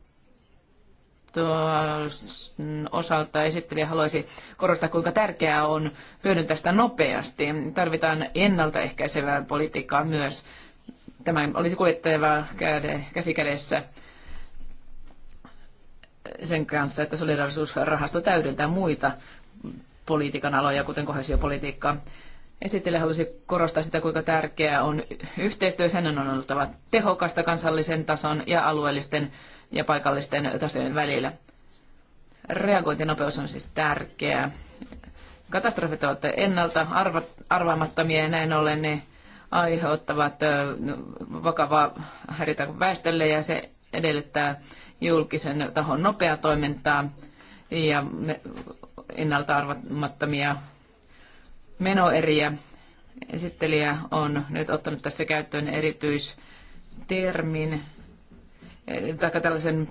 osalta esittelijä haluaisi korostaa, kuinka tärkeää on hyödyntää sitä nopeasti. Tarvitaan ennaltaehkäisevää politiikkaa myös. Tämä olisi kuljettava käsi kädessä sen kanssa, että solidarisuusrahasto täydentää muita politiikan aloja, kuten kohesiopolitiikkaa. Esittelijä halusi korostaa sitä, kuinka tärkeää on yhteistyö. Sen on oltava tehokasta kansallisen tason ja alueellisten ja paikallisten tasojen välillä. Reagointinopeus on siis tärkeää. Katastrofit ovat ennalta arva, arvaamattomia ja näin ollen ne aiheuttavat vakavaa häiritä väestölle ja se edellyttää julkisen tahon nopeaa toimintaa ja ennalta arvamattomia menoeriä. Esittelijä on nyt ottanut tässä käyttöön erityistermin, tai tällaisen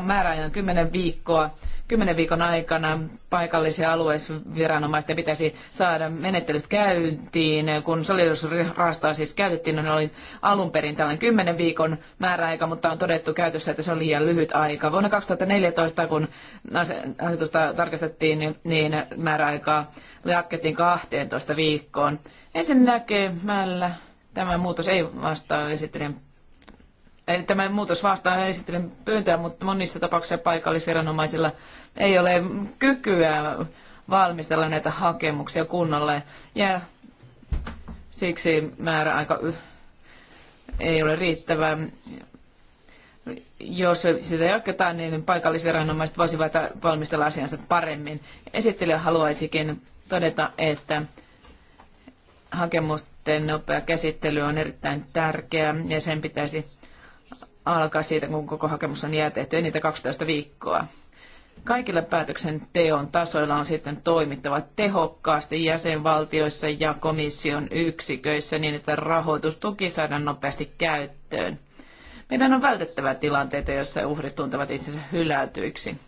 määräajan 10 viikkoa, 10 viikon aikana paikallisia alueisviranomaisten pitäisi saada menettelyt käyntiin. Kun solidarisuusrahastoa siis käytettiin, niin oli alun perin tällainen 10 viikon määräaika, mutta on todettu käytössä, että se on liian lyhyt aika. Vuonna 2014, kun asetusta tarkastettiin, niin, niin määräaikaa jatkettiin 12 viikkoon. Ensinnäkemällä tämä muutos ei vastaa esittelijän Tämä muutos vastaa esittelen pyyntöä, mutta monissa tapauksissa paikallisviranomaisilla ei ole kykyä valmistella näitä hakemuksia kunnolla. Ja siksi määrä aika ei ole riittävää. Jos sitä jatketaan, niin paikallisviranomaiset voisivat valmistella asiansa paremmin. Esittelijä haluaisikin todeta, että hakemusten nopea käsittely on erittäin tärkeää ja sen pitäisi alkaa siitä, kun koko hakemus on jätetty, enintään 12 viikkoa. Kaikilla päätöksenteon tasoilla on sitten toimittava tehokkaasti jäsenvaltioissa ja komission yksiköissä niin, että rahoitustuki saadaan nopeasti käyttöön. Meidän on vältettävä tilanteita, joissa uhrit tuntevat itsensä hylätyiksi.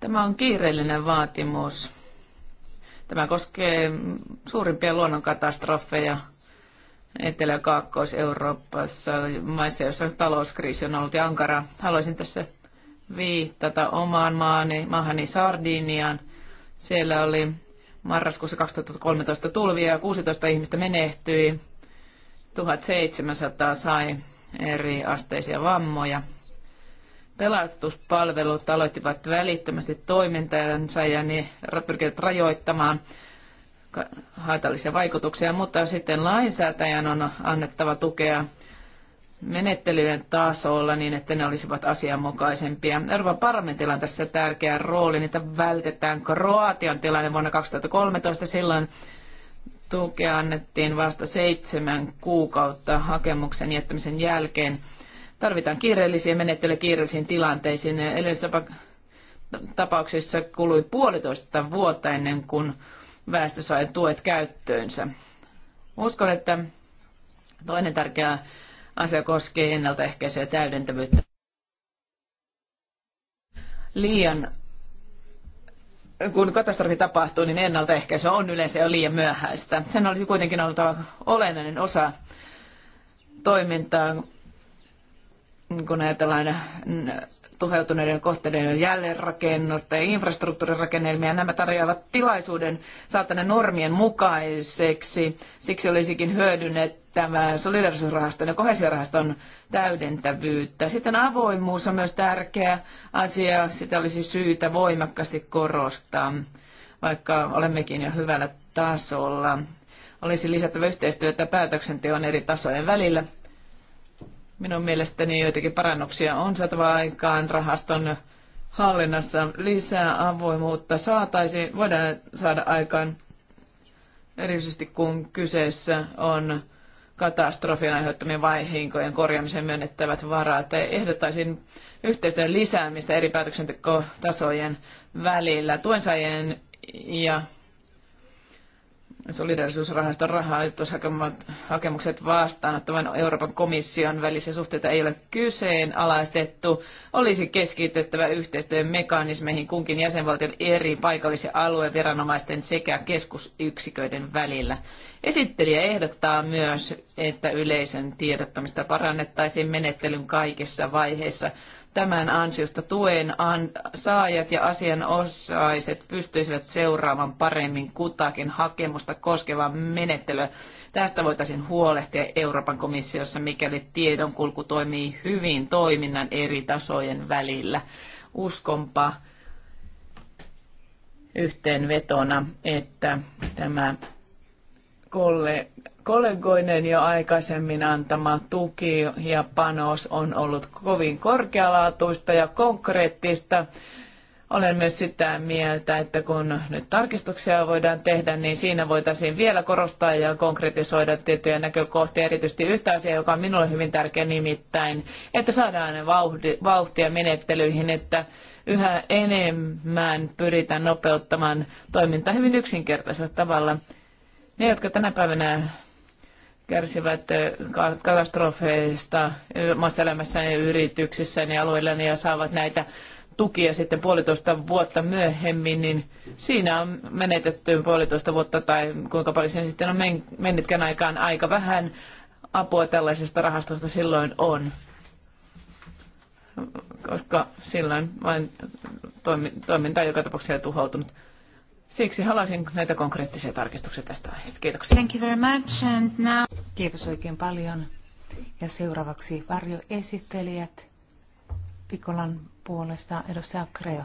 Tämä on kiireellinen vaatimus. Tämä koskee suurimpia luonnonkatastrofeja, Etelä- ja Kaakkois-Euroopassa, maissa, joissa talouskriisi on ollut ankara. Haluaisin tässä viittata omaan maani, maahani Sardiniaan. Siellä oli marraskuussa 2013 tulvia ja 16 ihmistä menehtyi. 1700 sai eri asteisia vammoja. Pelastuspalvelut aloittivat välittömästi toimintaansa ja ne pyrkivät rajoittamaan haitallisia vaikutuksia, mutta sitten lainsäätäjän on annettava tukea menettelyjen tasolla niin, että ne olisivat asianmukaisempia. Euroopan parlamentilla on tässä tärkeä rooli, niitä vältetään. Kroatian tilanne vuonna 2013, silloin tukea annettiin vasta seitsemän kuukautta hakemuksen jättämisen jälkeen. Tarvitaan kiireellisiä menettelyjä kiireellisiin tilanteisiin. Eli tapauksessa kului puolitoista vuotta ennen kuin väestö sai tuet käyttöönsä. Uskon, että toinen tärkeä asia koskee ennaltaehkäisyä ja täydentävyyttä. Liian, kun katastrofi tapahtuu, niin ennaltaehkäisy on yleensä jo liian myöhäistä. Sen olisi kuitenkin oltava olennainen osa toimintaa, kun ajatellaan tuhoutuneiden kohteiden jälleenrakennusta ja infrastruktuurirakennelmia. Nämä tarjoavat tilaisuuden saada ne normien mukaiseksi. Siksi olisikin hyödynnettävä solidarisuusrahaston ja kohesiorahaston täydentävyyttä. Sitten avoimuus on myös tärkeä asia. Sitä olisi syytä voimakkaasti korostaa, vaikka olemmekin jo hyvällä tasolla. Olisi lisättävä yhteistyötä päätöksenteon eri tasojen välillä – Minun mielestäni joitakin parannuksia on saatava aikaan rahaston hallinnassa. Lisää avoimuutta saataisiin, voidaan saada aikaan, erityisesti kun kyseessä on katastrofin aiheuttamien vaihinkojen korjaamisen myönnettävät varat. Ehdottaisin yhteistyön lisäämistä eri päätöksentekotasojen välillä. Tuensaajien ja solidarisuusrahaston rahaa, jos hakemukset vastaanottavan Euroopan komission välisiä suhteita ei ole kyseenalaistettu, olisi keskityttävä yhteistyön mekanismeihin kunkin jäsenvaltion eri paikallis- ja alueviranomaisten sekä keskusyksiköiden välillä. Esittelijä ehdottaa myös, että yleisön tiedottamista parannettaisiin menettelyn kaikissa vaiheissa – Tämän ansiosta tuen saajat ja asianosaiset pystyisivät seuraamaan paremmin kutakin hakemusta koskevaa menettelyä. Tästä voitaisiin huolehtia Euroopan komissiossa, mikäli tiedonkulku toimii hyvin toiminnan eri tasojen välillä. Uskonpa yhteenvetona, että tämä kolle kollegoiden jo aikaisemmin antama tuki ja panos on ollut kovin korkealaatuista ja konkreettista. Olen myös sitä mieltä, että kun nyt tarkistuksia voidaan tehdä, niin siinä voitaisiin vielä korostaa ja konkretisoida tiettyjä näkökohtia, erityisesti yhtä asiaa, joka on minulle hyvin tärkeä nimittäin, että saadaan ne vauhtia menettelyihin, että yhä enemmän pyritään nopeuttamaan toimintaa hyvin yksinkertaisella tavalla. Ne, jotka tänä päivänä kärsivät katastrofeista omassa elämässään ja yrityksissään ja alueillaan ja saavat näitä tukia sitten puolitoista vuotta myöhemmin, niin siinä on menetetty puolitoista vuotta tai kuinka paljon se sitten on mennytkään aikaan. Aika vähän apua tällaisesta rahastosta silloin on, koska silloin vain toiminta on joka tapauksessa tuhoutunut. Siksi haluaisin näitä konkreettisia tarkistuksia tästä aiheesta. Kiitoksia. Thank you very much and now... Kiitos oikein paljon. Ja seuraavaksi varjoesittelijät Pikolan puolesta edustaja Kreo.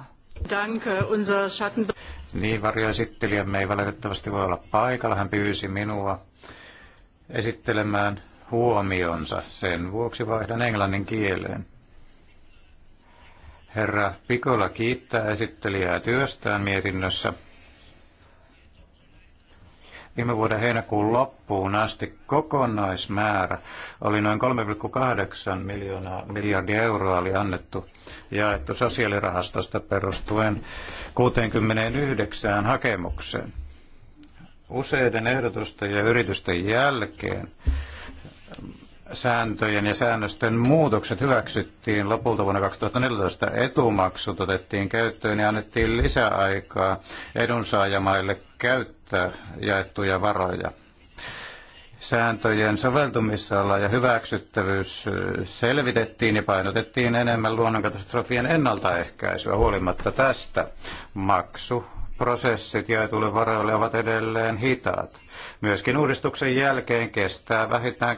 Danke, unser Schatten... Niin, varjoesittelijämme ei valitettavasti voi olla paikalla. Hän pyysi minua esittelemään huomionsa. Sen vuoksi vaihdan englannin kieleen. Herra Pikola kiittää esittelijää työstään mietinnössä viime vuoden heinäkuun loppuun asti kokonaismäärä oli noin 3,8 miljoonaa miljardia euroa oli annettu jaettu sosiaalirahastosta perustuen 69 hakemukseen. Useiden ehdotusten ja yritysten jälkeen sääntöjen ja säännösten muutokset hyväksyttiin lopulta vuonna 2014. Etumaksut otettiin käyttöön ja annettiin lisäaikaa edunsaajamaille käyttöön käyttää jaettuja varoja. Sääntöjen soveltumisala ja hyväksyttävyys selvitettiin ja painotettiin enemmän luonnonkatastrofien ennaltaehkäisyä. Huolimatta tästä maksu prosessit varoille ovat edelleen hitaat. Myöskin uudistuksen jälkeen kestää vähintään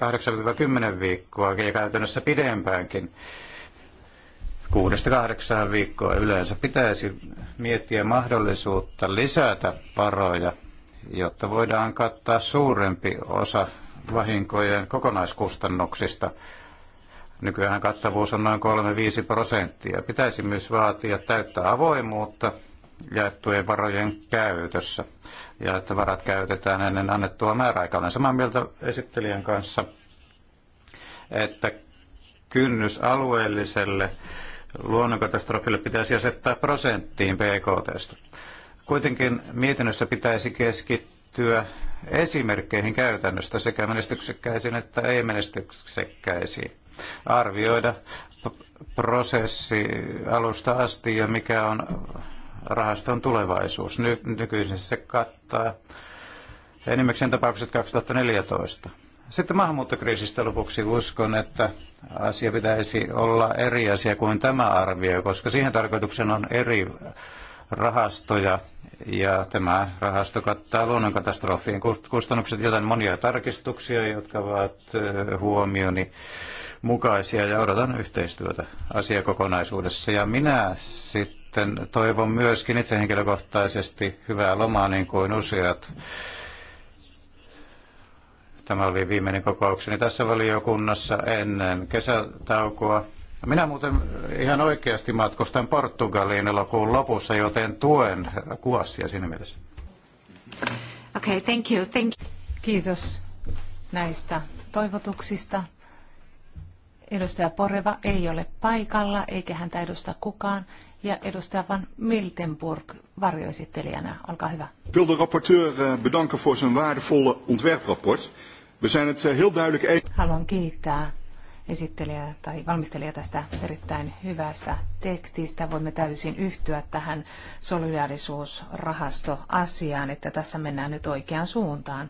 8-10 viikkoa ja käytännössä pidempäänkin. 6-8 viikkoa yleensä pitäisi miettiä mahdollisuutta lisätä varoja jotta voidaan kattaa suurempi osa vahinkojen kokonaiskustannuksista. Nykyään kattavuus on noin 3-5 prosenttia. Pitäisi myös vaatia täyttää avoimuutta jaettujen varojen käytössä ja että varat käytetään ennen annettua määräaikaa. Olen samaa mieltä esittelijän kanssa, että kynnys alueelliselle luonnonkatastrofille pitäisi asettaa prosenttiin BKTstä Kuitenkin mietinnössä pitäisi keskittyä esimerkkeihin käytännöstä sekä menestyksekkäisiin että ei-menestyksekkäisiin. Arvioida prosessi alusta asti ja mikä on rahaston tulevaisuus. Ny- nykyisin se kattaa enimmäkseen tapaukset 2014. Sitten maahanmuuttokriisistä lopuksi uskon, että asia pitäisi olla eri asia kuin tämä arvio, koska siihen tarkoituksena on eri rahastoja ja tämä rahasto kattaa luonnonkatastrofien kustannukset, joten monia tarkistuksia, jotka ovat eh, huomioni mukaisia ja odotan yhteistyötä asiakokonaisuudessa. Ja minä sitten toivon myöskin itse henkilökohtaisesti hyvää lomaa niin kuin useat. Tämä oli viimeinen kokoukseni tässä valiokunnassa ennen kesätaukoa. Minä muuten ihan oikeasti matkustan Portugaliin elokuun lopussa, joten tuen kuassia siinä mielessä. Okay, thank you, thank you. Kiitos näistä toivotuksista. Edustaja Poreva ei ole paikalla, eikä häntä edusta kukaan. Ja edustaja Van Miltenburg varjoesittelijänä, olkaa hyvä. Wil de rapporteur eh, bedanken voor zijn waardevolle ontwerprapport. We zijn het eh, heel duidelijk... Haluan kiittää esittelijä tai valmistelija tästä erittäin hyvästä tekstistä. Voimme täysin yhtyä tähän solidaarisuusrahastoasiaan, että tässä mennään nyt oikeaan suuntaan.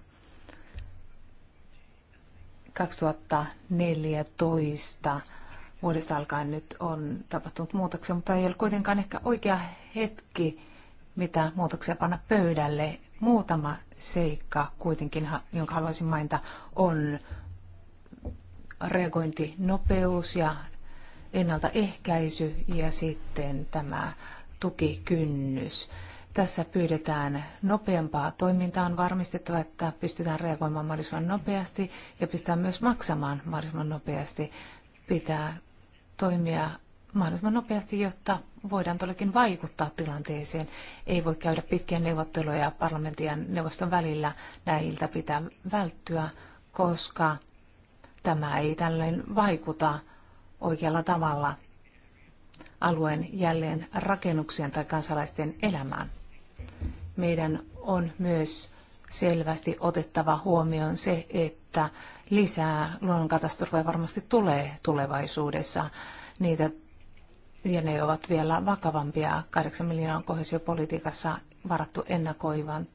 2014 vuodesta alkaen nyt on tapahtunut muutoksia, mutta ei ole kuitenkaan ehkä oikea hetki, mitä muutoksia panna pöydälle. Muutama seikka kuitenkin, jonka haluaisin mainita, on reagointinopeus ja ennaltaehkäisy ja sitten tämä tukikynnys. Tässä pyydetään nopeampaa toimintaa. On varmistettava, että pystytään reagoimaan mahdollisimman nopeasti ja pystytään myös maksamaan mahdollisimman nopeasti. Pitää toimia mahdollisimman nopeasti, jotta voidaan todellakin vaikuttaa tilanteeseen. Ei voi käydä pitkiä neuvotteluja parlamentin ja neuvoston välillä. Näiltä pitää välttyä, koska Tämä ei tällöin vaikuta oikealla tavalla alueen jälleen rakennuksien tai kansalaisten elämään. Meidän on myös selvästi otettava huomioon se, että lisää luonnonkatastrofeja varmasti tulee tulevaisuudessa. Niitä ja ne ovat vielä vakavampia. 8 miljoonaa on kohesiopolitiikassa varattu ennakoivan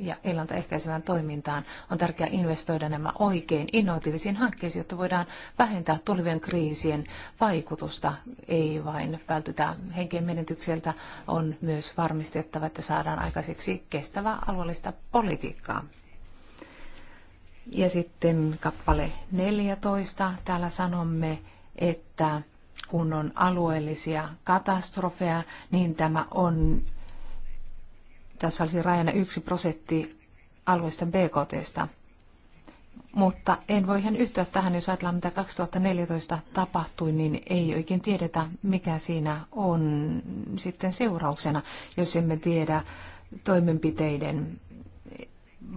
ja ennaltaehkäisevään toimintaan. On tärkeää investoida nämä oikein innovatiivisiin hankkeisiin, jotta voidaan vähentää tulevien kriisien vaikutusta. Ei vain vältytä henkien menetykseltä, on myös varmistettava, että saadaan aikaiseksi kestävää alueellista politiikkaa. Ja sitten kappale 14. Täällä sanomme, että kun on alueellisia katastrofeja, niin tämä on tässä olisi rajana yksi prosentti alueesta BKTstä. Mutta en voi ihan yhtyä tähän, jos ajatellaan mitä 2014 tapahtui, niin ei oikein tiedetä, mikä siinä on sitten seurauksena, jos emme tiedä toimenpiteiden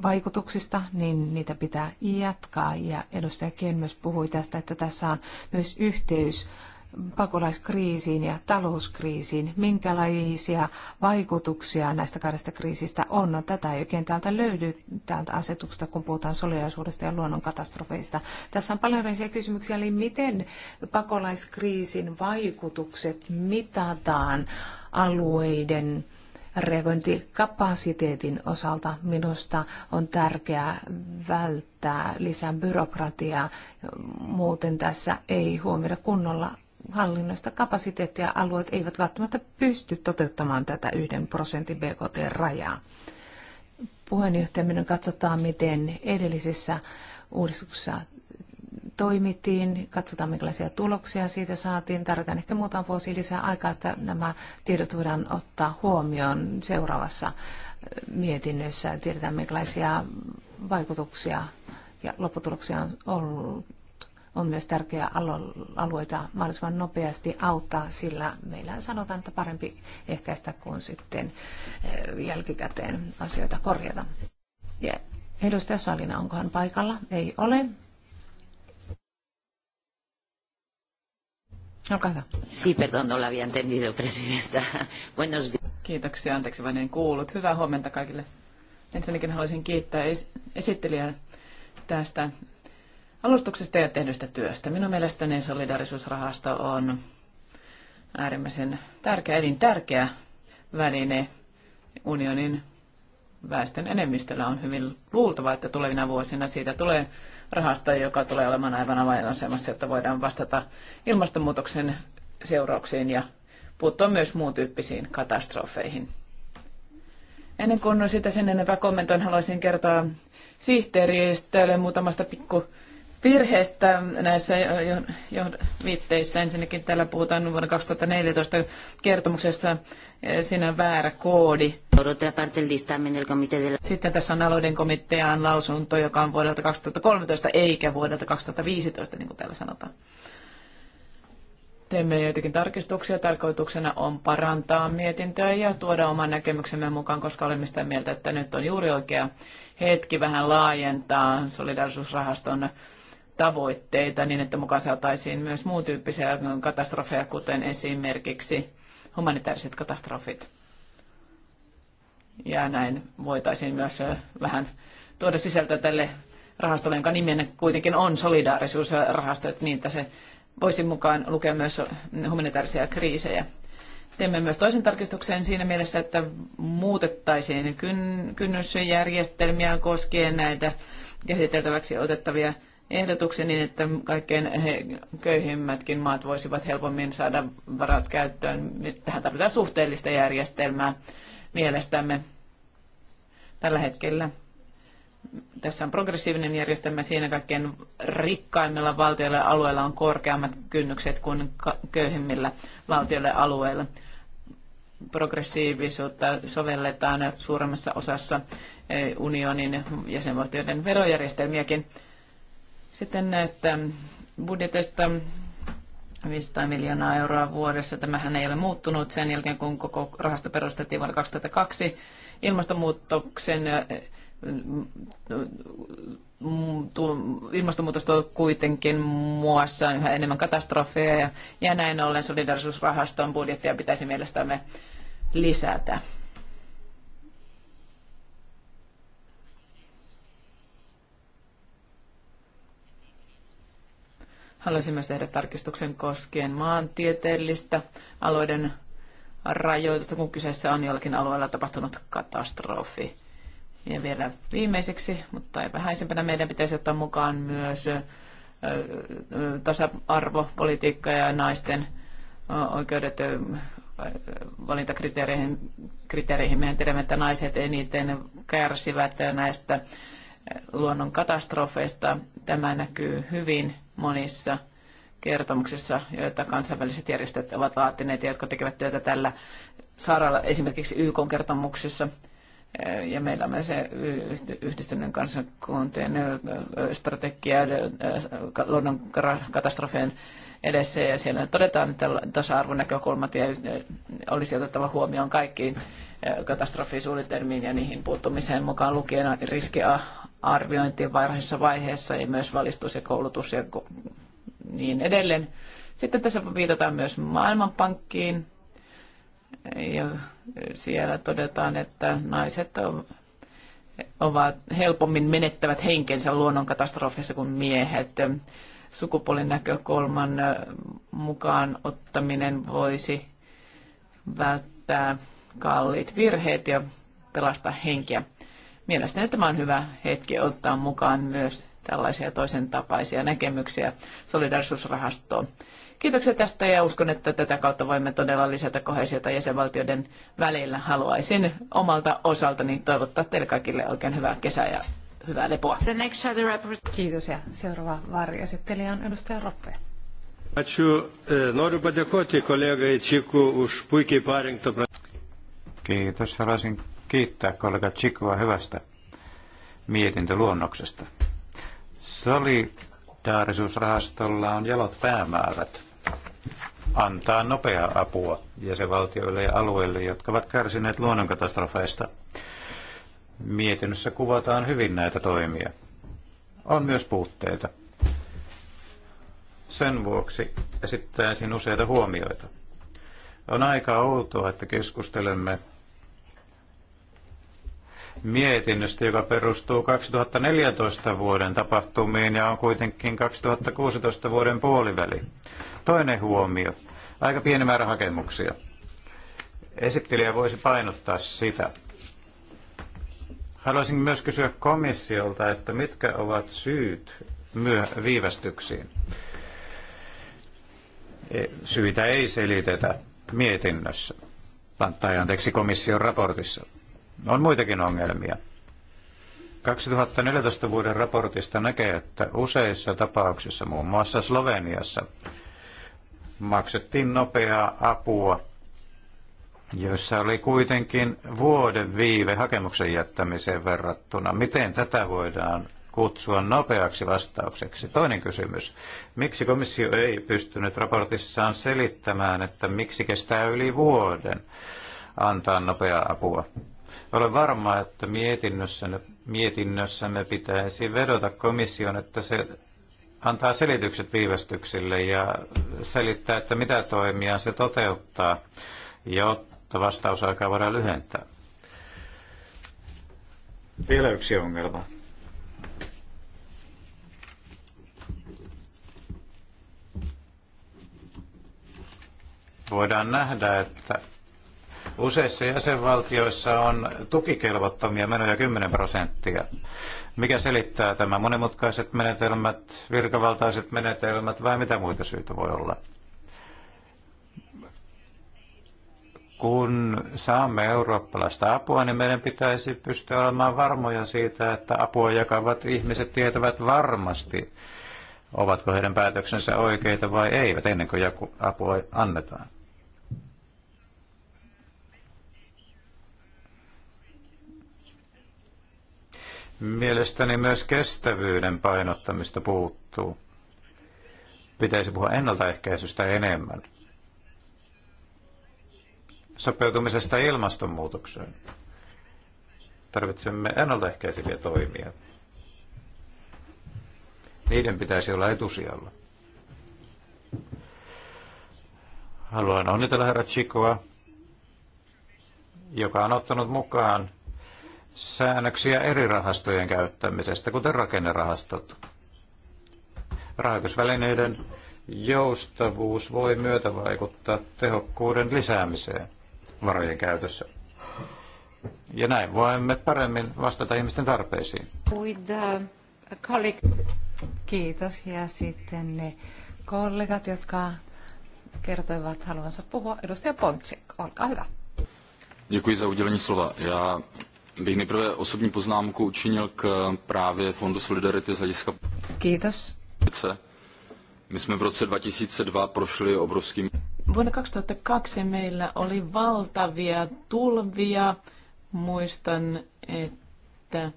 vaikutuksista, niin niitä pitää jatkaa. Ja edustaja Kien myös puhui tästä, että tässä on myös yhteys pakolaiskriisiin ja talouskriisiin. Minkälaisia vaikutuksia näistä kahdesta kriisistä on? No, tätä ei oikein täältä löydy täältä asetuksesta, kun puhutaan solidaisuudesta ja luonnonkatastrofeista. Tässä on paljon erilaisia kysymyksiä, eli miten pakolaiskriisin vaikutukset mitataan alueiden reagointikapasiteetin osalta minusta on tärkeää välttää lisää byrokratiaa. Muuten tässä ei huomioida kunnolla hallinnosta kapasiteettia alueet eivät välttämättä pysty toteuttamaan tätä yhden prosentin BKT-rajaa. Puheenjohtaja, minun katsotaan, miten edellisissä uudistuksissa toimittiin, katsotaan minkälaisia tuloksia siitä saatiin. Tarvitaan ehkä muutama vuosi lisää aikaa, että nämä tiedot voidaan ottaa huomioon seuraavassa äh, mietinnössä. Tiedetään minkälaisia vaikutuksia ja lopputuloksia on ollut on myös tärkeää alueita mahdollisimman nopeasti auttaa, sillä meillä sanotaan, että parempi ehkäistä kuin sitten eh, jälkikäteen asioita korjata. Ja edustaja Salina, onkohan paikalla? Ei ole. Olkaa hyvä. No presidenta. (laughs) Kiitoksia, anteeksi vain en kuullut. Hyvää huomenta kaikille. Ensinnäkin haluaisin kiittää esittelijää tästä alustuksesta ja tehdystä työstä. Minun mielestäni solidarisuusrahasto on äärimmäisen tärkeä, elin tärkeä väline unionin väestön enemmistöllä on hyvin luultava, että tulevina vuosina siitä tulee rahasta, joka tulee olemaan aivan avainasemassa, jotta voidaan vastata ilmastonmuutoksen seurauksiin ja puuttua myös muun tyyppisiin katastrofeihin. Ennen kuin sitä sen enempää kommentoin, haluaisin kertoa sihteeristölle muutamasta pikku virheestä näissä viitteissä. Ensinnäkin täällä puhutaan vuonna 2014 kertomuksessa siinä on väärä koodi. Sitten tässä on alueiden komitean lausunto, joka on vuodelta 2013 eikä vuodelta 2015, niin kuin täällä sanotaan. Teemme joitakin tarkistuksia. Tarkoituksena on parantaa mietintöä ja tuoda oman näkemyksemme mukaan, koska olemme sitä mieltä, että nyt on juuri oikea hetki vähän laajentaa solidarisuusrahaston tavoitteita niin, että mukaan saataisiin myös muun tyyppisiä katastrofeja, kuten esimerkiksi humanitaariset katastrofit. Ja näin voitaisiin myös äh, vähän tuoda sisältöä tälle rahastolle, jonka nimenne kuitenkin on solidaarisuusrahasto, että niin, että se voisi mukaan lukea myös humanitaarisia kriisejä. Teemme myös toisen tarkistuksen siinä mielessä, että muutettaisiin kynnysjärjestelmiä koskien näitä käsiteltäväksi otettavia ehdotukseni, niin, että kaikkein köyhimmätkin maat voisivat helpommin saada varat käyttöön. Tähän tarvitaan suhteellista järjestelmää mielestämme tällä hetkellä. Tässä on progressiivinen järjestelmä. Siinä kaikkein rikkaimmilla valtioilla ja alueilla on korkeammat kynnykset kuin köyhimmillä valtioilla ja alueilla. Progressiivisuutta sovelletaan suuremmassa osassa eh, unionin jäsenvaltioiden verojärjestelmiäkin sitten näistä budjetista 500 miljoonaa euroa vuodessa. Tämähän ei ole muuttunut sen jälkeen, kun koko rahasto perustettiin vuonna 2002. Ilmastonmuutoksen äh, äh, ilmastonmuutos tuo kuitenkin muassa yhä enemmän katastrofeja ja, ja näin ollen solidarisuusrahaston budjettia pitäisi mielestämme lisätä. Haluaisin myös tehdä tarkistuksen koskien maantieteellistä alueiden rajoitusta, kun kyseessä on jollakin alueella tapahtunut katastrofi. Ja vielä viimeiseksi, mutta ei vähäisempänä, meidän pitäisi ottaa mukaan myös tasa-arvopolitiikka ja naisten oikeudet valintakriteereihin. Kriteereihin. Mehän tiedämme, että naiset eniten kärsivät näistä luonnon katastrofeista. Tämä näkyy hyvin monissa kertomuksissa, joita kansainväliset järjestöt ovat vaatineet ja jotka tekevät työtä tällä saralla, esimerkiksi yk kertomuksissa Ja meillä on myös yhdistyneen kansakuntien strategia luonnon katastrofien edessä ja siellä todetaan, että tasa-arvon näkökulmat ja olisi otettava huomioon kaikkiin katastrofisuunnitelmiin ja niihin puuttumiseen mukaan lukien riskiä arviointiin varhaisessa vaiheessa ja myös valistus ja koulutus ja niin edelleen. Sitten tässä viitataan myös Maailmanpankkiin ja siellä todetaan, että naiset ovat helpommin menettävät henkensä luonnonkatastrofissa kuin miehet. Sukupuolen näkökulman mukaan ottaminen voisi välttää kalliit virheet ja pelastaa henkiä. Mielestäni tämä on hyvä hetki ottaa mukaan myös tällaisia toisen tapaisia näkemyksiä solidarisuusrahastoon. Kiitoksia tästä ja uskon, että tätä kautta voimme todella lisätä kohesiota jäsenvaltioiden välillä. Haluaisin omalta osaltani toivottaa teille kaikille oikein hyvää kesää ja hyvää lepoa. The next other Kiitos ja seuraava varjoesittelijä on edustaja Roppe. E, Kiitos. Haluaisin kiittää kollega Chikua hyvästä mietintöluonnoksesta. Solidaarisuusrahastolla on jalot päämäärät antaa nopeaa apua jäsenvaltioille ja alueille, jotka ovat kärsineet luonnonkatastrofeista. Mietinnössä kuvataan hyvin näitä toimia. On myös puutteita. Sen vuoksi esittäisin useita huomioita. On aika outoa, että keskustelemme mietinnöstä, joka perustuu 2014 vuoden tapahtumiin ja on kuitenkin 2016 vuoden puoliväli. Toinen huomio. Aika pieni määrä hakemuksia. Esittelijä voisi painottaa sitä. Haluaisin myös kysyä komissiolta, että mitkä ovat syyt myö- viivästyksiin. E, syitä ei selitetä mietinnössä, tai anteeksi komission raportissa. On muitakin ongelmia. 2014 vuoden raportista näkee, että useissa tapauksissa, muun muassa Sloveniassa, maksettiin nopeaa apua, joissa oli kuitenkin vuoden viive hakemuksen jättämiseen verrattuna. Miten tätä voidaan kutsua nopeaksi vastaukseksi? Toinen kysymys. Miksi komissio ei pystynyt raportissaan selittämään, että miksi kestää yli vuoden antaa nopeaa apua? Olen varma, että mietinnössämme, mietinnössämme pitäisi vedota komission, että se antaa selitykset viivästyksille ja selittää, että mitä toimia se toteuttaa, jotta vastausaikaa voidaan lyhentää. Vielä yksi ongelma. Voidaan nähdä, että Useissa jäsenvaltioissa on tukikelvottomia menoja 10 prosenttia, mikä selittää tämä monimutkaiset menetelmät, virkavaltaiset menetelmät vai mitä muita syitä voi olla. kun saamme eurooppalaista apua, niin meidän pitäisi pystyä olemaan varmoja siitä, että apua jakavat ihmiset tietävät varmasti, ovatko heidän päätöksensä oikeita vai eivät, ennen kuin apua annetaan. Mielestäni myös kestävyyden painottamista puuttuu. Pitäisi puhua ennaltaehkäisystä enemmän. Sopeutumisesta ilmastonmuutokseen. Tarvitsemme ennaltaehkäiseviä toimia. Niiden pitäisi olla etusijalla. Haluan onnitella herra Chikoa, joka on ottanut mukaan säännöksiä eri rahastojen käyttämisestä, kuten rakennerahastot. Rahoitusvälineiden joustavuus voi myötävaikuttaa tehokkuuden lisäämiseen varojen käytössä. Ja näin voimme paremmin vastata ihmisten tarpeisiin. Uh, Kiitos. Ja sitten ne kollegat, jotka kertoivat haluansa puhua. Edustaja Pontsik, olkaa hyvä. Děkuji za udělení slova. Já Bych nejprve osobní poznámku učinil k právě Fondu Solidarity z hlediska... Kiitos. My jsme v roce 2002 prošli obrovským... Vuonna 2002 meillä oli valtavia tulvia. Muistan, että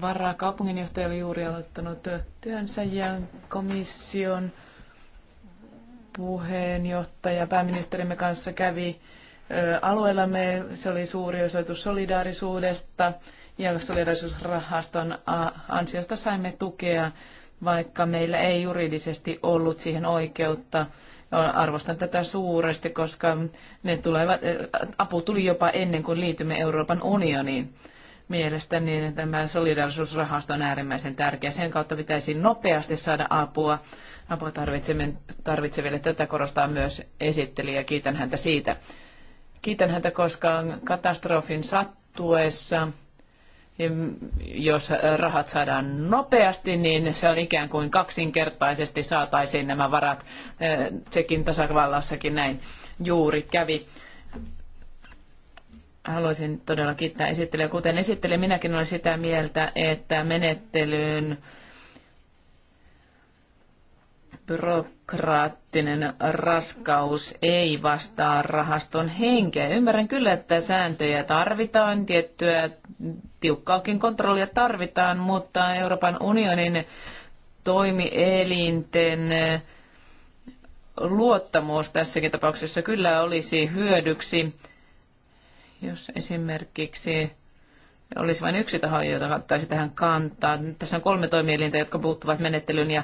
varaa kaupunginjohtaja oli juuri aloittanut työnsä ja komission puheenjohtaja pääministerimme kanssa kävi alueellamme. Se oli suuri osoitus solidaarisuudesta ja solidaarisuusrahaston ansiosta saimme tukea, vaikka meillä ei juridisesti ollut siihen oikeutta. Arvostan tätä suuresti, koska ne tulevat, apu tuli jopa ennen kuin liitymme Euroopan unioniin. Mielestäni tämä solidaarisuusrahasto on äärimmäisen tärkeä. Sen kautta pitäisi nopeasti saada apua. Apua tarvitseville tätä korostaa myös esittelijä. Kiitän häntä siitä. Kiitän häntä, koska katastrofin sattuessa, jos rahat saadaan nopeasti, niin se on ikään kuin kaksinkertaisesti saataisiin nämä varat. Eh, Tsekin tasavallassakin näin juuri kävi haluaisin todella kiittää esittelyä, Kuten esittelin, minäkin olen sitä mieltä, että menettelyyn byrokraattinen raskaus ei vastaa rahaston henkeä. Ymmärrän kyllä, että sääntöjä tarvitaan, tiettyä tiukkaakin kontrollia tarvitaan, mutta Euroopan unionin toimielinten luottamus tässäkin tapauksessa kyllä olisi hyödyksi, jos esimerkiksi olisi vain yksi taho, jota ottaisi tähän kantaa. Tässä on kolme toimielintä, jotka puuttuvat menettelyyn ja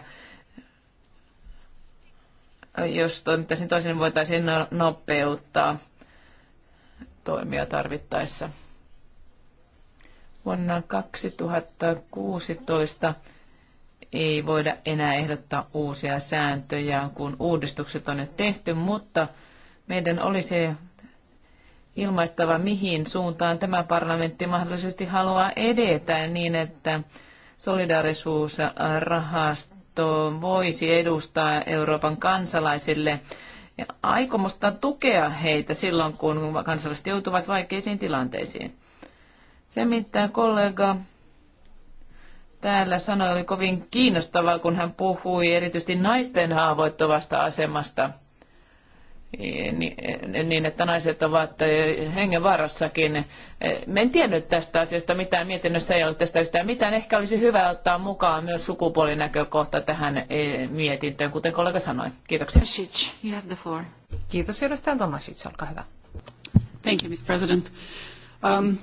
jos toimittaisiin toisin, niin voitaisiin no- nopeuttaa toimia tarvittaessa. Vuonna 2016 ei voida enää ehdottaa uusia sääntöjä, kun uudistukset on nyt tehty, mutta meidän olisi ilmaistava, mihin suuntaan tämä parlamentti mahdollisesti haluaa edetä niin, että solidaarisuusrahasto liitto voisi edustaa Euroopan kansalaisille ja aikomusta tukea heitä silloin, kun kansalaiset joutuvat vaikeisiin tilanteisiin. Se, mitä kollega täällä sanoi, oli kovin kiinnostavaa, kun hän puhui erityisesti naisten haavoittuvasta asemasta – niin, niin, että naiset ovat hengenvaarassakin. Me en tiennyt tästä asiasta mitään, mietinnössä ei ole tästä yhtään mitään. Ehkä olisi hyvä ottaa mukaan myös sukupuolinäkökohta tähän mietintöön, kuten kollega sanoi. Kiitoksia. you have the floor. Kiitos edustaja Tomasic, olkaa hyvä. Thank you, Mr. President. Um...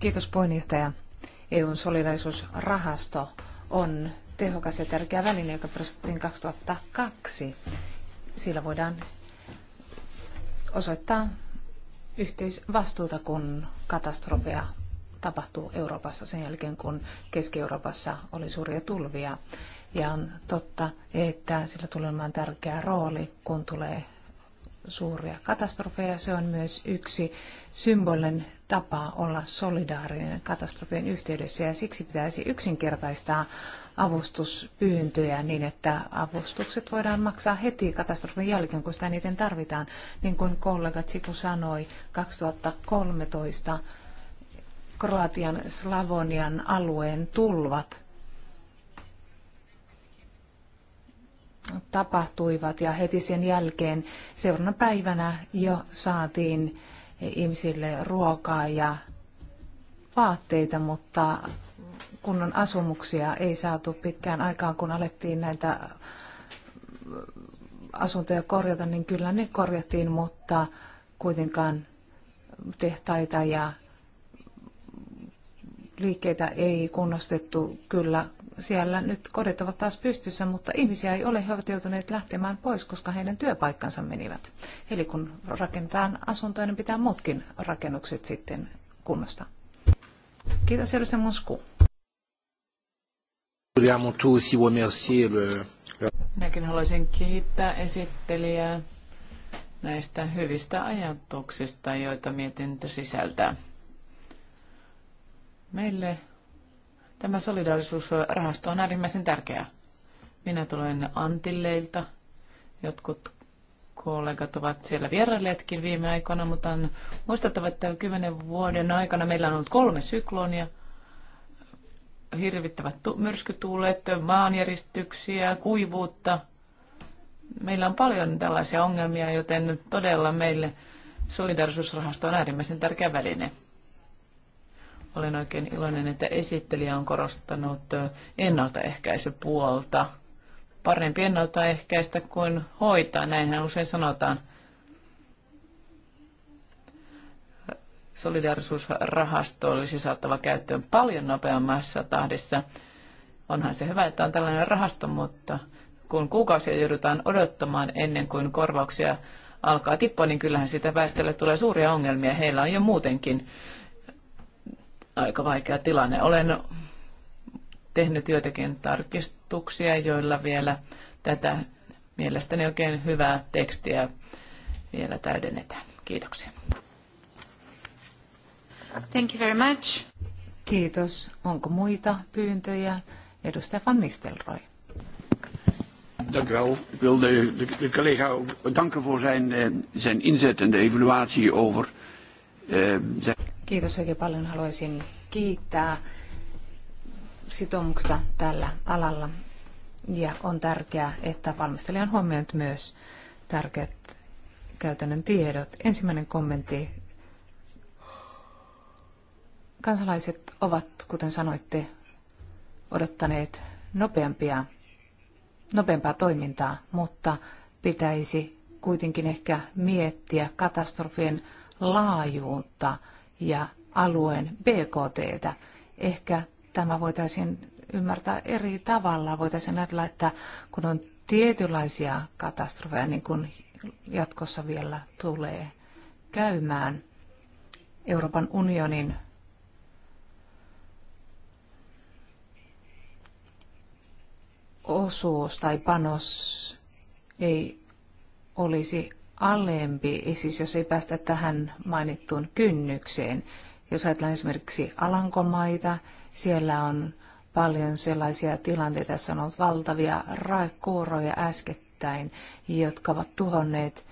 Kiitos puheenjohtaja. EUn solidaisuusrahasto on tehokas ja tärkeä väline, joka perustettiin 2002. Sillä voidaan osoittaa yhteisvastuuta, kun katastrofeja tapahtuu Euroopassa sen jälkeen, kun Keski-Euroopassa oli suuria tulvia. Ja on totta, että sillä tulee olemaan tärkeä rooli, kun tulee suuria katastrofeja. Se on myös yksi symbolinen tapa olla solidaarinen katastrofien yhteydessä ja siksi pitäisi yksinkertaistaa avustuspyyntöjä niin, että avustukset voidaan maksaa heti katastrofin jälkeen, kun sitä niiden tarvitaan. Niin kuin kollega Tsiku sanoi, 2013 Kroatian Slavonian alueen tulvat tapahtuivat ja heti sen jälkeen seuraavana päivänä jo saatiin ihmisille ruokaa ja vaatteita, mutta kunnon asumuksia ei saatu pitkään aikaan, kun alettiin näitä äh, asuntoja korjata, niin kyllä ne korjattiin, mutta kuitenkaan tehtaita ja liikkeitä ei kunnostettu. Kyllä siellä nyt kodit ovat taas pystyssä, mutta ihmisiä ei ole, he ovat joutuneet lähtemään pois, koska heidän työpaikkansa menivät. Eli kun rakennetaan asuntoja, niin pitää muutkin rakennukset sitten kunnosta. Kiitos, Jörsen Mosku. Eh. Minäkin haluaisin kiittää esittelijää näistä hyvistä ajatuksista, joita mietintö sisältää. Meille tämä solidaarisuusrahasto on äärimmäisen tärkeää. Minä tulen Antilleilta. Jotkut kollegat ovat siellä vierailleetkin viime aikoina, mutta on muistettava, että kymmenen vuoden aikana meillä on ollut kolme syklonia – hirvittävät myrskytuulet, maanjäristyksiä, kuivuutta. Meillä on paljon tällaisia ongelmia, joten todella meille solidarisuusrahasto on äärimmäisen tärkeä väline. Olen oikein iloinen, että esittelijä on korostanut ennaltaehkäisypuolta. Parempi ennaltaehkäistä kuin hoitaa, näinhän usein sanotaan – solidaarisuusrahasto olisi saattava käyttöön paljon nopeammassa tahdissa. Onhan se hyvä, että on tällainen rahasto, mutta kun kuukausia joudutaan odottamaan ennen kuin korvauksia alkaa tippua, niin kyllähän sitä väestölle tulee suuria ongelmia. Heillä on jo muutenkin aika vaikea tilanne. Olen tehnyt joitakin tarkistuksia, joilla vielä tätä mielestäni oikein hyvää tekstiä vielä täydennetään. Kiitoksia. Thank you very much. Kiitos. Onko muita pyyntöjä? Edustaja Van Nistelrooy. Dank u wel. Ik wil de, de, de collega danken voor zijn, eh, zijn inzet en de evaluatie over... Uh, zijn... Kiitos oikein paljon. Haluaisin kiittää sitoumuksesta tällä alalla. Ja on tärkeää, että valmistelija on huomioinut myös tärkeät käytännön tiedot. Ensimmäinen kommentti Kansalaiset ovat, kuten sanoitte, odottaneet nopeampia, nopeampaa toimintaa, mutta pitäisi kuitenkin ehkä miettiä katastrofien laajuutta ja alueen BKTtä. Ehkä tämä voitaisiin ymmärtää eri tavalla. Voitaisiin ajatella, että kun on tietynlaisia katastrofeja, niin kuin jatkossa vielä tulee käymään Euroopan unionin osuus tai panos ei olisi alempi, siis jos ei päästä tähän mainittuun kynnykseen. Jos ajatellaan esimerkiksi Alankomaita, siellä on paljon sellaisia tilanteita, joissa on ollut valtavia raekuuroja äskettäin, jotka ovat tuhonneet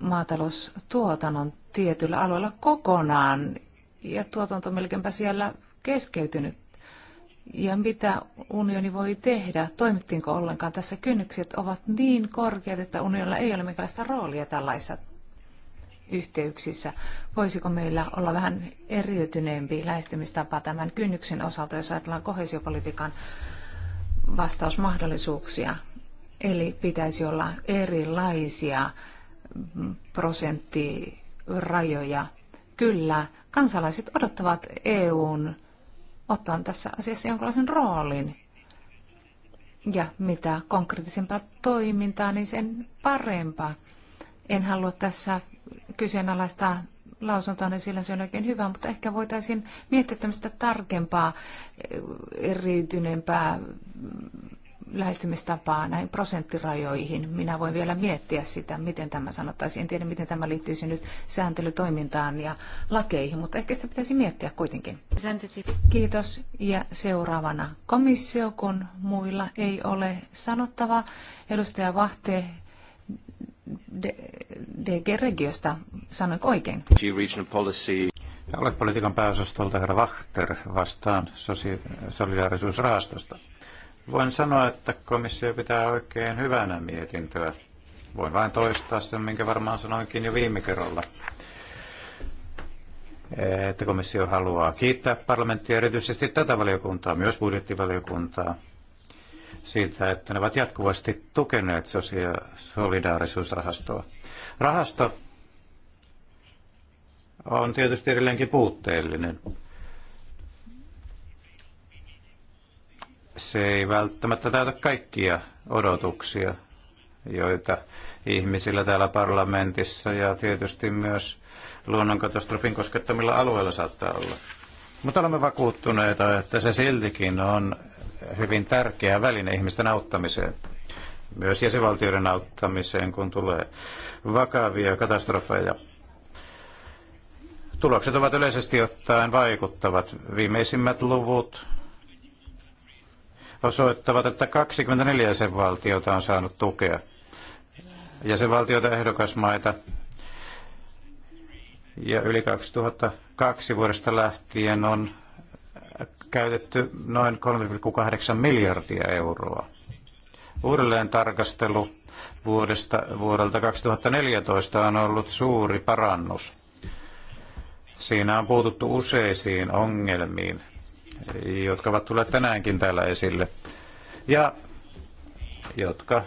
maataloustuotannon tietyllä alueella kokonaan, ja tuotanto on melkeinpä siellä keskeytynyt ja mitä unioni voi tehdä? Toimittiinko ollenkaan? Tässä kynnykset ovat niin korkeat, että unionilla ei ole minkäänlaista roolia tällaisissa yhteyksissä. Voisiko meillä olla vähän eriytyneempi lähestymistapa tämän kynnyksen osalta, jos ajatellaan kohesiopolitiikan vastausmahdollisuuksia? Eli pitäisi olla erilaisia prosenttirajoja. Kyllä, kansalaiset odottavat EUn ottaa tässä asiassa jonkinlaisen roolin. Ja mitä konkreettisempaa toimintaa, niin sen parempaa. En halua tässä lausuntoa, niin sillä se on oikein hyvä, mutta ehkä voitaisiin miettiä tämmöistä tarkempaa, eh, eriytyneempää lähestymistapaa näihin prosenttirajoihin. Minä voin vielä miettiä sitä, miten tämä sanottaisiin. En tiedä, miten tämä liittyisi nyt sääntelytoimintaan ja lakeihin, mutta ehkä sitä pitäisi miettiä kuitenkin. Kiitos. Ja seuraavana komissio, kun muilla ei ole sanottava. Edustaja Vahte DG Regiosta, sanoinko oikein? Olet politiikan pääosastolta herra Vachter vastaan solidaarisuusrahastosta. Voin sanoa, että komissio pitää oikein hyvänä mietintöä. Voin vain toistaa sen, minkä varmaan sanoinkin jo viime kerralla että komissio haluaa kiittää parlamenttia erityisesti tätä valiokuntaa, myös budjettivaliokuntaa, siitä, että ne ovat jatkuvasti tukeneet sosia- solidaarisuusrahastoa. Rahasto on tietysti edelleenkin puutteellinen. se ei välttämättä täytä kaikkia odotuksia, joita ihmisillä täällä parlamentissa ja tietysti myös luonnonkatastrofin koskettamilla alueilla saattaa olla. Mutta olemme vakuuttuneita, että se siltikin on hyvin tärkeä väline ihmisten auttamiseen, myös jäsenvaltioiden auttamiseen, kun tulee vakavia katastrofeja. Tulokset ovat yleisesti ottaen vaikuttavat. Viimeisimmät luvut osoittavat, että 24 jäsenvaltiota on saanut tukea. Jäsenvaltioita ehdokasmaita ja yli 2002 vuodesta lähtien on käytetty noin 3,8 miljardia euroa. Uudelleen tarkastelu vuodesta, vuodelta 2014 on ollut suuri parannus. Siinä on puututtu useisiin ongelmiin, jotka ovat tulleet tänäänkin täällä esille ja jotka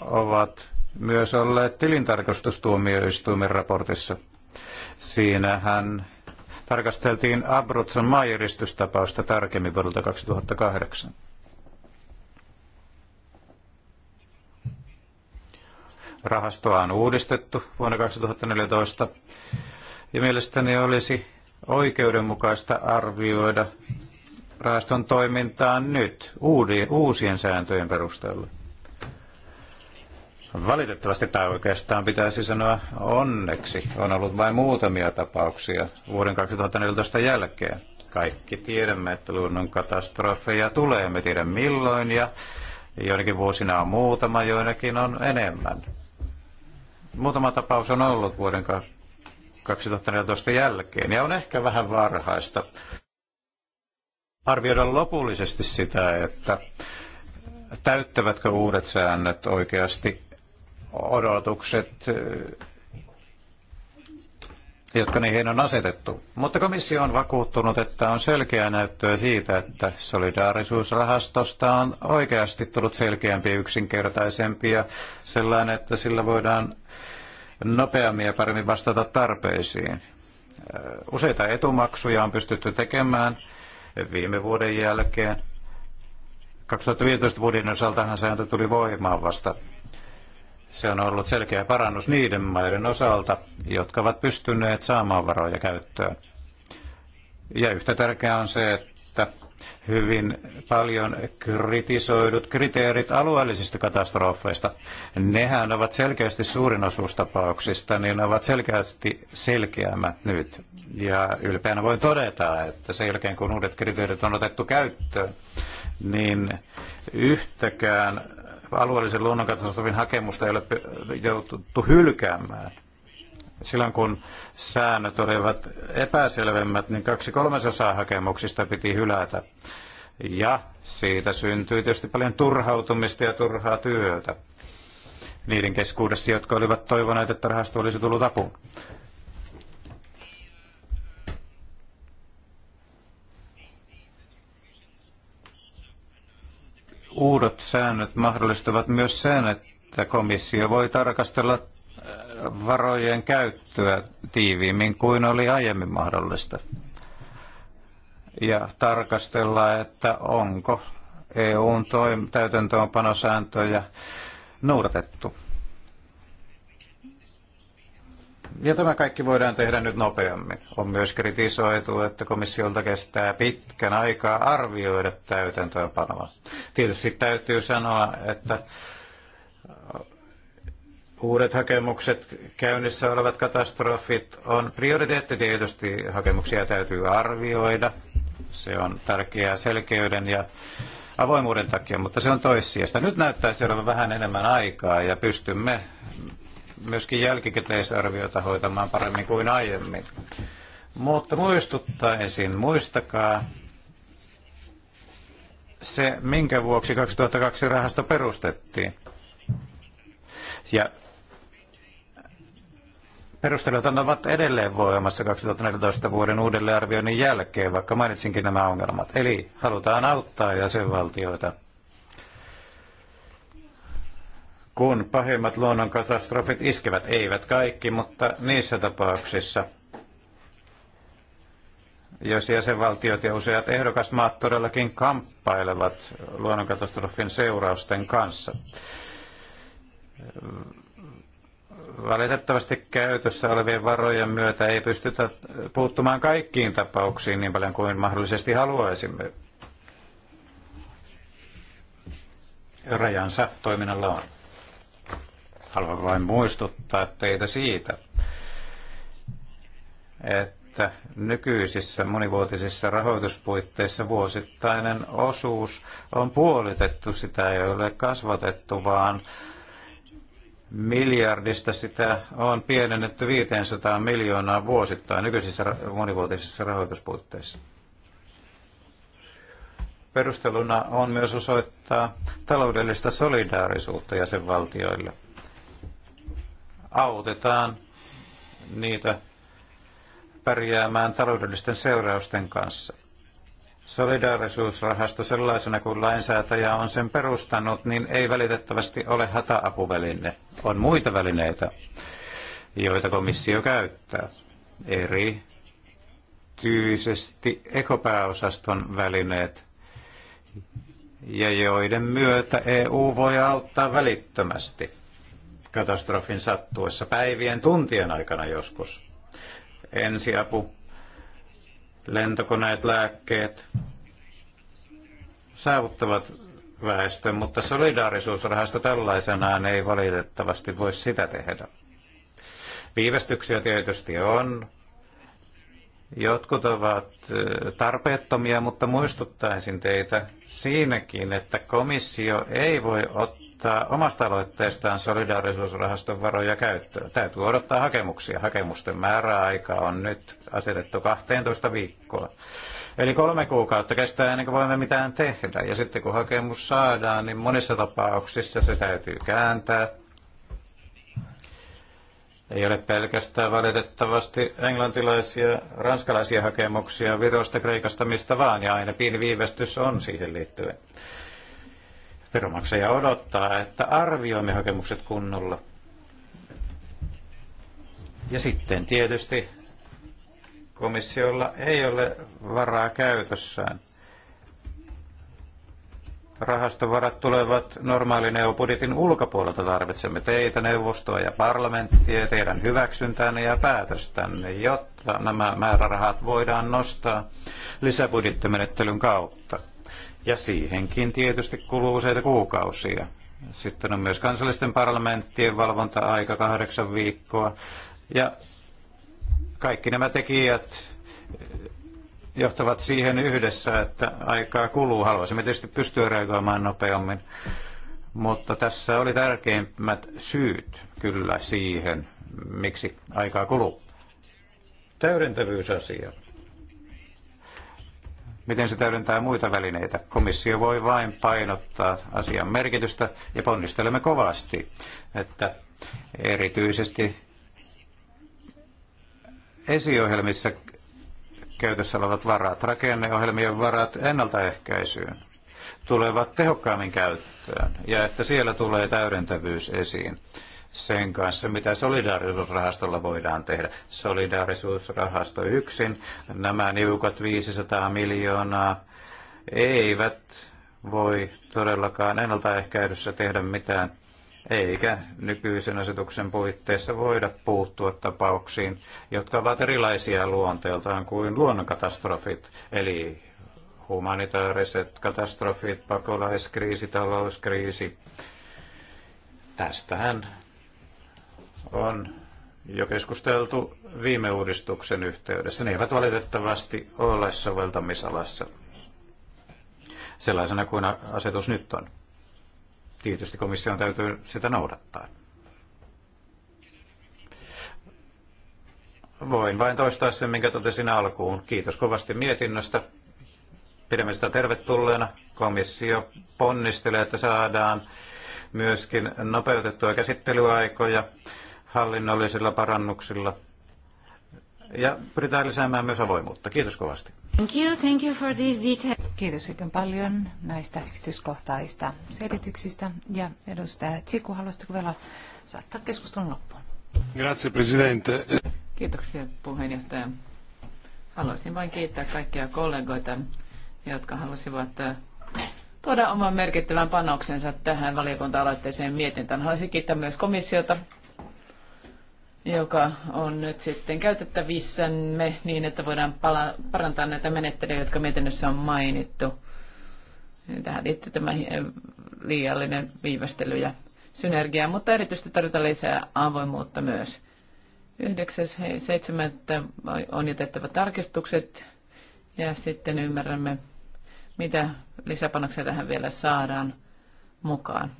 ovat myös olleet tilintarkastustuomioistuimen raportissa. Siinähän tarkasteltiin Abrutson maajäristystapausta tarkemmin vuodelta 2008. Rahastoa on uudistettu vuonna 2014 ja mielestäni olisi oikeudenmukaista arvioida rahaston toimintaa nyt uusien sääntöjen perusteella? Valitettavasti tai oikeastaan pitäisi sanoa onneksi. On ollut vain muutamia tapauksia vuoden 2014 jälkeen. Kaikki tiedämme, että luonnon katastrofeja tulee. Me tiedämme milloin ja joidenkin vuosina on muutama, joidenkin on enemmän. Muutama tapaus on ollut vuoden 2014 jälkeen. Ja on ehkä vähän varhaista arvioida lopullisesti sitä, että täyttävätkö uudet säännöt oikeasti odotukset, jotka niihin on asetettu. Mutta komissio on vakuuttunut, että on selkeää näyttöä siitä, että solidaarisuusrahastosta on oikeasti tullut selkeämpi, yksinkertaisempi ja sellainen, että sillä voidaan nopeammin ja paremmin vastata tarpeisiin. Useita etumaksuja on pystytty tekemään viime vuoden jälkeen. 2015 vuoden osaltahan sääntö tuli voimaan vasta. Se on ollut selkeä parannus niiden maiden osalta, jotka ovat pystyneet saamaan varoja käyttöön. Ja yhtä tärkeää on se, että tästä hyvin paljon kritisoidut kriteerit alueellisista katastrofeista. Nehän ovat selkeästi suurin osuus tapauksista, niin ne ovat selkeästi selkeämmät nyt. Ja ylpeänä voi todeta, että sen jälkeen kun uudet kriteerit on otettu käyttöön, niin yhtäkään alueellisen luonnonkatastrofin hakemusta ei ole joututtu hylkäämään – silloin kun säännöt olivat epäselvemmät, niin kaksi kolmasosaa hakemuksista piti hylätä. Ja siitä syntyi tietysti paljon turhautumista ja turhaa työtä niiden keskuudessa, jotka olivat toivoneet, että rahasto olisi tullut apuun. Uudet säännöt mahdollistavat myös sen, että komissio voi tarkastella varojen käyttöä tiiviimmin kuin oli aiemmin mahdollista. Ja tarkastella, että onko EUn toim- täytäntöönpanosääntöjä noudatettu. Ja tämä kaikki voidaan tehdä nyt nopeammin. On myös kritisoitu, että komissiolta kestää pitkän aikaa arvioida täytäntöönpanoa. Tietysti täytyy sanoa, että uudet hakemukset, käynnissä olevat katastrofit on prioriteetti tietysti. Hakemuksia täytyy arvioida. Se on tärkeää selkeyden ja avoimuuden takia, mutta se on toissijasta. Nyt näyttäisi olevan vähän enemmän aikaa ja pystymme myöskin jälkikäteisarviota hoitamaan paremmin kuin aiemmin. Mutta muistuttaisin, muistakaa se, minkä vuoksi 2002 rahasto perustettiin. Ja Perustelut ovat edelleen voimassa 2014 vuoden uudelleenarvioinnin jälkeen, vaikka mainitsinkin nämä ongelmat. Eli halutaan auttaa jäsenvaltioita kun pahimmat luonnonkatastrofit iskevät, eivät kaikki, mutta niissä tapauksissa, jos jäsenvaltiot ja useat ehdokasmaat todellakin kamppailevat luonnonkatastrofin seurausten kanssa valitettavasti käytössä olevien varojen myötä ei pystytä puuttumaan kaikkiin tapauksiin niin paljon kuin mahdollisesti haluaisimme. Rajansa toiminnalla on. Haluan vain muistuttaa teitä siitä, että nykyisissä monivuotisissa rahoituspuitteissa vuosittainen osuus on puolitettu, sitä ei ole kasvatettu, vaan miljardista sitä on pienennetty 500 miljoonaa vuosittain nykyisissä monivuotisissa rahoituspuitteissa. Perusteluna on myös osoittaa taloudellista solidaarisuutta jäsenvaltioille. Autetaan niitä pärjäämään taloudellisten seurausten kanssa solidaarisuusrahasto sellaisena kuin lainsäätäjä on sen perustanut, niin ei välitettävästi ole hätäapuväline. On muita välineitä, joita komissio käyttää. Eri erityisesti ekopääosaston välineet, ja joiden myötä EU voi auttaa välittömästi katastrofin sattuessa päivien tuntien aikana joskus. Ensiapu lentokoneet, lääkkeet saavuttavat väestön, mutta solidaarisuusrahasto tällaisenaan ei valitettavasti voi sitä tehdä. Viivästyksiä tietysti on, Jotkut ovat tarpeettomia, mutta muistuttaisin teitä siinäkin, että komissio ei voi ottaa omasta aloitteestaan solidaarisuusrahaston varoja käyttöön. Täytyy odottaa hakemuksia. Hakemusten määräaika on nyt asetettu 12 viikkoa. Eli kolme kuukautta kestää ennen kuin voimme mitään tehdä. Ja sitten kun hakemus saadaan, niin monissa tapauksissa se täytyy kääntää ei ole pelkästään valitettavasti englantilaisia, ranskalaisia hakemuksia Virosta, Kreikasta, mistä vaan, ja aina pieni viivästys on siihen liittyen. Veromaksaja odottaa, että arvioimme hakemukset kunnolla. Ja sitten tietysti komissiolla ei ole varaa käytössään rahastovarat tulevat normaalin EU-budjetin ulkopuolelta. Tarvitsemme teitä, neuvostoa ja parlamenttia, teidän hyväksyntänne ja päätöstänne, jotta nämä määrärahat voidaan nostaa lisäbudjettimenettelyn kautta. Ja siihenkin tietysti kuluu useita kuukausia. Sitten on myös kansallisten parlamenttien valvonta-aika kahdeksan viikkoa. Ja kaikki nämä tekijät johtavat siihen yhdessä, että aikaa kuluu. Haluaisimme tietysti pystyä reagoimaan nopeammin, mutta tässä oli tärkeimmät syyt kyllä siihen, miksi aikaa kuluu. Täydentävyysasia. Miten se täydentää muita välineitä? Komissio voi vain painottaa asian merkitystä ja ponnistelemme kovasti, että erityisesti esiohjelmissa käytössä olevat varat, rakenneohjelmien varat ennaltaehkäisyyn tulevat tehokkaammin käyttöön ja että siellä tulee täydentävyys esiin sen kanssa, mitä solidaarisuusrahastolla voidaan tehdä. Solidaarisuusrahasto yksin, nämä niukat 500 miljoonaa eivät voi todellakaan ennaltaehkäisyssä tehdä mitään eikä nykyisen asetuksen puitteissa voida puuttua tapauksiin, jotka ovat erilaisia luonteeltaan kuin luonnonkatastrofit, eli humanitaariset katastrofit, pakolaiskriisi, talouskriisi. Tästähän on jo keskusteltu viime uudistuksen yhteydessä. Ne eivät valitettavasti ole soveltamisalassa sellaisena kuin asetus nyt on. Tietysti komission täytyy sitä noudattaa. Voin vain toistaa sen, minkä totesin alkuun. Kiitos kovasti mietinnöstä. Pidämme sitä tervetulleena. Komissio ponnistelee, että saadaan myöskin nopeutettua käsittelyaikoja hallinnollisilla parannuksilla – ja pyritään lisäämään myös avoimuutta. Kiitos kovasti. Thank you, thank you for this detail. Kiitos oikein paljon näistä yksityiskohtaisista selityksistä. Ja edustaja Tsiku, haluaisitko vielä saattaa keskustelun loppuun? Grazie, presidente. Kiitoksia puheenjohtaja. Haluaisin vain kiittää kaikkia kollegoita, jotka halusivat äh, tuoda oman merkittävän panoksensa tähän valiokunta-aloitteeseen mietintään. Haluaisin kiittää myös komissiota joka on nyt sitten käytettävissämme niin, että voidaan pala- parantaa näitä menettelyjä, jotka mietinnössä on mainittu. Tähän liittyy tämä eh, liiallinen viivästely ja synergia, mutta erityisesti tarvitaan lisää avoimuutta myös. 9.7. on jätettävä tarkistukset ja sitten ymmärrämme, mitä lisäpanoksia tähän vielä saadaan mukaan.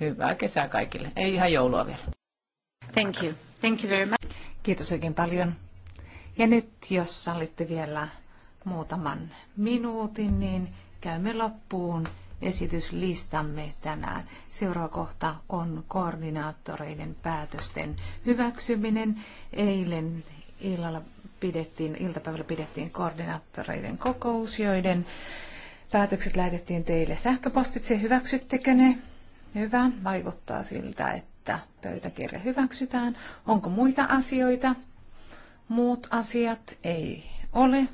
Hyvää kesää kaikille. Ei ihan joulua vielä. Thank you. Thank you very much. Kiitos oikein paljon. Ja nyt, jos sallitte vielä muutaman minuutin, niin käymme loppuun esityslistamme tänään. Seuraava kohta on koordinaattoreiden päätösten hyväksyminen. Eilen illalla pidettiin, iltapäivällä pidettiin koordinaattoreiden kokous, joiden päätökset lähetettiin teille sähköpostitse. Hyväksyttekö ne? Hyvä. Vaikuttaa siltä, että että pöytäkirja hyväksytään. Onko muita asioita? Muut asiat ei ole.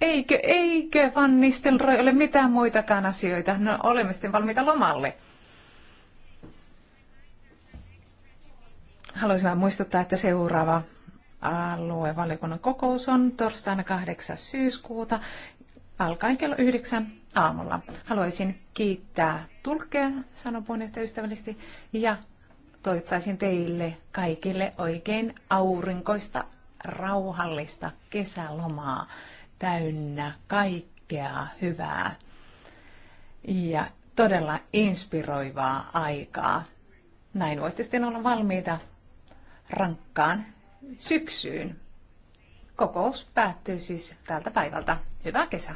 Eikö, eikö Van Nistelrooy ole mitään muitakaan asioita? No olemme sitten valmiita lomalle. Haluaisin vain muistuttaa, että seuraava aluevaliokunnan kokous on torstaina 8. syyskuuta alkaen kello 9 aamulla. Haluaisin kiittää tulkkeja, sanoi puheenjohtaja ystävällisesti, ja toivottaisin teille kaikille oikein aurinkoista, rauhallista kesälomaa, täynnä kaikkea hyvää ja todella inspiroivaa aikaa. Näin voitte sitten olla valmiita rankkaan syksyyn. Kokous päättyy siis tältä päivältä. Hyvää kesää!